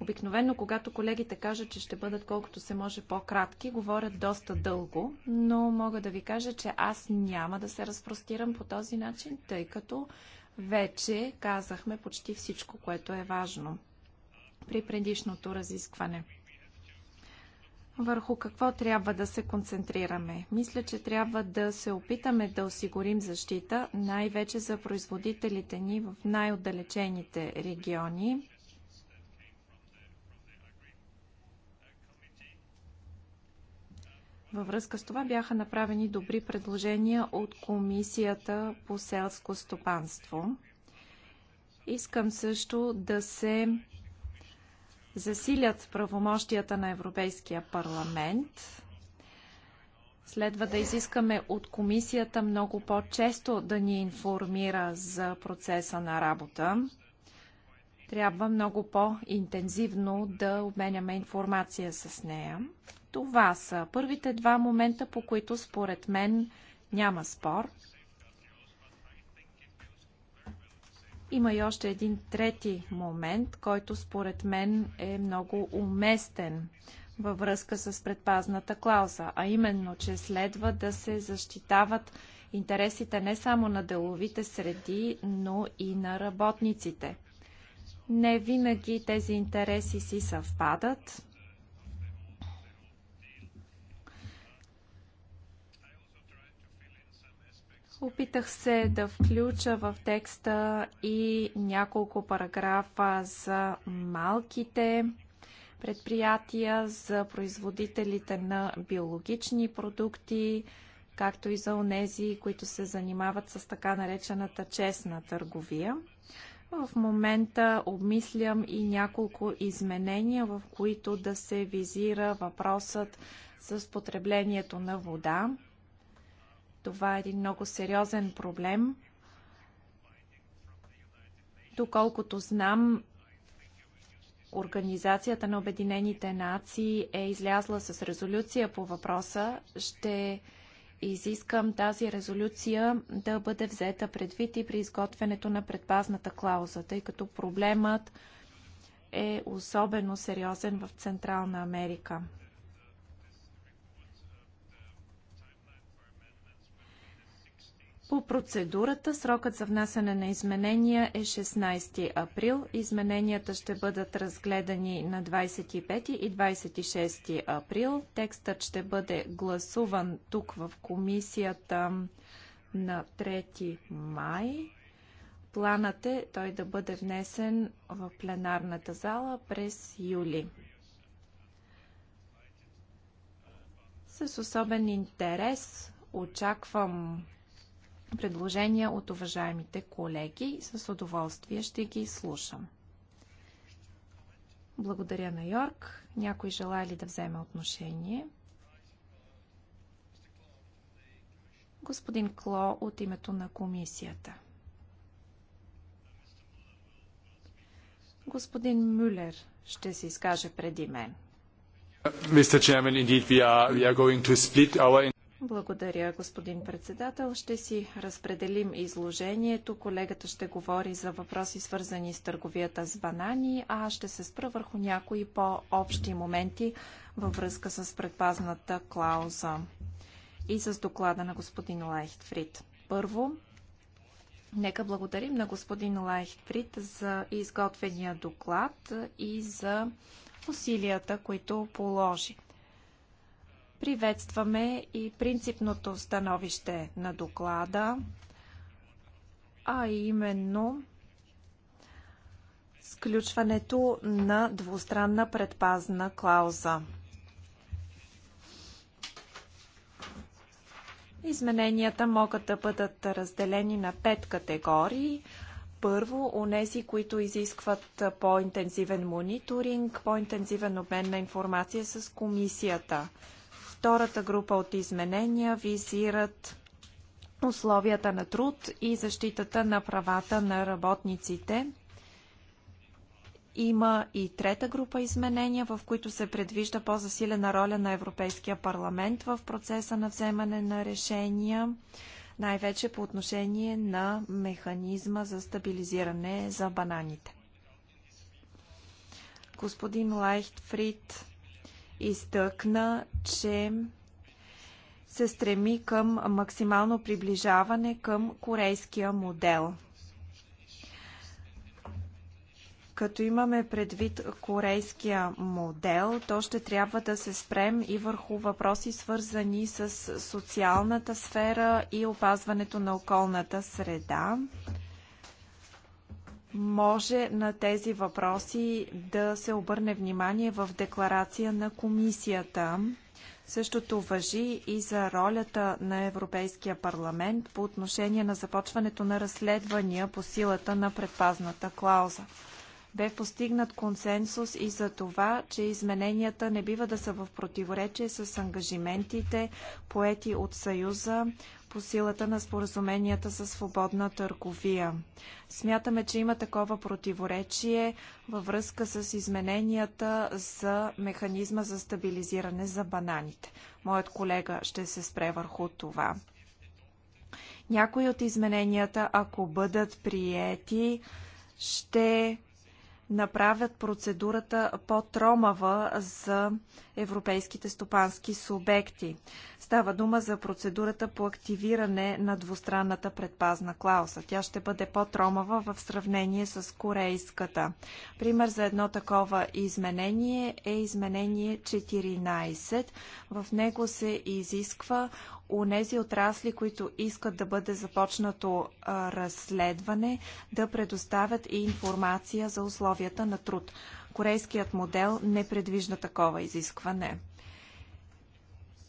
Обикновено, когато колегите кажат, че ще бъдат колкото се може по-кратки, говорят доста дълго, но мога да ви кажа, че аз няма да се разпростирам по този начин, тъй като вече казахме почти всичко, което е важно при предишното разискване. Върху какво трябва да се концентрираме? Мисля, че трябва да се опитаме да осигурим защита най-вече за производителите ни в най-отдалечените региони. Във връзка с това бяха направени добри предложения от Комисията по селско стопанство. Искам също да се засилят правомощията на Европейския парламент. Следва да изискаме от комисията много по-често да ни информира за процеса на работа. Трябва много по-интензивно да обменяме информация с нея. Това са първите два момента, по които според мен няма спор. Има и още един трети момент, който според мен е много уместен във връзка с предпазната клауза, а именно, че следва да се защитават интересите не само на деловите среди, но и на работниците. Не винаги тези интереси си съвпадат. Опитах се да включа в текста и няколко параграфа за малките предприятия, за производителите на биологични продукти, както и за онези, които се занимават с така наречената честна търговия. В момента обмислям и няколко изменения, в които да се визира въпросът с потреблението на вода, това е един много сериозен проблем. Доколкото знам, Организацията на Обединените нации е излязла с резолюция по въпроса. Ще изискам тази резолюция да бъде взета предвид и при изготвянето на предпазната клауза, тъй като проблемът е особено сериозен в Централна Америка. По процедурата срокът за внасяне на изменения е 16 април. Измененията ще бъдат разгледани на 25 и 26 април. Текстът ще бъде гласуван тук в комисията на 3 май. Планът е той да бъде внесен в пленарната зала през юли. С особен интерес очаквам предложения от уважаемите колеги. С удоволствие ще ги слушам. Благодаря на Йорк. Някой желая ли да вземе отношение? Господин Кло от името на комисията. Господин Мюлер ще се изкаже преди мен.
Мистер Чермен, indeed we are, we are going to split our
благодаря, господин председател. Ще си разпределим изложението. Колегата ще говори за въпроси, свързани с търговията с банани, а ще се спра върху някои по-общи моменти във връзка с предпазната клауза и с доклада на господин Лайхтфрид. Първо, нека благодарим на господин Лайхтфрид за изготвения доклад и за усилията, които положи. Приветстваме и принципното становище на доклада, а именно сключването на двустранна предпазна клауза. Измененията могат да бъдат разделени на пет категории. Първо, онези, които изискват по-интензивен мониторинг, по-интензивен обмен на информация с комисията – Втората група от изменения визират условията на труд и защитата на правата на работниците. Има и трета група изменения, в които се предвижда по-засилена роля на Европейския парламент в процеса на вземане на решения, най-вече по отношение на механизма за стабилизиране за бананите. Господин Лайхтфрид изтъкна, че се стреми към максимално приближаване към корейския модел. Като имаме предвид корейския модел, то ще трябва да се спрем и върху въпроси свързани с социалната сфера и опазването на околната среда може на тези въпроси да се обърне внимание в декларация на комисията. Същото въжи и за ролята на Европейския парламент по отношение на започването на разследвания по силата на предпазната клауза. Бе постигнат консенсус и за това, че измененията не бива да са в противоречие с ангажиментите, поети от Съюза по силата на споразуменията за свободна търговия. Смятаме, че има такова противоречие във връзка с измененията за механизма за стабилизиране за бананите. Моят колега ще се спре върху това. Някои от измененията, ако бъдат приети, ще направят процедурата по-тромава за европейските стопански субекти. Става дума за процедурата по активиране на двустранната предпазна клауса. Тя ще бъде по-тромава в сравнение с корейската. Пример за едно такова изменение е изменение 14. В него се изисква унези отрасли, които искат да бъде започнато а, разследване, да предоставят и информация за условията на труд. Корейският модел не предвижда такова изискване.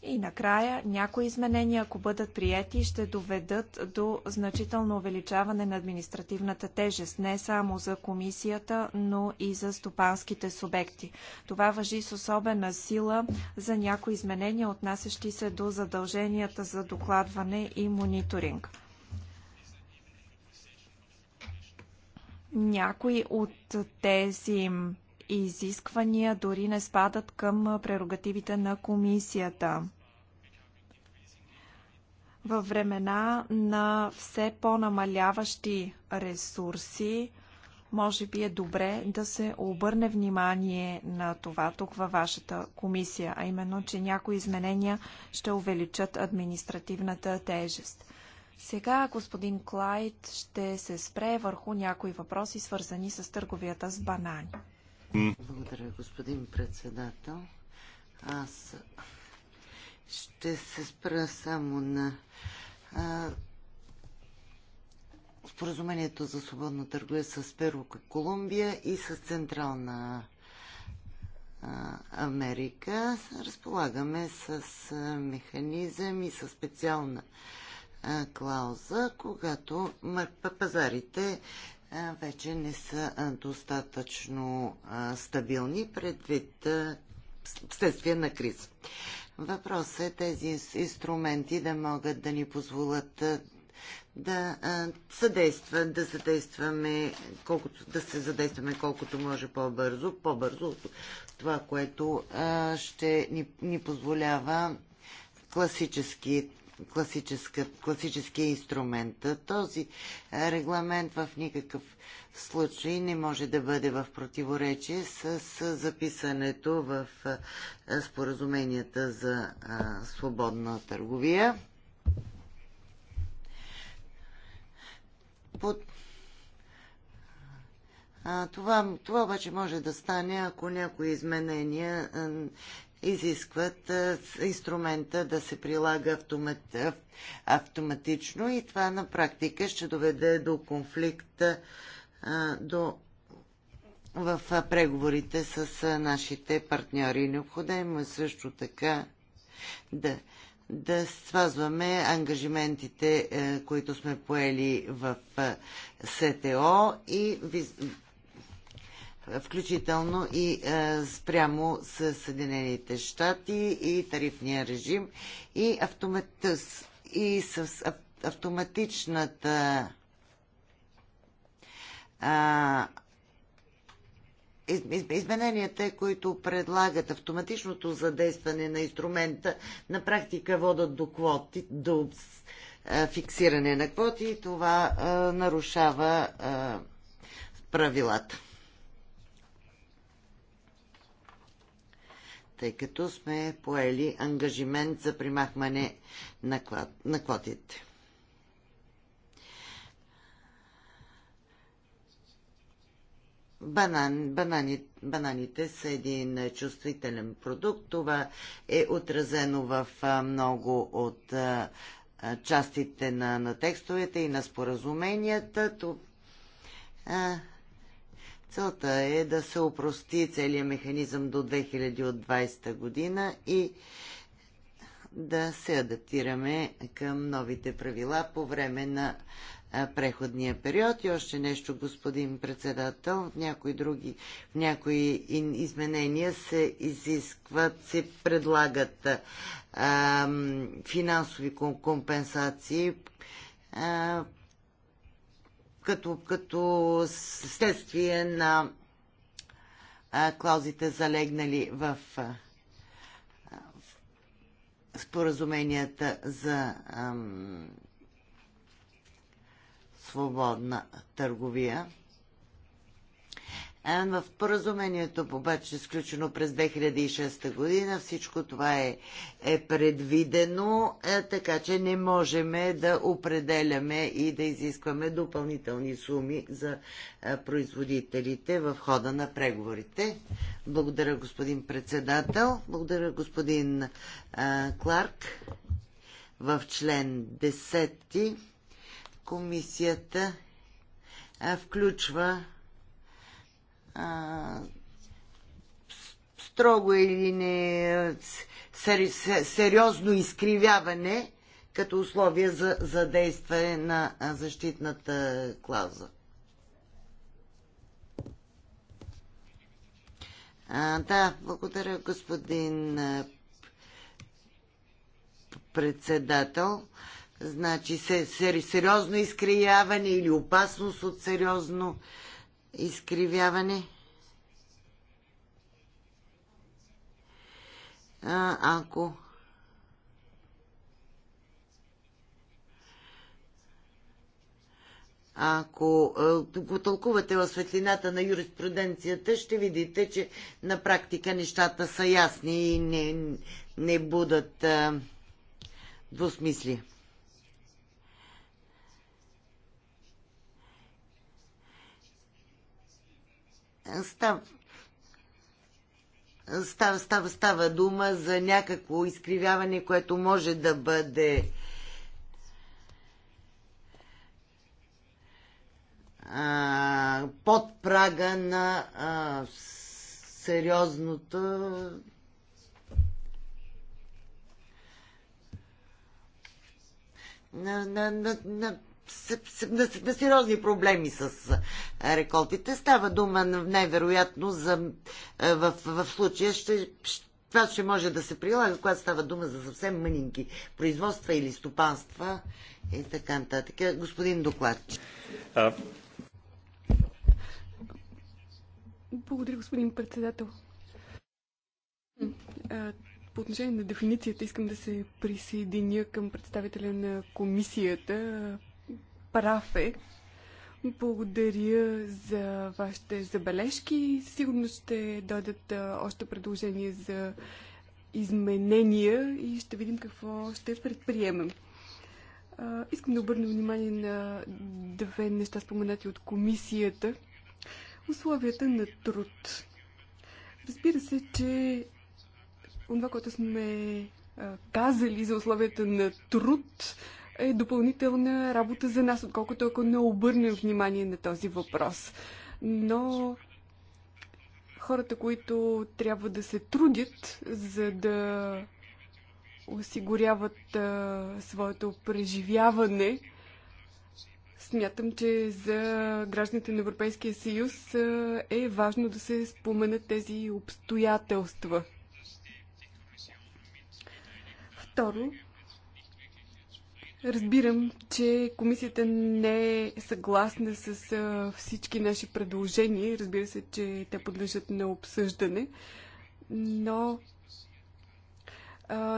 И накрая някои изменения, ако бъдат прияти, ще доведат до значително увеличаване на административната тежест, не само за комисията, но и за стопанските субекти. Това въжи с особена сила за някои изменения, отнасящи се до задълженията за докладване и мониторинг. Някои от тези изисквания дори не спадат към прерогативите на комисията във времена на все по-намаляващи ресурси, може би е добре да се обърне внимание на това тук във вашата комисия, а именно, че някои изменения ще увеличат административната тежест. Сега господин Клайд ще се спре върху някои въпроси, свързани с търговията с банани.
Благодаря, господин председател. Аз ще се спра само на споразумението за свободна търговия с Перу, Колумбия и с Централна Америка. Разполагаме с механизъм и с специална клауза, когато пазарите вече не са достатъчно стабилни предвид следствие на криза. Въпросът е тези инструменти да могат да ни позволят да съдейства, да съдействаме колкото, да се задействаме колкото може по-бързо, по-бързо от това, което ще ни, ни позволява класическият класическия инструмент. Този регламент в никакъв случай не може да бъде в противоречие с записането в споразуменията за свободна търговия. Под това, това обаче може да стане, ако някои изменения изискват инструмента да се прилага автоматично и това на практика ще доведе до конфликт до в преговорите с нашите партньори. Необходимо е също така да, да свазваме ангажиментите, е, които сме поели в СТО и включително и е, спрямо с Съединените щати и тарифния режим и, и с автоматичната измененията, които предлагат автоматичното задействане на инструмента, на практика водат до квоти, до е, фиксиране на квоти и това е, нарушава правилата. тъй като сме поели ангажимент за примахване на, на квотите. Банан, банани, бананите са един чувствителен продукт. Това е отразено в много от частите на, на текстовете и на споразуменията. Това, а, Целта е да се опрости целият механизъм до 2020 година и да се адаптираме към новите правила по време на преходния период. И още нещо, господин председател, в някои други, в някои изменения се изискват, се предлагат а, финансови компенсации а, като, като следствие на а, клаузите залегнали в а, споразуменията за ам, свободна търговия. В поразумението обаче, сключено през 2006 година, всичко това е, е предвидено, е, така че не можем да определяме и да изискваме допълнителни суми за е, производителите в хода на преговорите. Благодаря, господин председател. Благодаря, господин е, Кларк. В член 10 комисията е, включва а, строго или не сериозно изкривяване като условие за, за действие на защитната клауза. А, да, благодаря, господин председател. Значи, се, сериозно изкрияване или опасност от сериозно а, изкривяване. А, ако Ако го тълкувате в светлината на юриспруденцията, ще видите, че на практика нещата са ясни и не, не будат а, двусмисли. става, става, става, става дума за някакво изкривяване, което може да бъде а, под прага на а, сериозното на, на, на, на на, на сериозни проблеми с реколтите. Става дума най-вероятно за... В, в случая ще, това ще може да се прилага, когато става дума за съвсем мънинки производства или стопанства и така нататък. Господин докладчик.
Благодаря, господин председател. По отношение на дефиницията искам да се присъединя към представителя на комисията прав е. Благодаря за вашите забележки. Сигурно ще дойдат още предложения за изменения и ще видим какво ще предприемем. Искам да обърна внимание на две неща, споменати от комисията. Условията на труд. Разбира се, че това, което сме казали за условията на труд, е допълнителна работа за нас, отколкото ако не обърнем внимание на този въпрос. Но хората, които трябва да се трудят, за да осигуряват а, своето преживяване, смятам, че за гражданите на Европейския съюз а, е важно да се споменат тези обстоятелства. Второ, Разбирам, че комисията не е съгласна с всички наши предложения. Разбира се, че те подлежат на обсъждане, но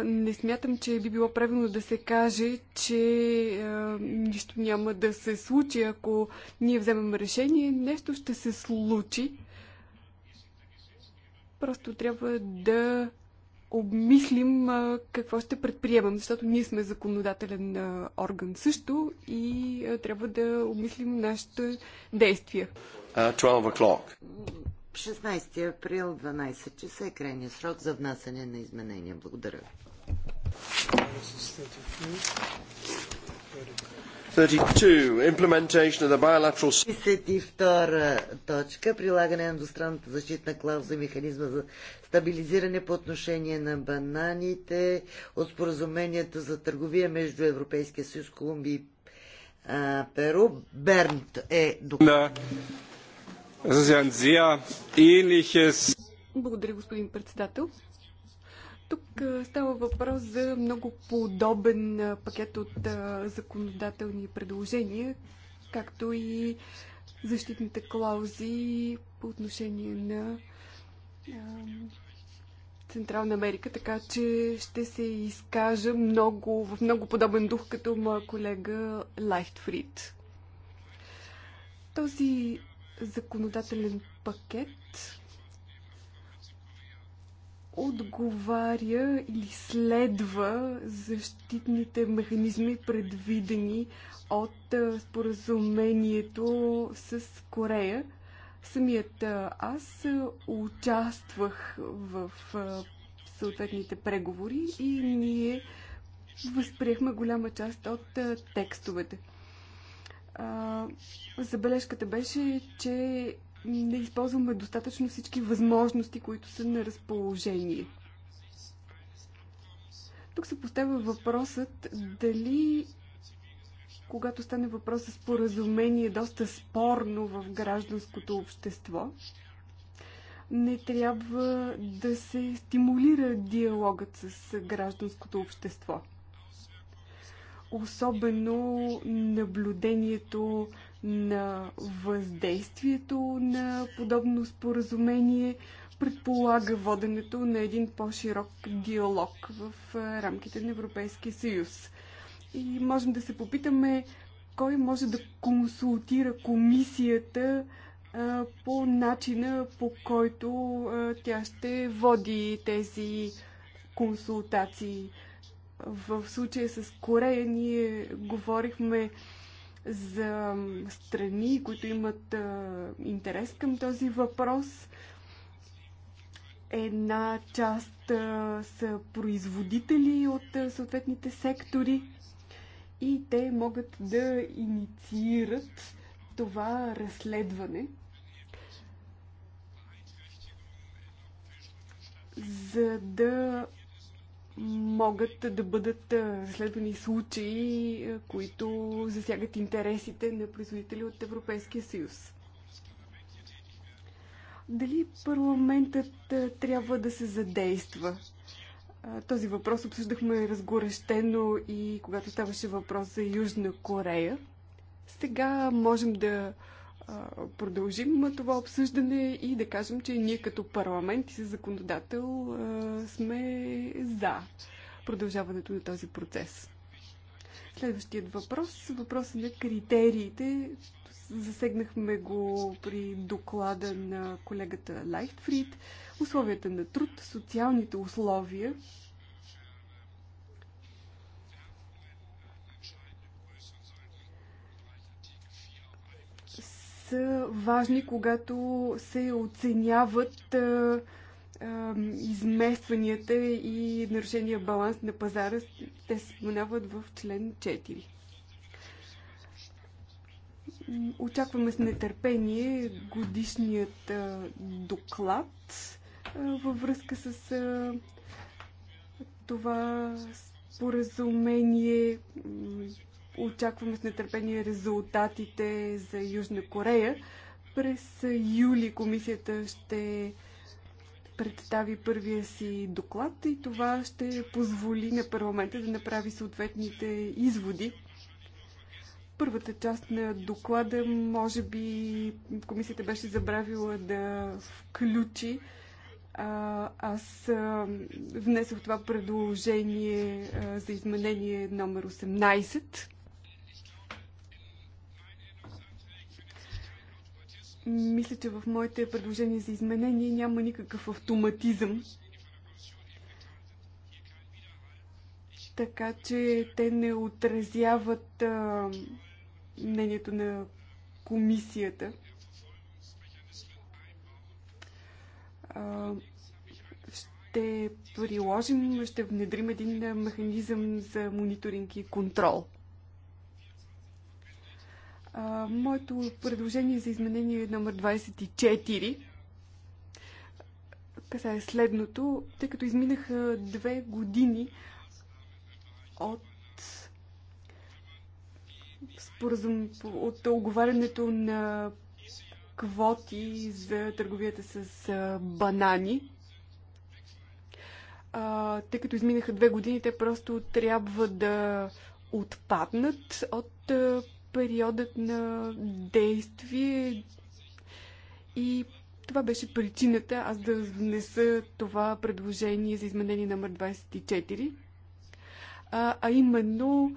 не смятам, че би било правилно да се каже, че а, нищо няма да се случи. Ако ние вземем решение, нещо ще се случи. Просто трябва да обмислим какво ще предприемам, защото ние сме законодателен орган също и трябва да обмислим нашите действия.
12
16 април, 12 часа е крайният срок за внасяне на изменения. Благодаря ви.
32.
точка. Прилагане на двустранната защитна клауза и механизма за стабилизиране по отношение на бананите от споразумението за търговия между Европейския съюз, Колумбия и Перу. Бернт е
Благодаря, господин председател. Тук става въпрос за много подобен пакет от законодателни предложения, както и защитните клаузи по отношение на Централна Америка, така че ще се изкажа много, в много подобен дух като моя колега Лайтфрид. Този законодателен пакет отговаря или следва защитните механизми, предвидени от споразумението с Корея. Самият аз участвах в съответните преговори и ние възприехме голяма част от текстовете. Забележката беше, че не използваме достатъчно всички възможности, които са на разположение. Тук се поставя въпросът дали когато стане въпрос за споразумение доста спорно в гражданското общество, не трябва да се стимулира диалогът с гражданското общество. Особено наблюдението на въздействието на подобно споразумение предполага воденето на един по-широк диалог в рамките на Европейския съюз. И можем да се попитаме кой може да консултира комисията по начина по който тя ще води тези консултации. В случая с Корея ние говорихме за страни, които имат интерес към този въпрос. Една част са производители от съответните сектори и те могат да инициират това разследване. за да могат да бъдат разследвани случаи, които засягат интересите на производители от Европейския съюз. Дали парламентът трябва да се задейства? Този въпрос обсъждахме разгорещено и когато ставаше въпрос за Южна Корея. Сега можем да продължим това обсъждане и да кажем, че ние като парламент и законодател сме за продължаването на този процес. Следващият въпрос, въпросът на критериите, засегнахме го при доклада на колегата Лайтфрид условията на труд, социалните условия, са важни, когато се оценяват а, а, изместванията и нарушения баланс на пазара. Те се споменават в член 4. Очакваме с нетърпение годишният а, доклад а, във връзка с а, това споразумение, Очакваме с нетърпение резултатите за Южна Корея. През юли комисията ще представи първия си доклад и това ще позволи на парламента да направи съответните изводи. Първата част на доклада, може би комисията беше забравила да включи. А, аз а, внесох това предложение а, за изменение номер 18. Мисля, че в моите предложения за изменение няма никакъв автоматизъм. Така че те не отразяват а, мнението на комисията. А, ще приложим, ще внедрим един механизъм за мониторинг и контрол. А, моето предложение за изменение е номер 24. е следното, тъй като изминаха две години от споразум, от оговарянето на квоти за търговията с а, банани. А, тъй като изминаха две години, те просто трябва да отпаднат от а, периодът на действие и това беше причината аз да внеса това предложение за изменение номер 24, а, а именно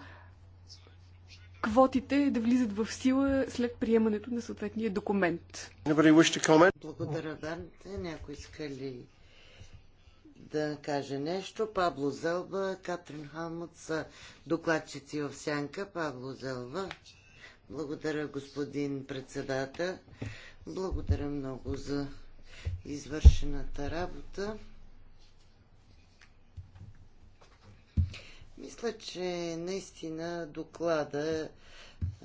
квотите да влизат в сила след приемането на съответния документ.
Благодаря,
Дан.
Някой иска ли да каже нещо? Пабло Зелва, Катрин Хамут са докладчици в Сянка. Пабло Зелва. Благодаря, господин председател. Благодаря много за извършената работа. Мисля, че наистина доклада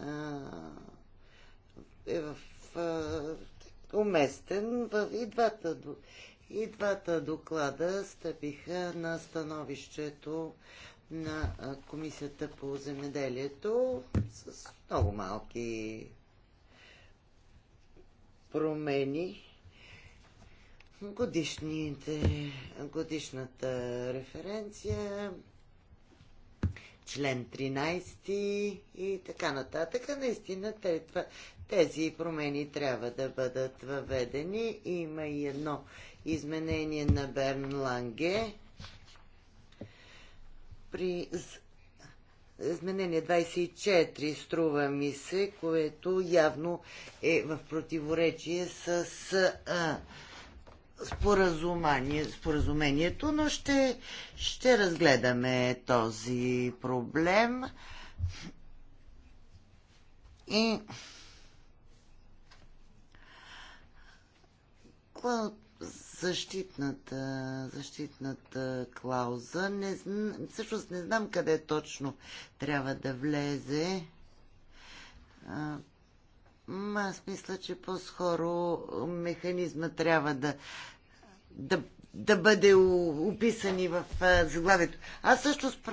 а, е в, а, уместен. В, и, двата, и двата доклада стъпиха на становището на Комисията по земеделието с много малки промени. Годишните, годишната референция, член 13 и така нататък. Наистина тези промени трябва да бъдат въведени. Има и едно изменение на Берн Ланге при изменение 24 струва ми се, което явно е в противоречие с а, споразумение, споразумението, но ще, ще разгледаме този проблем. И по защитната, защитната клауза. Не, всъщност не знам къде точно трябва да влезе. Аз мисля, че по-скоро механизма трябва да, да, да бъде описан и в заглавието. Аз също спр...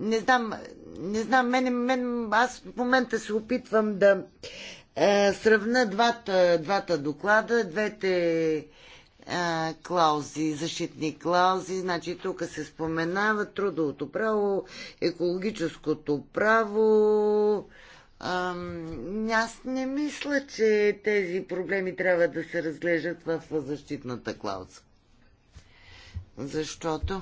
не знам, не знам, мен, мен, аз в момента се опитвам да е, сравна двата, двата доклада, двете а, клаузи, защитни клаузи. Значи тук се споменава трудовото право, екологическото право. А, аз не мисля, че тези проблеми трябва да се разглеждат в защитната клауза. Защото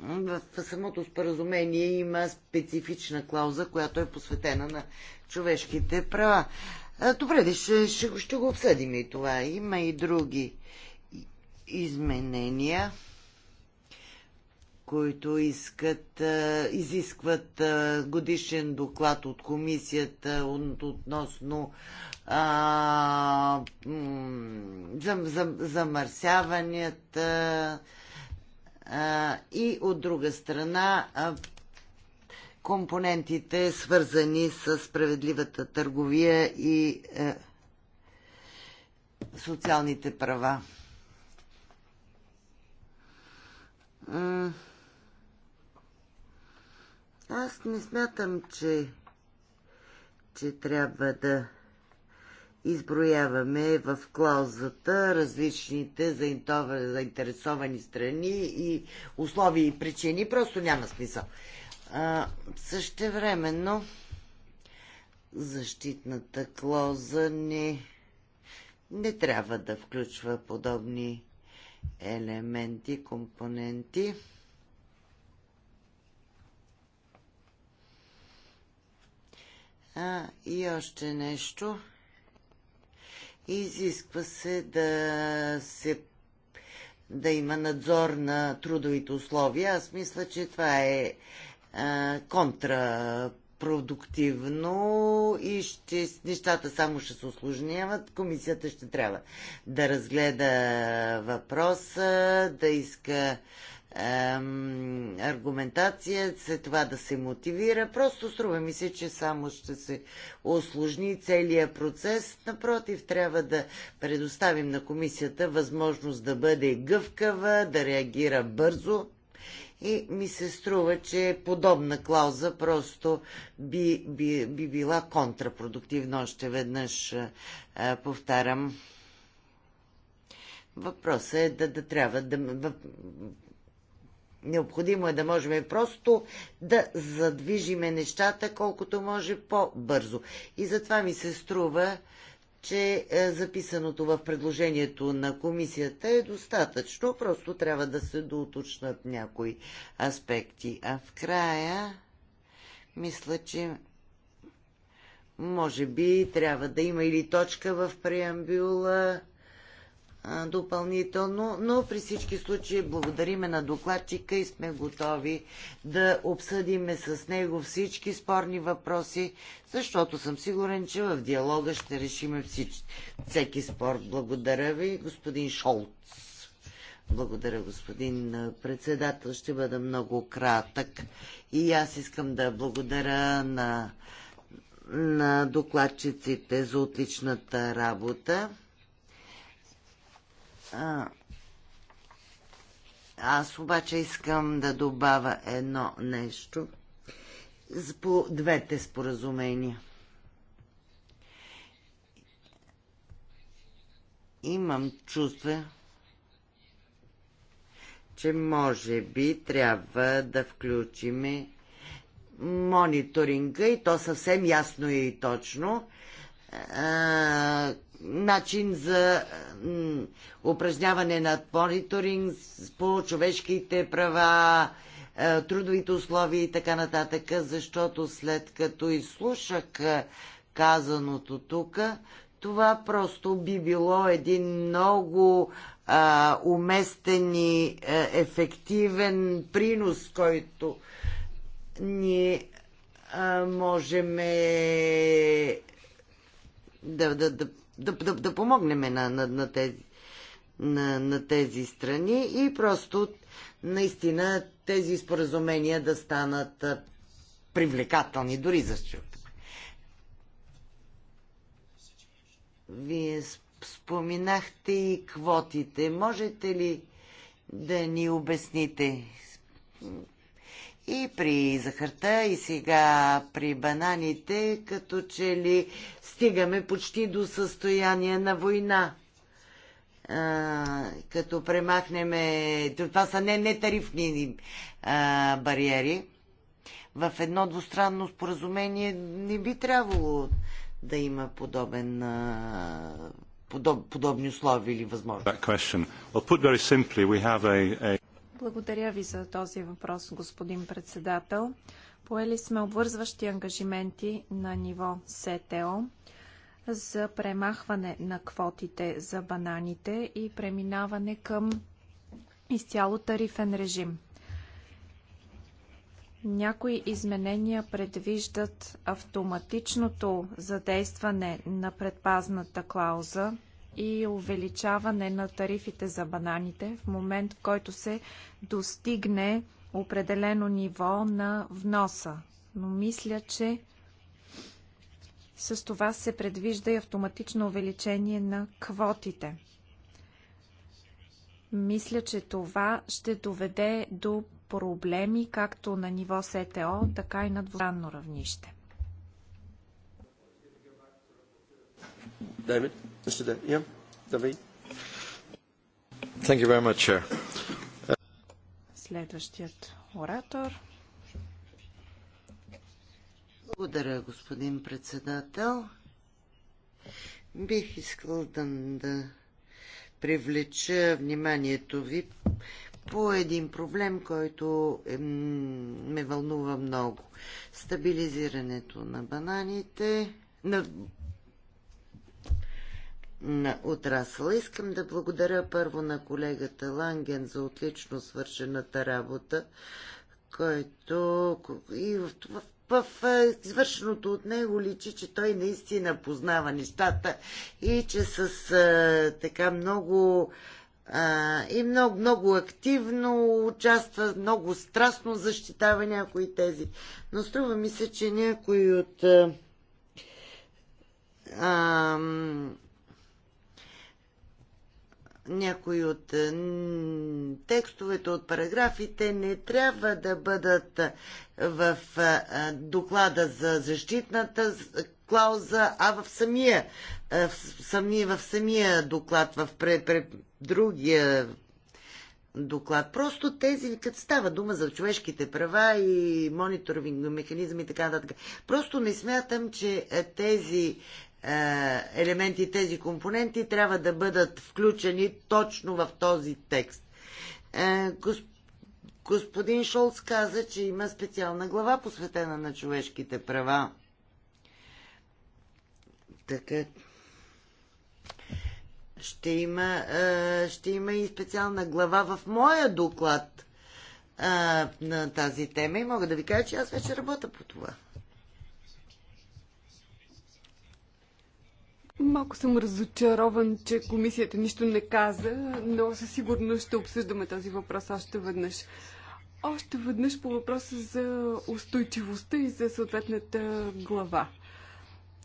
в самото споразумение има специфична клауза, която е посветена на човешките права. Добре, де, ще, ще, ще го обсъдим и това. Има и други изменения, които искат, изискват годишен доклад от комисията относно а, зам, зам, замърсяванията а, и от друга страна компонентите, свързани с справедливата търговия и е, социалните права. Е, аз не смятам, че, че трябва да изброяваме в клаузата различните заинтересовани страни и условия и причини. Просто няма смисъл. А, времено защитната клоза не, не трябва да включва подобни елементи, компоненти. А, и още нещо. Изисква се да се да има надзор на трудовите условия. Аз мисля, че това е контрапродуктивно и ще, нещата само ще се осложняват. Комисията ще трябва да разгледа въпроса, да иска аргументация, след това да се мотивира. Просто струва ми се, че само ще се осложни целият процес. Напротив, трябва да предоставим на комисията възможност да бъде гъвкава, да реагира бързо и ми се струва, че подобна клауза просто би, би, би била контрапродуктивна. Още веднъж а, е, повтарям. Въпросът е да, да трябва да. да необходимо е да можем просто да задвижиме нещата колкото може по-бързо. И затова ми се струва, че е, записаното в предложението на комисията е достатъчно, просто трябва да се доуточнат някои аспекти. А в края, мисля, че може би трябва да има или точка в преамбюла, допълнително, но при всички случаи благодариме на докладчика и сме готови да обсъдиме с него всички спорни въпроси, защото съм сигурен, че в диалога ще решиме всич... всеки спор. Благодаря ви, господин Шолц. Благодаря, господин председател. Ще бъда много кратък. И аз искам да благодаря на, на докладчиците за отличната работа аз обаче искам да добавя едно нещо по двете споразумения. Имам чувство, че може би трябва да включим мониторинга и то съвсем ясно и точно, начин за упражняване на мониторинг по човешките права, е, трудовите условия и така нататък, защото след като изслушах е, казаното тук, това просто би било един много а, уместен и а, е, ефективен принос, който ние а, можем да, да, да да, да, да помогнем на, на, на, тези, на, на тези страни и просто наистина тези споразумения да станат привлекателни, дори за щупа. Вие споменахте и квотите. Можете ли да ни обясните и при захарта, и сега при бананите, като че ли стигаме почти до състояние на война. А, като премахнеме... Това са не, не тарифни а, бариери. В едно двустранно споразумение не би трябвало да има подобен а, подоб, подобни условия или възможности.
Благодаря ви за този въпрос, господин председател. Поели сме обвързващи ангажименти на ниво СТО за премахване на квотите за бананите и преминаване към изцяло тарифен режим. Някои изменения предвиждат автоматичното задействане на предпазната клауза и увеличаване на тарифите за бананите в момент, в който се достигне определено ниво на вноса. Но мисля, че с това се предвижда и автоматично увеличение на квотите. Мисля, че това ще доведе до проблеми както на ниво СТО, така и на двустранно равнище.
David? Mr. De, yeah,
David. Thank you very much, Chair. Следващият оратор. Благодаря,
господин председател. Бих искал да, да привлеча вниманието ви по един проблем, който е, ме вълнува много. Стабилизирането на бананите, на на отрасъла. Искам да благодаря първо на колегата Ланген за отлично свършената работа, който и в, в, в, в е, извършеното от него личи, че той наистина познава нещата и че с а, е, така много а, е, и много, много активно участва, много страстно защитава някои тези. Но струва ми се, че някои от а, а някои от е, текстовете, от параграфите не трябва да бъдат е, в е, доклада за защитната клауза, а в самия, в самия, в самия доклад, в пре, пре, другия доклад. Просто тези, като става дума за човешките права и мониторинг механизми и така нататък. Просто не смятам, че тези е, елементи, тези компоненти трябва да бъдат включени точно в този текст. Е, господин Шолц каза, че има специална глава, посветена на човешките права. Така. Ще има, е, ще има и специална глава в моя доклад на тази тема и мога да ви кажа, че аз вече работя по това.
Малко съм разочарован, че комисията нищо не каза, но със сигурност ще обсъждаме този въпрос още веднъж. Още веднъж по въпроса за устойчивостта и за съответната глава.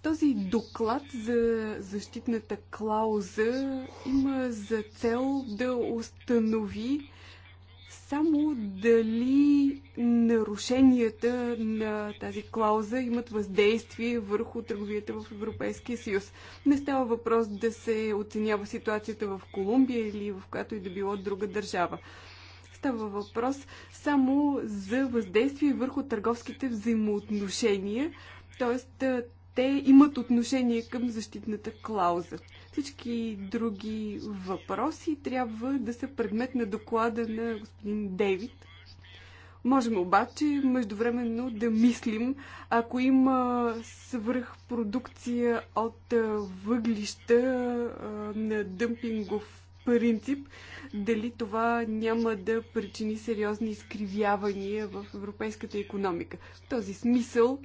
Този доклад за защитната клауза има за цел да установи само дали нарушенията на тази клауза имат въздействие върху търговията в Европейския съюз. Не става въпрос да се оценява ситуацията в Колумбия или в която и да било друга държава. Става въпрос само за въздействие върху търговските взаимоотношения, т.е. те имат отношение към защитната клауза. Всички други въпроси трябва да са предмет на доклада на господин Дейвид. Можем обаче междувременно да мислим, ако има свръхпродукция от въглища на дъмпингов принцип, дали това няма да причини сериозни изкривявания в европейската економика. В този смисъл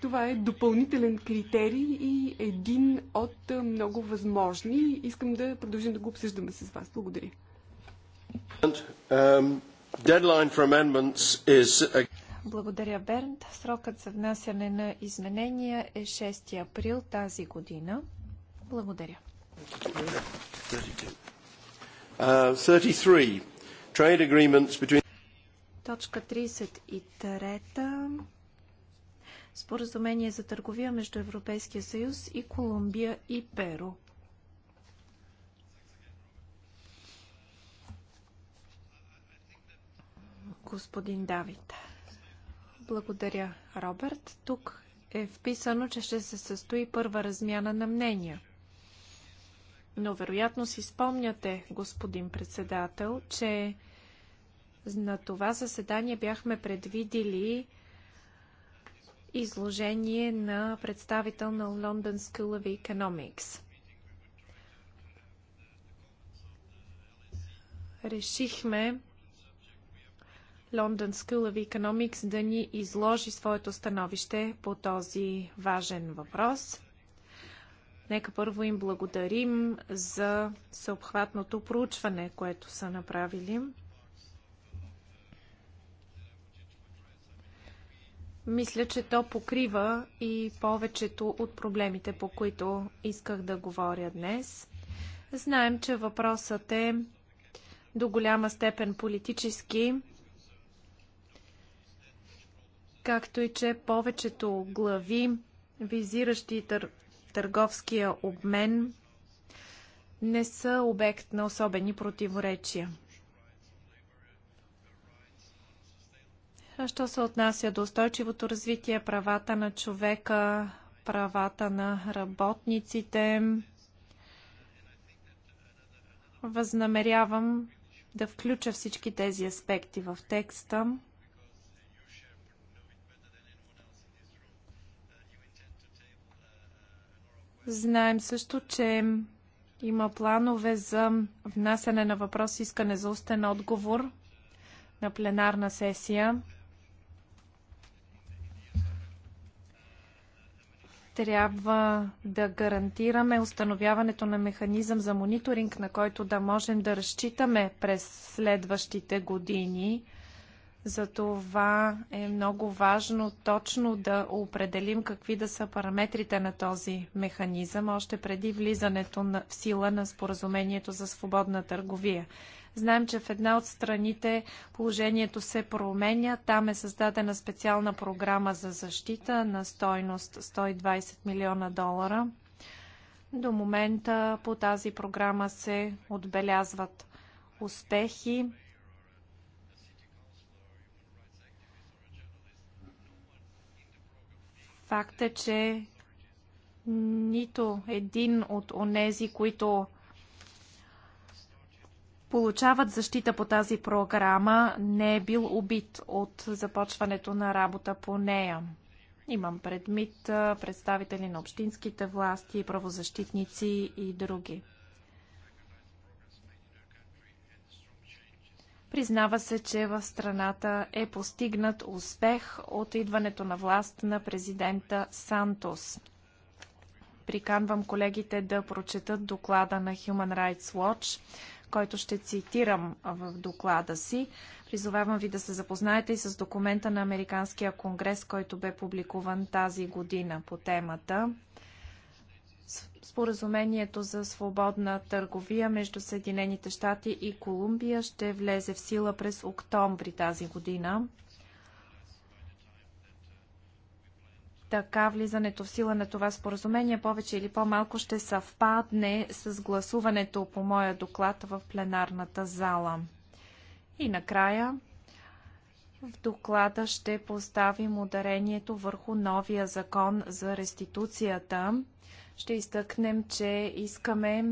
това е допълнителен критерий и един от много възможни. Искам да
продължим да го обсъждаме с вас. Благодаря. Um, Благодаря, Бернт. Срокът за внасяне на изменения е 6 април тази година. Благодаря.
33. Uh,
Точка 33. Споразумение за търговия между Европейския съюз и Колумбия и Перу. Господин Давид. Благодаря, Роберт. Тук е вписано, че ще се състои първа размяна на мнения. Но вероятно си спомняте, господин председател, че на това заседание бяхме предвидили изложение на представител на London School of Economics. Решихме London School of Economics да ни изложи своето становище по този важен въпрос. Нека първо им благодарим за съобхватното проучване, което са направили. Мисля, че то покрива и повечето от проблемите, по които исках да говоря днес. Знаем, че въпросът е до голяма степен политически, както и че повечето глави, визиращи тър... търговския обмен, не са обект на особени противоречия. Що се отнася до устойчивото развитие, правата на човека, правата на работниците, възнамерявам да включа всички тези аспекти в текста. Знаем също, че има планове за внасяне на въпрос искане за устен отговор на пленарна сесия. трябва да гарантираме установяването на механизъм за мониторинг, на който да можем да разчитаме през следващите години. Затова е много важно точно да определим какви да са параметрите на този механизъм още преди влизането на, в сила на споразумението за свободна търговия. Знаем, че в една от страните положението се променя. Там е създадена специална програма за защита на стойност 120 милиона долара. До момента по тази програма се отбелязват успехи. Факт е, че нито един от онези, които получават защита по тази програма, не е бил убит от започването на работа по нея. Имам предмит представители на общинските власти, правозащитници и други. Признава се, че в страната е постигнат успех от идването на власт на президента Сантос. Приканвам колегите да прочетат доклада на Human Rights Watch – който ще цитирам в доклада си. Призовавам ви да се запознаете и с документа на Американския конгрес, който бе публикуван тази година по темата. Споразумението за свободна търговия между Съединените щати и Колумбия ще влезе в сила през октомври тази година. така влизането в сила на това споразумение повече или по-малко ще съвпадне с гласуването по моя доклад в пленарната зала. И накрая в доклада ще поставим ударението върху новия закон за реституцията. Ще изтъкнем, че искаме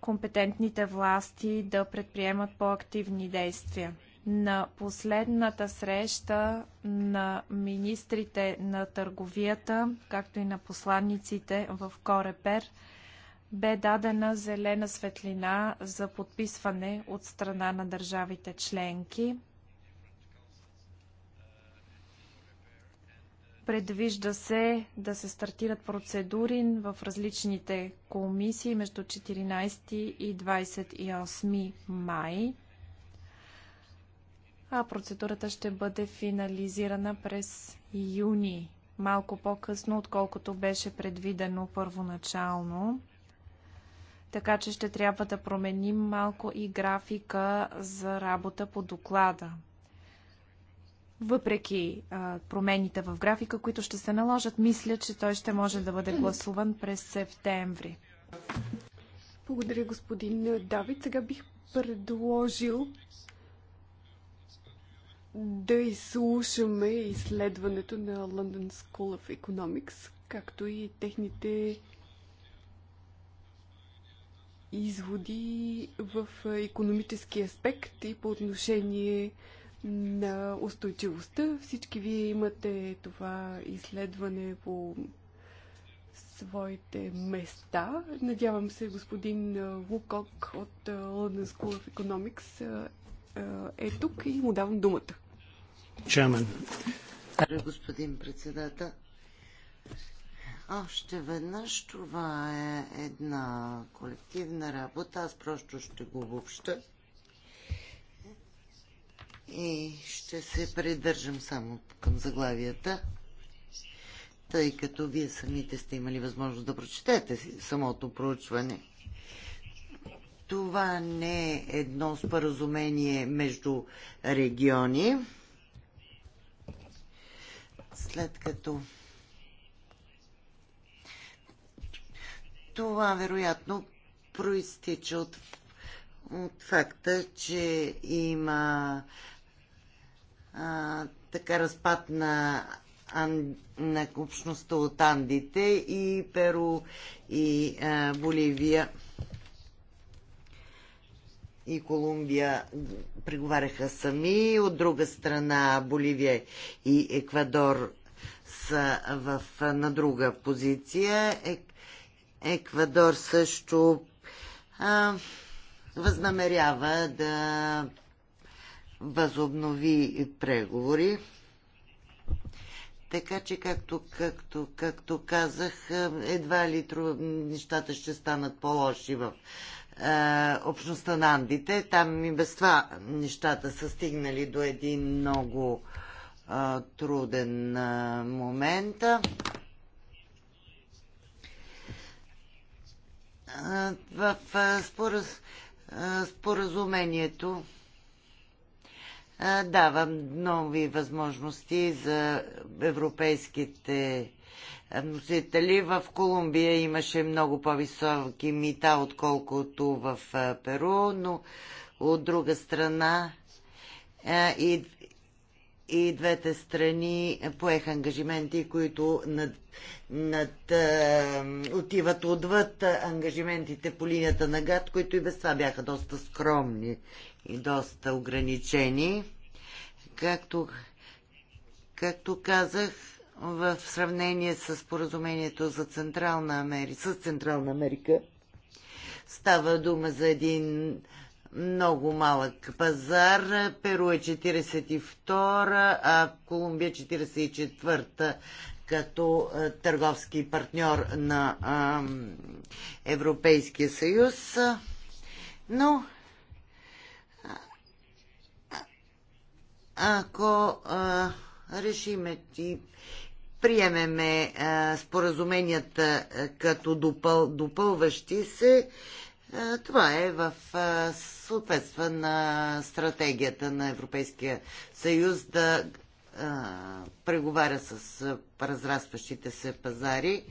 компетентните власти да предприемат по-активни действия. На последната среща на министрите на търговията, както и на посланниците в Корепер, бе дадена зелена светлина за подписване от страна на държавите членки. Предвижда се да се стартират процедури в различните комисии между 14 и 28 май а процедурата ще бъде финализирана през юни, малко по-късно, отколкото беше предвидено първоначално. Така че ще трябва да променим малко и графика за работа по доклада. Въпреки а, промените в графика, които ще се наложат, мисля, че той ще може да бъде гласуван през септември.
Благодаря, господин Давид. Сега бих предложил да изслушаме изследването на London School of Economics, както и техните изводи в економически аспект и по отношение на устойчивостта. Всички вие имате това изследване по своите места. Надявам се господин Лукок от London School of Economics е тук и му давам думата. Чамен. Господин председател,
още веднъж това е една колективна работа. Аз просто ще го обобща и ще се придържам само към заглавията, тъй като вие самите сте имали възможност да прочетете самото проучване. Това не е едно споразумение между региони. След като това вероятно проистича от, от факта, че има а, така разпад на, ан, на общността от Андите и Перу и а, Боливия и Колумбия преговаряха сами, от друга страна Боливия и Еквадор са в, на друга позиция. Ек, Еквадор също а, възнамерява да възобнови преговори. Така че, както, както, както казах, едва ли нещата ще станат по-лоши в е, общността на Андите. Там и без това нещата са стигнали до един много а, е, труден а, е, момент. А, в а, спораз, а, споразумението а, давам нови възможности за европейските носители. В Колумбия имаше много по-високи мита, отколкото в Перу, но от друга страна и, и двете страни поеха ангажименти, които над, над, отиват отвъд ангажиментите по линията на ГАД, които и без това бяха доста скромни и доста ограничени. Както, както казах, в сравнение с поразумението за Централна Америка, с Централна Америка. Става дума за един много малък пазар. Перу е 42-а, Колумбия 44-та е като търговски партньор на Европейския съюз. Но ако а, решиме и приемеме споразуменията като допъл, допълващи се, това е в съответства на стратегията на Европейския съюз да преговаря с разрастващите се пазари.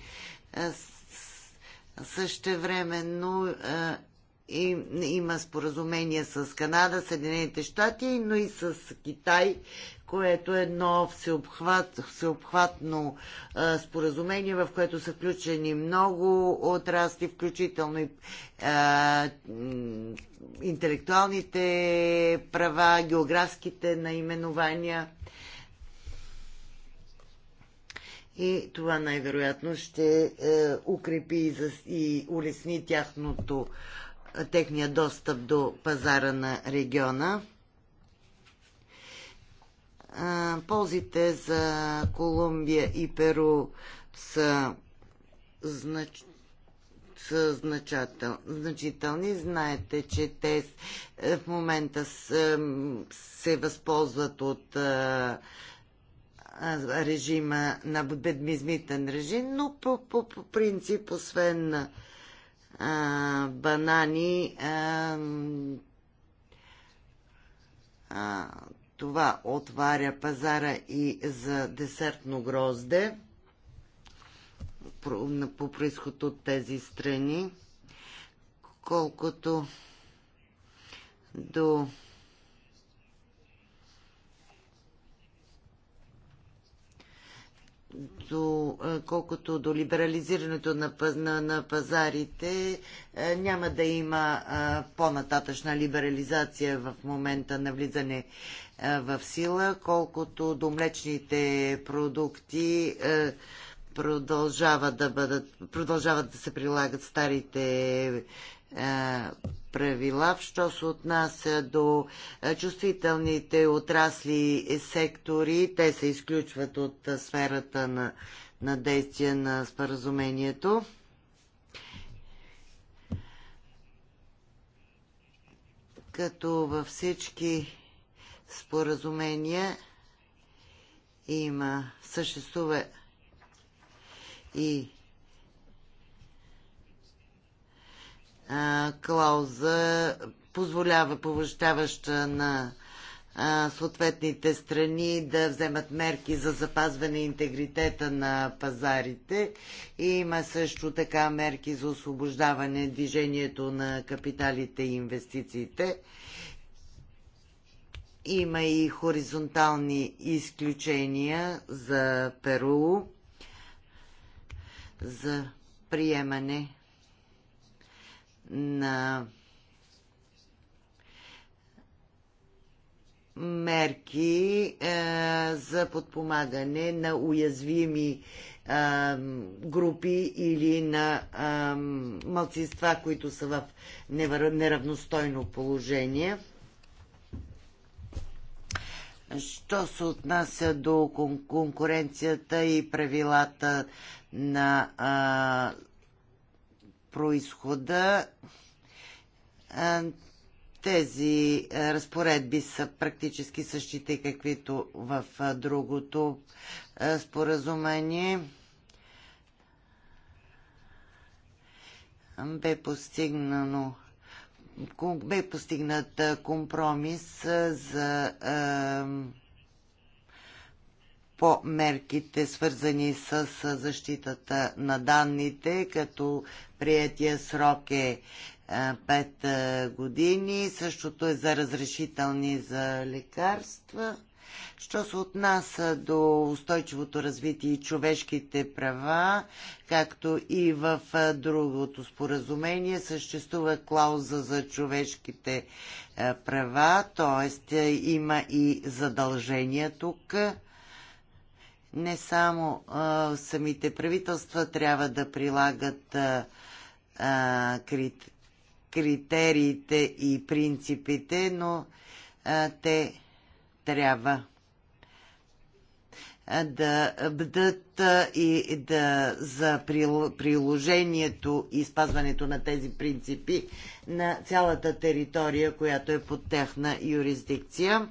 Същевременно и, има споразумения с Канада, Съединените щати, но и с Китай, което е едно всеобхват, всеобхватно а, споразумение, в което са включени много отрасли, включително и а, интелектуалните права, географските наименования. И това най-вероятно ще е, укрепи и, за, и улесни тяхното, техния достъп до пазара на региона а, ползите за Колумбия и Перу са, знач... са значател... значителни. Знаете, че те е, в момента с, е, се възползват от е, а, режима на бедмизмитен режим, но по, по, по принцип, освен а, банани, а, а, това отваря пазара и за десертно грозде по происход от тези страни, колкото до до, колкото до либерализирането на, на, на пазарите, няма да има по-нататъчна либерализация в момента на влизане в сила, колкото до млечните продукти продължават да бъдат, продължават да се прилагат старите е, правила, що се отнася до е, чувствителните отрасли и сектори. Те се изключват от е, сферата на, на действие на споразумението. Като във всички споразумения има, съществува и клауза позволява повещаваща на съответните страни да вземат мерки за запазване интегритета на пазарите. И има също така мерки за освобождаване движението на капиталите и инвестициите. Има и хоризонтални изключения за Перу за приемане на мерки е, за подпомагане на уязвими е, групи или на мълцинства, е, малцинства, които са в неравностойно положение. Що се отнася до конкуренцията и правилата на происхода тези разпоредби са практически същите, каквито в другото споразумение. Бе постигнано бе постигнат компромис за по мерките, свързани с защитата на данните, като приятия срок е 5 години. Същото е за разрешителни за лекарства. Що се отнася до устойчивото развитие и човешките права, както и в другото споразумение, съществува клауза за човешките права, т.е. има и задължения тук не само а, самите правителства трябва да прилагат а, а, крит, критериите и принципите, но а, те трябва да бдат и да за приложението и спазването на тези принципи на цялата територия, която е под тяхна юрисдикция.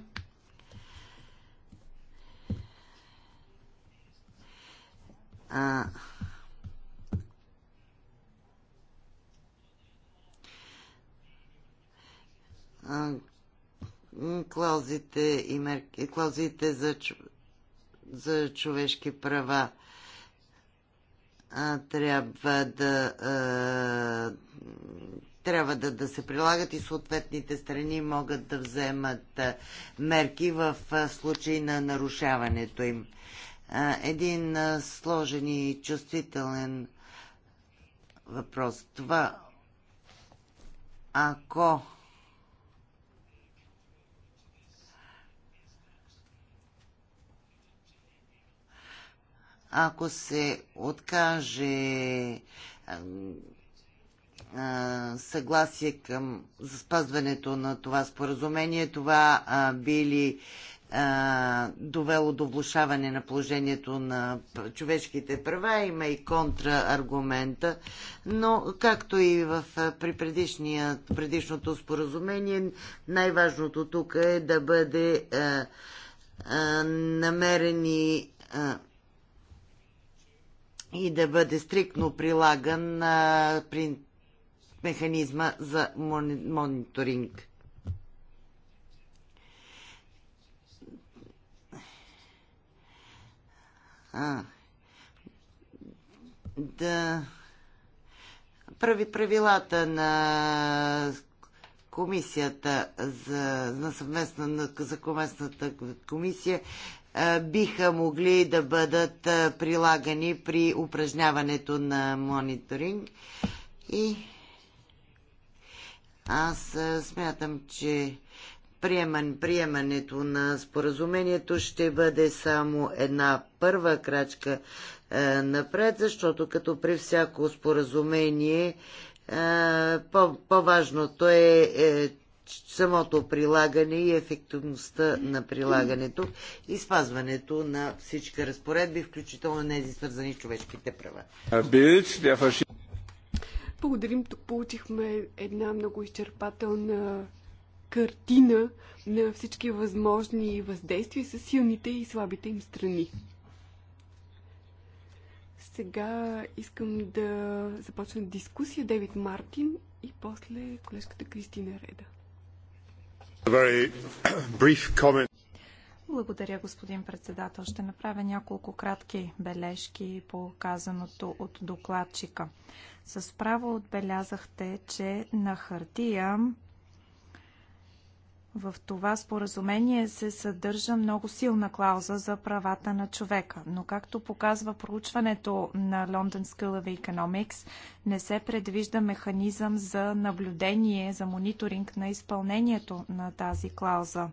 А, а, клаузите, и мер... клаузите за, за човешки права а, трябва да а, трябва да, да се прилагат и съответните страни могат да вземат мерки в случай на нарушаването им един сложен и чувствителен въпрос. Това, ако ако се откаже съгласие към за спазването на това споразумение, това а, би а, довело до влушаване на положението на човешките права, има и контрааргумента, но както и в, при предишното споразумение, най-важното тук е да бъде а, а, намерени а, и да бъде стриктно прилаган а, при механизма за мониторинг. а, да прави правилата на комисията за, на съвместна, за съвместната комисия биха могли да бъдат прилагани при упражняването на мониторинг. И аз смятам, че приемането на споразумението ще бъде само една първа крачка е, напред, защото като при всяко споразумение е, по, важното е, е самото прилагане и ефективността на прилагането и спазването на всички разпоредби, включително тези свързани
с човешките права.
Благодарим. Тук получихме една много изчерпателна картина на всички възможни въздействия с силните и слабите им страни. Сега искам да започна дискусия Девид Мартин и
после колежката Кристина Реда. Благодаря, господин председател. Ще направя няколко кратки бележки по казаното от докладчика. С право отбелязахте, че на хартия в това споразумение се съдържа много силна клауза за правата на човека, но както показва проучването на London School of Economics, не се предвижда механизъм за наблюдение, за мониторинг на изпълнението на тази клауза.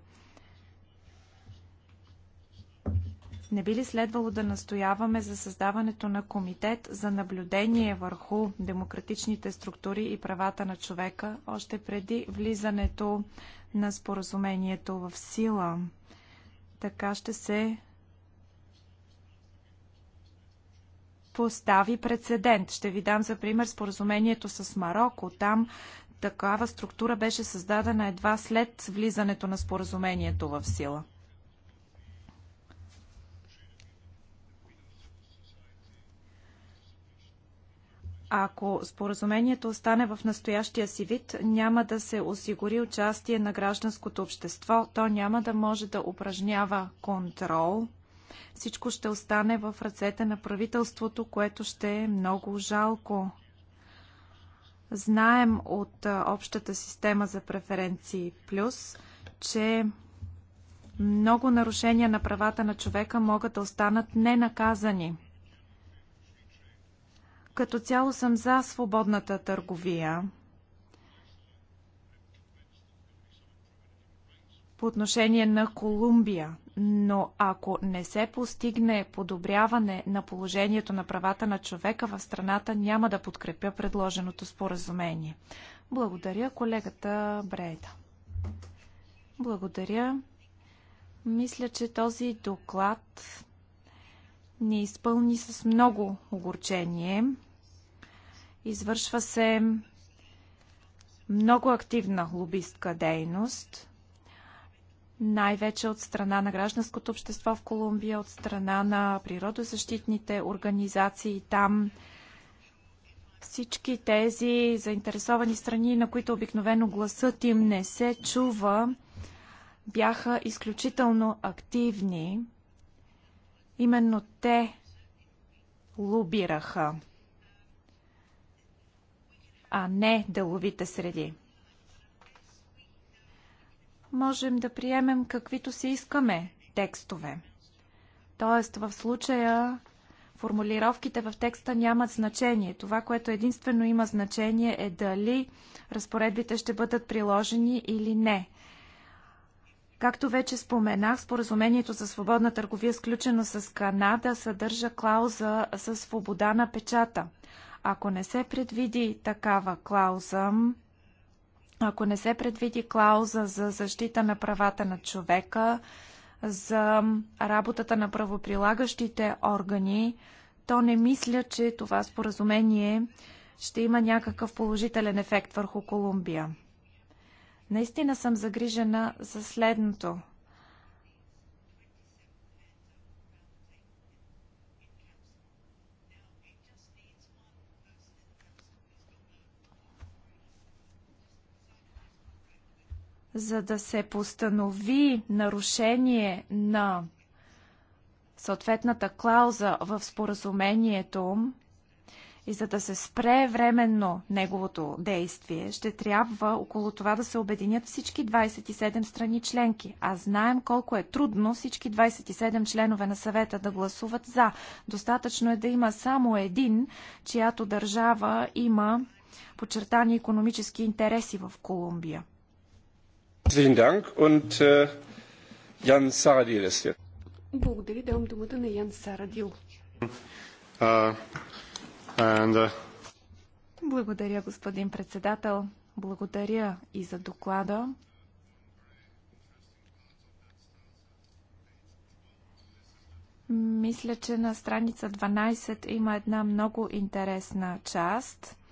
Не би ли следвало да настояваме за създаването на комитет за наблюдение върху демократичните структури и правата на човека още преди влизането на споразумението в сила. Така ще се постави прецедент. Ще ви дам за пример споразумението с Марокко. Там такава структура беше създадена едва след влизането на споразумението в сила. Ако споразумението остане в настоящия си вид, няма да се осигури участие на гражданското общество, то няма да може да упражнява контрол. Всичко ще остане в ръцете на правителството, което ще е много жалко. Знаем от общата система за преференции плюс, че много нарушения на правата на човека могат да останат ненаказани – като цяло съм за свободната търговия. По отношение на Колумбия, но ако не се постигне подобряване на положението на правата на човека в страната, няма да подкрепя предложеното споразумение. Благодаря колегата Брейда. Благодаря. Мисля, че този доклад ни изпълни с много огорчение. Извършва се много активна лобистка дейност, най-вече от страна на гражданското общество в Колумбия, от страна на природозащитните организации там. Всички тези заинтересовани страни, на които обикновено гласът им не се чува, бяха изключително активни. Именно те лобираха а не деловите среди. Можем да приемем каквито си искаме текстове. Тоест, в случая формулировките в текста нямат значение. Това, което единствено има значение е дали разпоредбите ще бъдат приложени или не. Както вече споменах, споразумението за свободна търговия, сключено с Канада, съдържа клауза за свобода на печата. Ако не се предвиди такава клауза, ако не се предвиди клауза за защита на правата на човека, за работата на правоприлагащите органи, то не мисля, че това споразумение ще има някакъв положителен ефект върху Колумбия. Наистина съм загрижена за следното. за да се постанови нарушение на съответната клауза в споразумението и за да се спре временно неговото действие, ще трябва около това да се обединят всички 27 страни членки. А знаем колко е трудно всички 27 членове на съвета да гласуват за. Достатъчно е да има само един, чиято държава има подчертани економически интереси в Колумбия.
Äh,
Благодаря. Давам думата на Ян Сарадил.
Uh, and, uh...
Благодаря, господин председател. Благодаря и за доклада. Мисля, че на страница 12 има една много интересна част –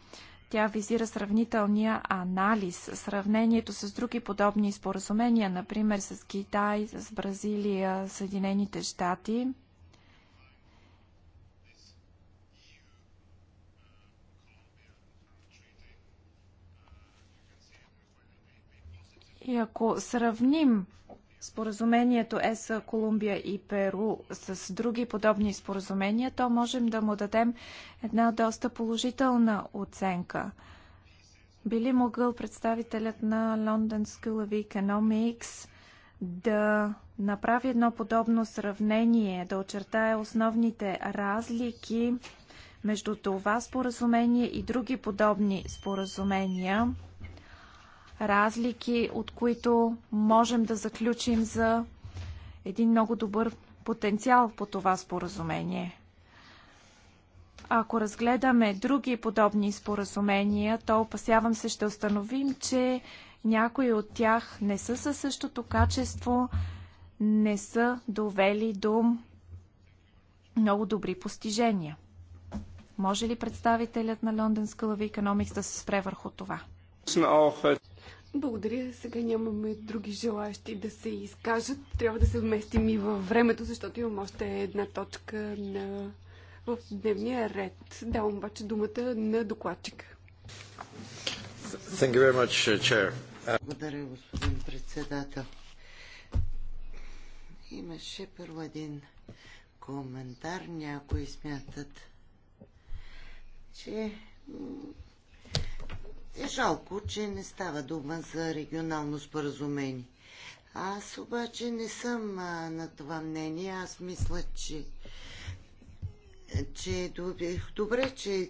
тя визира сравнителния анализ, сравнението с други подобни споразумения, например с Китай, с Бразилия, Съединените щати. И ако сравним споразумението ЕС Колумбия и Перу с други подобни споразумения, то можем да му дадем една доста положителна оценка. Би ли могъл представителят на London School of Economics да направи едно подобно сравнение, да очертая основните разлики между това споразумение и други подобни споразумения? разлики, от които можем да заключим за един много добър потенциал по това споразумение. Ако разгледаме други подобни споразумения, то опасявам се ще установим, че някои от тях не са със същото качество, не са довели до много добри постижения. Може ли представителят на London School of Economics да се спре върху това? Благодаря. Сега нямаме други желаящи да се изкажат.
Трябва да се вместим и във времето, защото имам още една точка на... в дневния ред. Давам обаче думата на докладчика. Thank
you very much, uh, chair. Благодаря, господин председател. Имаше първо един коментар. Някои смятат, че е жалко, че не става дума за регионално споразумение. Аз обаче не съм а, на това мнение. Аз мисля, че, че е добре, че,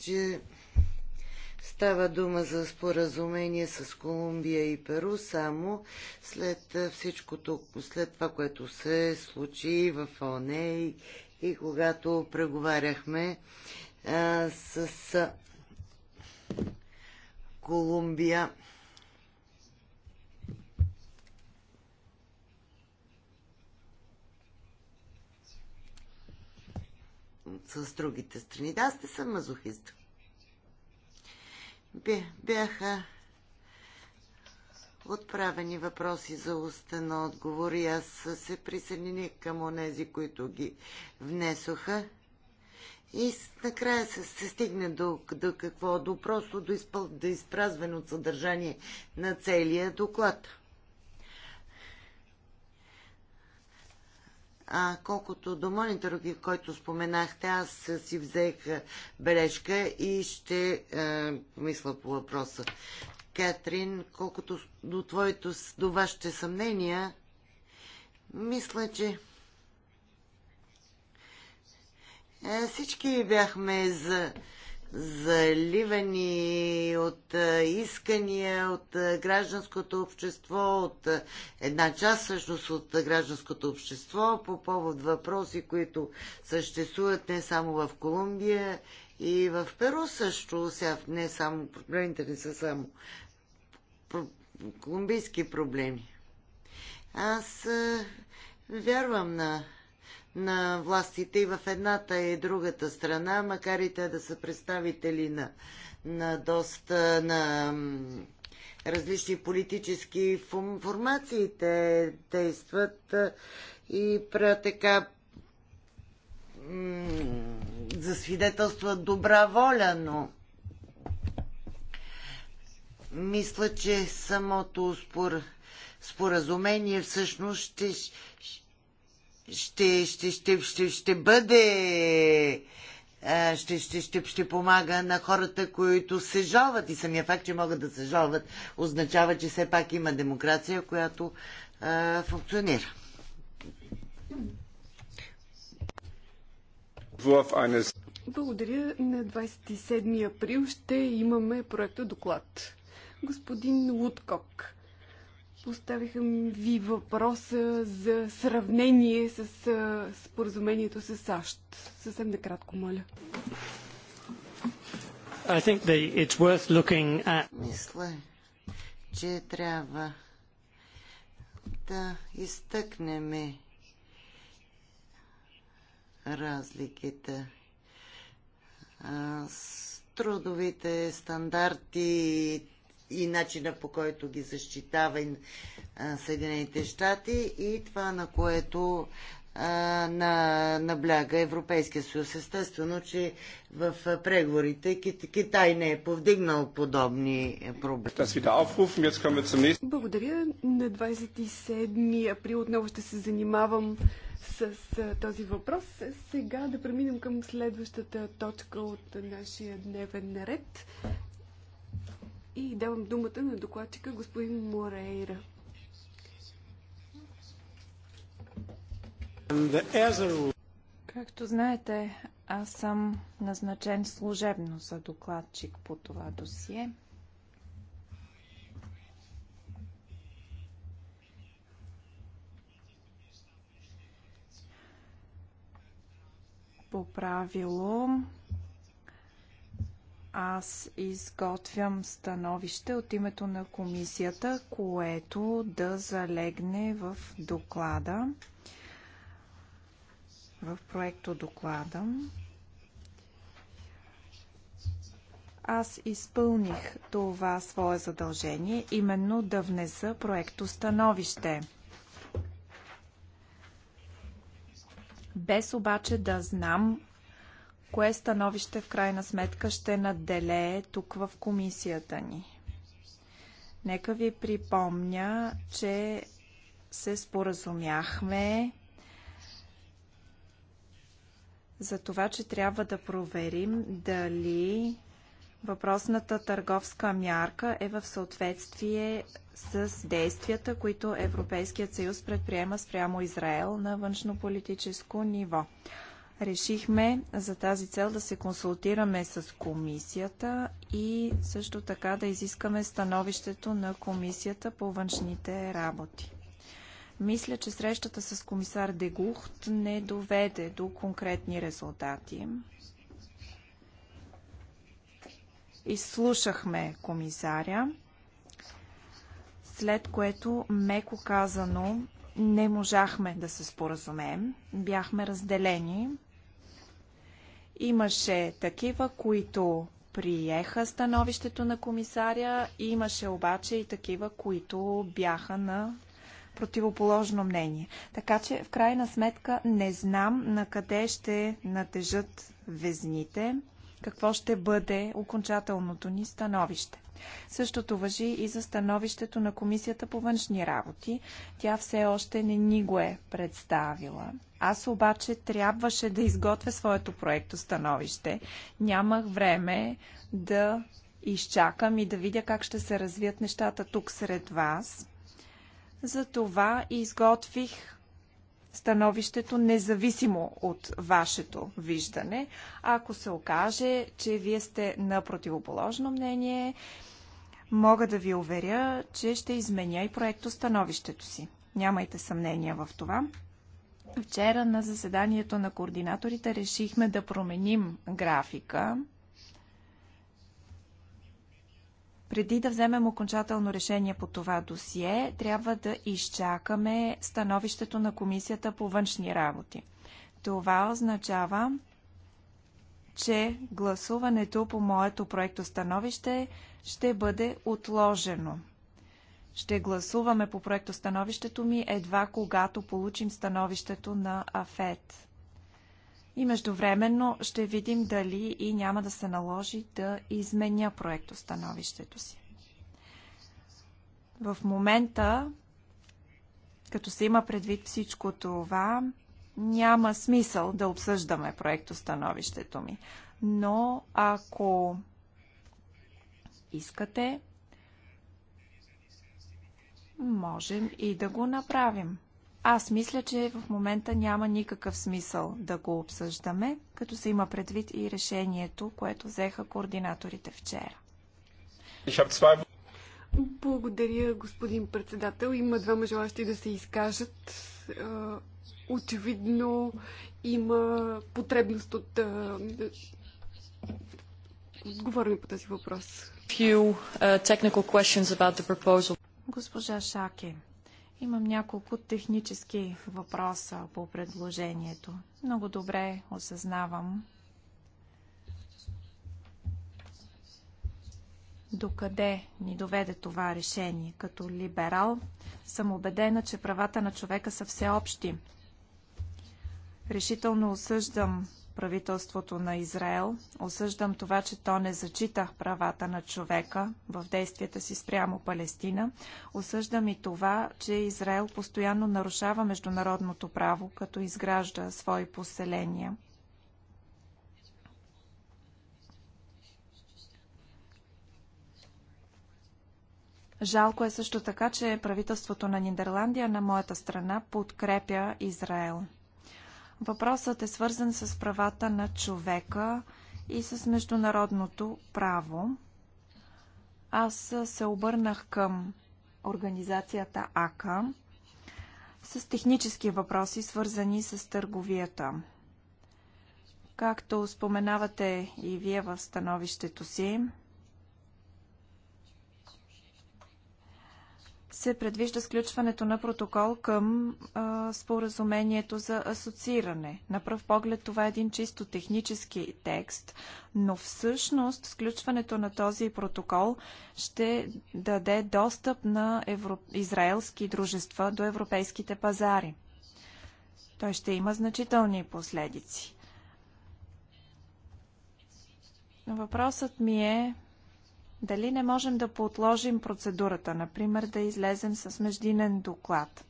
че става дума за споразумение с Колумбия и Перу само след всичкото, след това, което се случи в ОНЕ и, и когато преговаряхме а, с Колумбия. С другите страни. Да, аз не съм мазохист. Бяха отправени въпроси за на отговор и аз се присъединих към онези, които ги внесоха. И накрая се, се стигне до, до какво? До просто до, изпъл, до изпразване от съдържание на целия доклад. А колкото до мониторинга, който споменахте, аз си взех бележка и ще е, помисля по въпроса. Катрин, колкото до твоето, до вашите съмнения, мисля, че Е, всички бяхме за, заливани от е, искания от е, гражданското общество, от една част всъщност от гражданското общество по повод въпроси, които съществуват не само в Колумбия и в Перу също. Сега не само проблемите не са само колумбийски проблеми. Аз вярвам на на властите и в едната и другата страна, макар и те да са представители на, на доста на различни политически формации. Те действат и така свидетелства добра воля, но мисля, че самото спор, споразумение всъщност ще, ще, ще, ще, ще, ще бъде ще, ще, ще, ще помага на хората, които се жалват. И самия факт, че могат да се жалват, означава, че все пак има демокрация, която
а, функционира. Благодаря. На 27 април ще имаме проекта доклад. Господин Лудкок. Поставиха ви въпроса за сравнение с споразумението с САЩ. Съвсем накратко, моля.
I think the, it's worth
looking at... Мисля, че трябва да изтъкнем разликите с трудовите стандарти, и начина по който ги защитава Съединените щати и това, на което на, набляга Европейския съюз. Естествено, че в преговорите Китай не е повдигнал
подобни проблеми.
Благодаря. На 27 април отново ще се занимавам с този въпрос. Сега да преминем към следващата точка от нашия дневен наред. И давам думата на докладчика господин Морейра.
Както знаете, аз съм назначен служебно за докладчик по това досие. По правило, аз изготвям становище от името на комисията, което да залегне в доклада, в проекто доклада. Аз изпълних това свое задължение, именно да внеса проекто становище. Без обаче да знам кое становище в крайна сметка ще надделее тук в комисията ни. Нека ви припомня, че се споразумяхме за това, че трябва да проверим дали въпросната търговска мярка е в съответствие с действията, които Европейският съюз предприема спрямо Израел на външнополитическо ниво. Решихме за тази цел да се консултираме с комисията и също така да изискаме становището на комисията по външните работи. Мисля, че срещата с комисар Дегухт не доведе до конкретни резултати. Изслушахме комисаря, след което, меко казано, не можахме да се споразумеем. Бяхме разделени Имаше такива, които приеха становището на комисаря, имаше обаче и такива, които бяха на противоположно мнение. Така че, в крайна сметка, не знам на къде ще натежат везните, какво ще бъде окончателното ни становище. Същото въжи и за становището на Комисията по външни работи. Тя все още не ни го е представила. Аз обаче трябваше да изготвя своето проекто становище. Нямах време да изчакам и да видя как ще се развият нещата тук сред вас. Затова изготвих становището независимо от вашето виждане. Ако се окаже, че вие сте на противоположно мнение, мога да ви уверя, че ще изменя и проекто становището си. Нямайте съмнение в това. Вчера на заседанието на координаторите решихме да променим графика. Преди да вземем окончателно решение по това досие, трябва да изчакаме становището на Комисията по външни работи. Това означава, че гласуването по моето проекто становище ще бъде отложено. Ще гласуваме по проекто становището ми едва когато получим становището на АФЕД. И междувременно ще видим дали и няма да се наложи да изменя проекто становището си. В момента, като се има предвид всичко това, няма смисъл да обсъждаме проекто становището ми. Но ако искате, можем и да го направим. Аз мисля, че в момента няма никакъв смисъл да го обсъждаме, като се има предвид и решението, което взеха координаторите вчера. Благодаря,
господин председател. Има двама желащи да се изкажат. Очевидно има потребност от отговорни по този въпрос. Few,
uh, Госпожа Шаке, имам няколко технически въпроса по предложението. Много добре осъзнавам докъде ни доведе това решение. Като либерал съм убедена, че правата на човека са всеобщи. Решително осъждам правителството на Израел. Осъждам това, че то не зачита правата на човека в действията си спрямо Палестина. Осъждам и това, че Израел постоянно нарушава международното право, като изгражда свои поселения. Жалко е също така, че правителството на Нидерландия на моята страна подкрепя Израел. Въпросът е свързан с правата на човека и с международното право. Аз се обърнах към организацията АКА с технически въпроси, свързани с търговията. Както споменавате и вие в становището си, се предвижда сключването на протокол към а, споразумението за асоцииране. На пръв поглед това е един чисто технически текст, но всъщност сключването на този протокол ще даде достъп на евро... израелски дружества до европейските пазари. Той ще има значителни последици. Въпросът ми е дали не можем да поотложим процедурата, например да излезем с междинен доклад?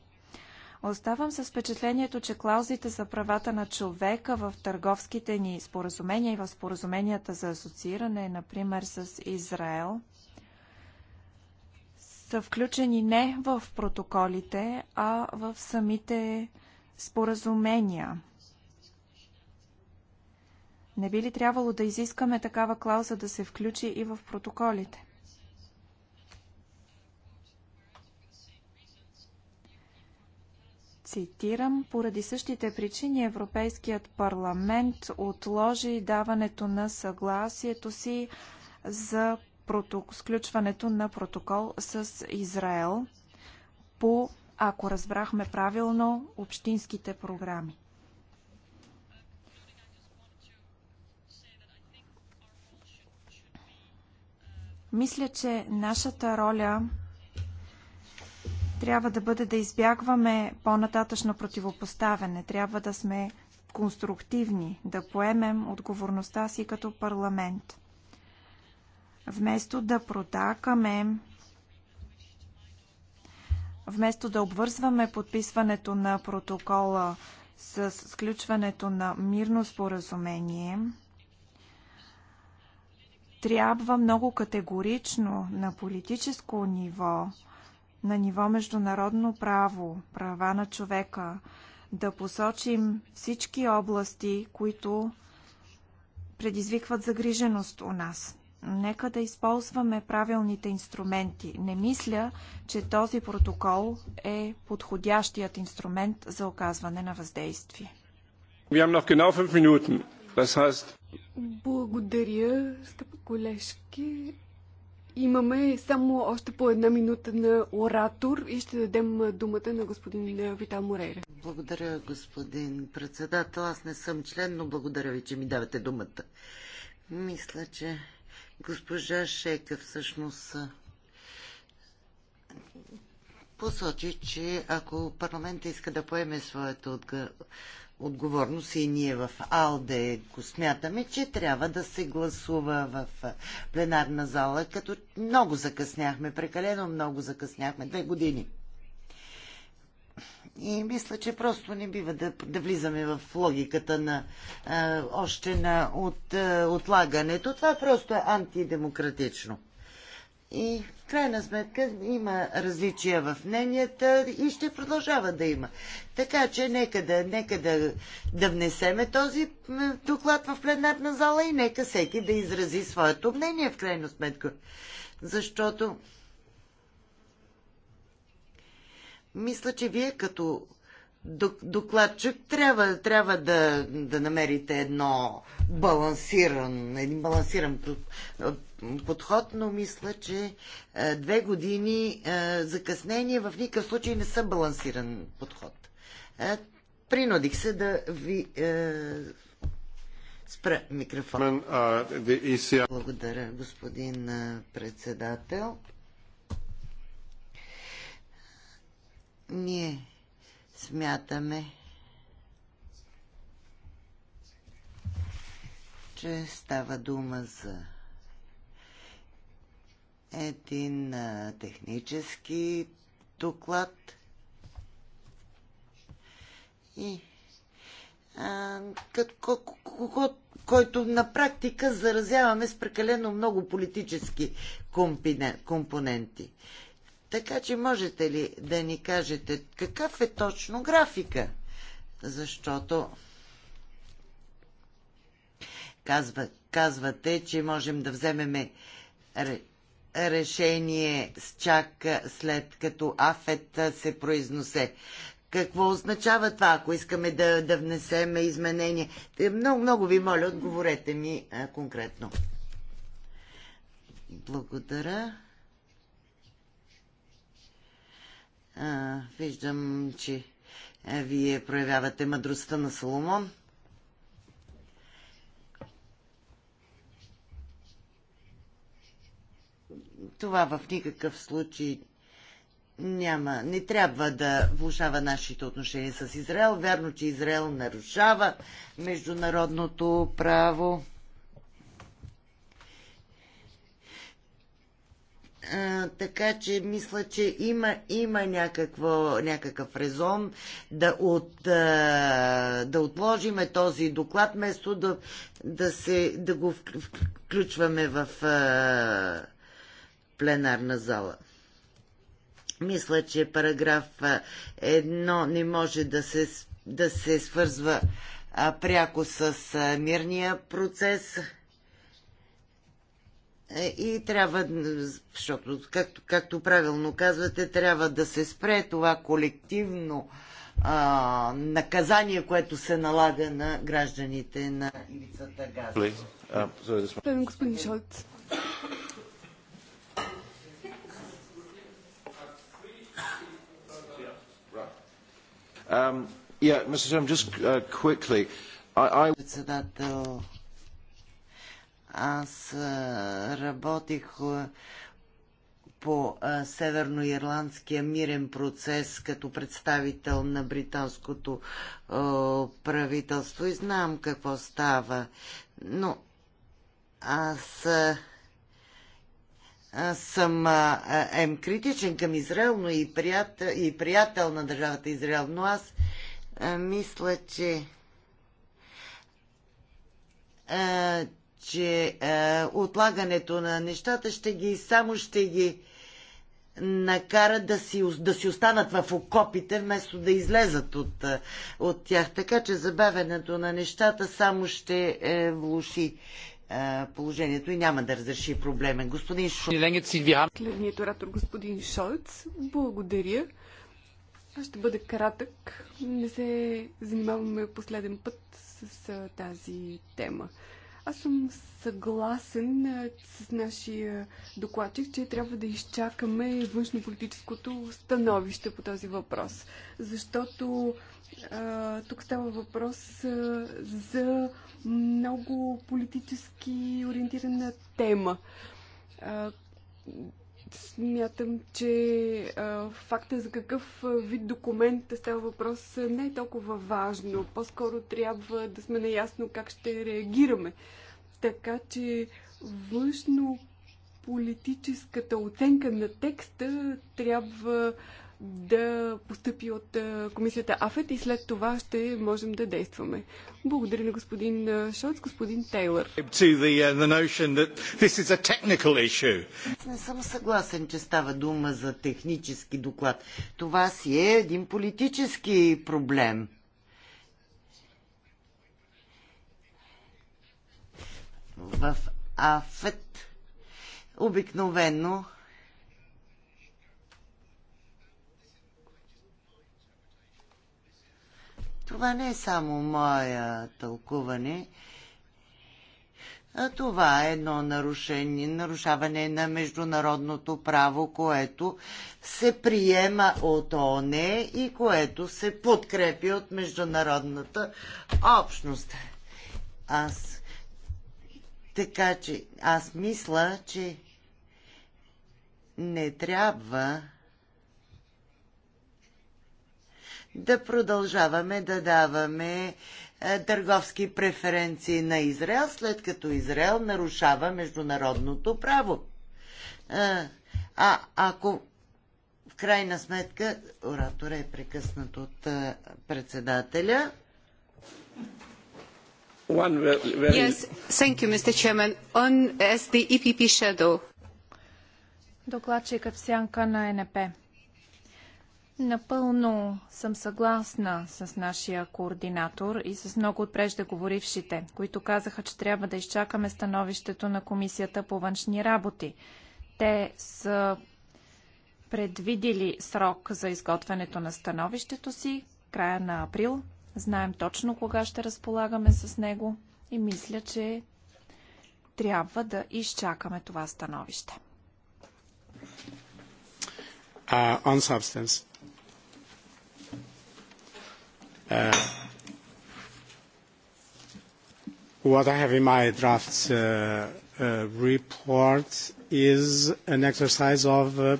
Оставам с впечатлението, че клаузите за правата на човека в търговските ни споразумения и в споразуменията за асоцииране, например с Израел, са включени не в протоколите, а в самите споразумения. Не би ли трябвало да изискаме такава клауза да се включи и в протоколите? цитирам, поради същите причини Европейският парламент отложи даването на съгласието си за проток... сключването на протокол с Израел по, ако разбрахме правилно, общинските програми. Мисля, че нашата роля трябва да бъде да избягваме по-нататъчно противопоставяне. Трябва да сме конструктивни, да поемем отговорността си като парламент. Вместо да протакаме, вместо да обвързваме подписването на протокола с сключването на мирно споразумение, трябва много категорично на политическо ниво, на ниво международно право, права на човека, да посочим всички области, които предизвикват загриженост у нас. Нека да използваме правилните инструменти. Не мисля, че този протокол е подходящият инструмент за оказване на въздействие. Благодаря, скъпи колежки.
Имаме само още по една минута на оратор и ще дадем думата на господин Витал Морейра.
Благодаря, господин председател. Аз не съм член, но благодаря ви, че ми давате думата. Мисля, че госпожа Шека всъщност посочи, че ако парламента иска да поеме своята отговорност и ние в АЛДЕ го смятаме, че трябва да се гласува в пленарна зала, като много закъсняхме, прекалено много закъсняхме, две години. И мисля, че просто не бива да, да влизаме в логиката на а, още на от, а, отлагането. Това просто е антидемократично. И в крайна сметка има различия в мненията и ще продължава да има. Така че нека да, нека да, да внесеме този доклад в пленарна зала и нека всеки да изрази своето мнение в крайна сметка. Защото мисля, че вие като докладчик трябва, трябва да, да намерите едно балансиран, един балансиран подход, но мисля, че е, две години е, закъснение в никакъв случай не са балансиран подход. Е, принудих се да ви спра микрофона. Благодаря, господин председател. Ние смятаме, че става дума за един технически доклад и като, който на практика заразяваме с прекалено много политически компоненти. Така че можете ли да ни кажете какъв е точно графика? Защото казва, казвате, че можем да вземеме решение с чак след като АФЕТ се произнесе. Какво означава това, ако искаме да, да внесеме изменения? Е, много, много ви моля, отговорете ми а, конкретно. Благодаря. А, виждам, че вие проявявате мъдростта на Соломон. Това в никакъв случай няма, не трябва да влушава нашите отношения с Израел. Вярно, че Израел нарушава международното право. така че мисля, че има, има някакво, някакъв резон да, от, да отложиме този доклад, вместо да, да, се, да го включваме в пленарна зала. Мисля, че параграф 1 не може да се, да се свързва а, пряко с а, мирния процес. Е, и трябва, защото, както, както правилно казвате, трябва да се спре това колективно а, наказание, което се налага на гражданите на ивицата Газа.
Uh, Господин Шолц.
Um, uh, Председател, аз работих по северноирландския мирен процес като представител на британското правителство и знам какво става. Но аз аз съм ем критичен към Израел, но и приятел, и приятел на държавата Израел. Но аз а, мисля, че а, че а, отлагането на нещата ще ги само ще ги накара да си, да си останат в окопите, вместо да излезат от, от тях. Така че забавянето на нещата само ще е, влуши е, положението и няма да разреши проблема. Господин Шолц.
Следният оратор, господин Шолц, благодаря. Аз ще бъда кратък. Не се занимаваме последен път с тази тема. Аз съм съгласен с нашия докладчик, че трябва да изчакаме външно политическото становище по този въпрос. Защото тук става въпрос за много политически ориентирана тема. Смятам, че факта за какъв вид документ става въпрос не е толкова важно. По-скоро трябва да сме наясно как ще реагираме. Така че външно политическата оценка на текста трябва а, да постъпи от комисията АФЕТ и след това ще можем да действаме. Благодаря на господин Шоц, господин Тейлър.
Uh,
Не съм съгласен, че става дума за технически доклад. Това си е един политически проблем. В АФЕТ обикновено Това не е само моя тълкуване, а това е едно нарушение, нарушаване на международното право, което се приема от ОНЕ и което се подкрепи от международната общност. Аз така че аз мисля, че не трябва да продължаваме да даваме е, търговски преференции на Израел, след като Израел нарушава международното право. Е, а ако в крайна сметка оратора е прекъснат от е, председателя.
Very...
Yes, thank you, Mr. Chairman. On as the EPP shadow.
Докладчикът в сянка на НП. Напълно съм съгласна с нашия координатор и с много от преждеговорившите, които казаха, че трябва да изчакаме становището на Комисията по външни работи. Те са предвидили срок за изготвянето на становището си, края на април. Знаем точно кога ще разполагаме с него и мисля, че трябва да изчакаме това становище.
Uh, on substance. What I have in my draft report is an exercise of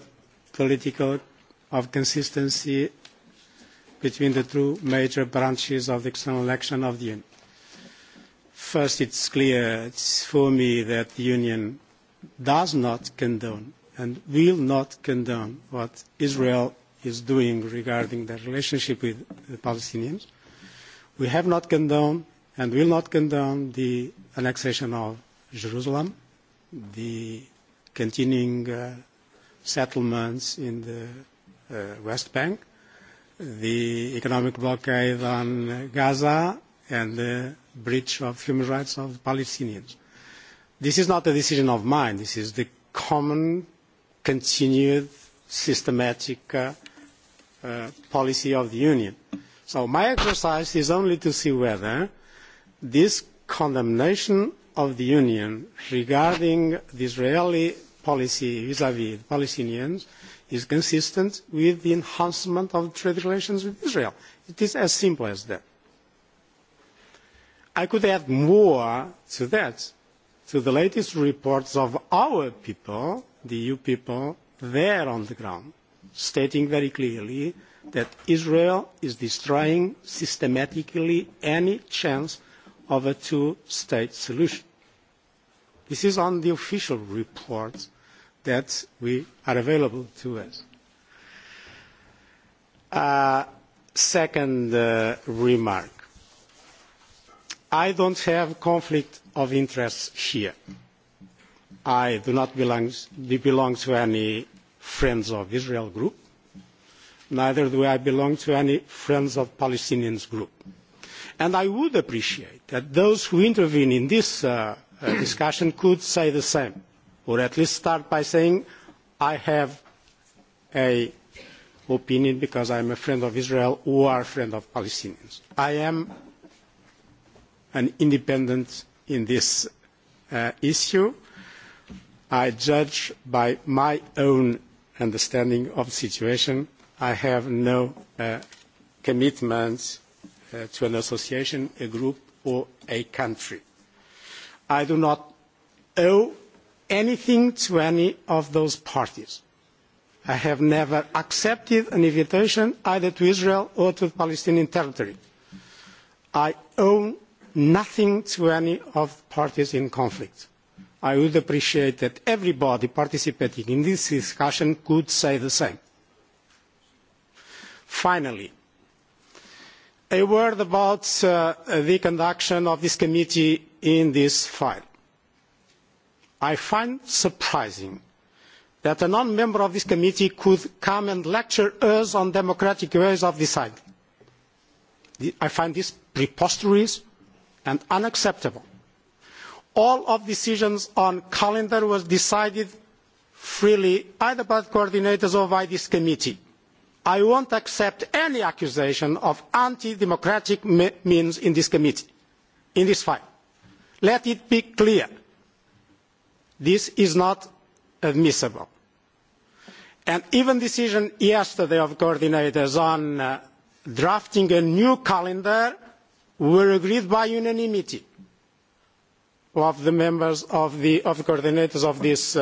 political of consistency between the two major branches of the external action of the Union. First, it's clear it's for me that the Union does not condone and will not condone what Israel is doing regarding the relationship with the Palestinians. We have not condoned and will not condone the annexation of Jerusalem, the continuing settlements in the West Bank, the economic blockade on Gaza, and the breach of human rights of the Palestinians. This is not a decision of mine. This is the common, continued, systematic policy of the Union. So my exercise is only to see whether this condemnation of the Union regarding the Israeli policy vis-à-vis the Palestinians is consistent with the enhancement of trade relations with Israel. It is as simple as that. I could add more to that, to the latest reports of our people, the EU people, there on the ground stating very clearly that Israel is destroying systematically any chance of a two-state solution. This is on the official reports that we are available to us. Uh, second uh, remark. I don't have conflict of interests here. I do not belong, belong to any Friends of Israel group. Neither do I belong to any Friends of Palestinians group. And I would appreciate that those who intervene in this discussion could say the same, or at least start by saying, I have an opinion because I am a friend of Israel or a friend of Palestinians. I am an independent in this issue. I judge by my own understanding of the situation. I have no commitments to an association, a group, or a country. I do not owe anything to any of those parties. I have never accepted an invitation either to Israel or to the Palestinian territory. I owe nothing to any of the parties in conflict. I would appreciate that everybody participating in this discussion could say the same. Finally, a word about the conduction of this committee in this file. I find surprising that a non-member of this committee could come and lecture us on democratic ways of deciding. I find this preposterous and unacceptable all of decisions on calendar was decided freely either by the coordinators or by this committee. I won't accept any accusation of anti-democratic means in this committee, in this file. Let it be clear. This is not admissible. And even the decision yesterday of coordinators on drafting a new calendar were agreed by unanimity of the members of the, of the coordinators of this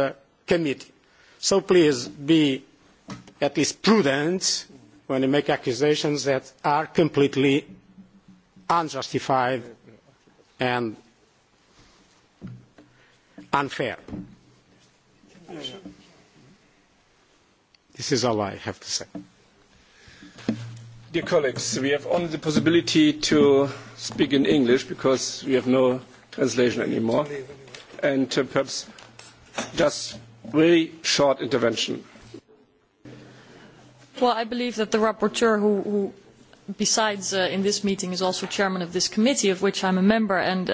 committee. So please be at least prudent when you make accusations that are completely unjustified and unfair. This is all I have to say.
Dear colleagues, we have only the possibility to speak in English because we have no translation anymore. And uh, perhaps just very short intervention.
Well, I believe that the rapporteur who, who
besides in this meeting is also chairman of this committee of which I am a member and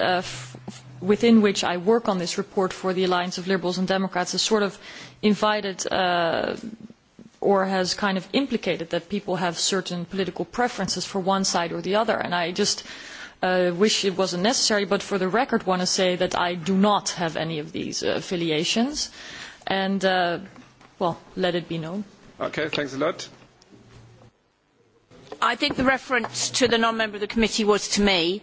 within which I work on this report for the Alliance of Liberals and Democrats has sort of invited or has kind of implicated that people have certain political preferences for one side or the other and I just uh, wish it wasn't necessary, but for the record want to say that I do not have any of these affiliations. And,
well, let it be known. Okay, thanks a lot.
I think the reference to the non-member of the committee was to me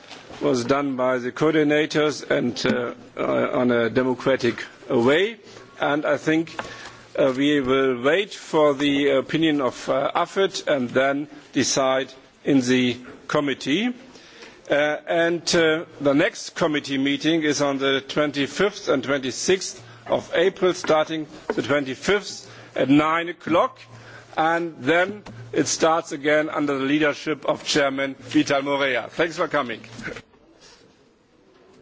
was done by the coordinators and on a democratic way. And I think we will wait for the opinion of AFET and then decide in the committee. and the next committee meeting is on the 25th and 26th of April, starting the 25th at nine o'clock. And then it starts again under the leadership of Chairman Vital Moreira. Thanks for coming.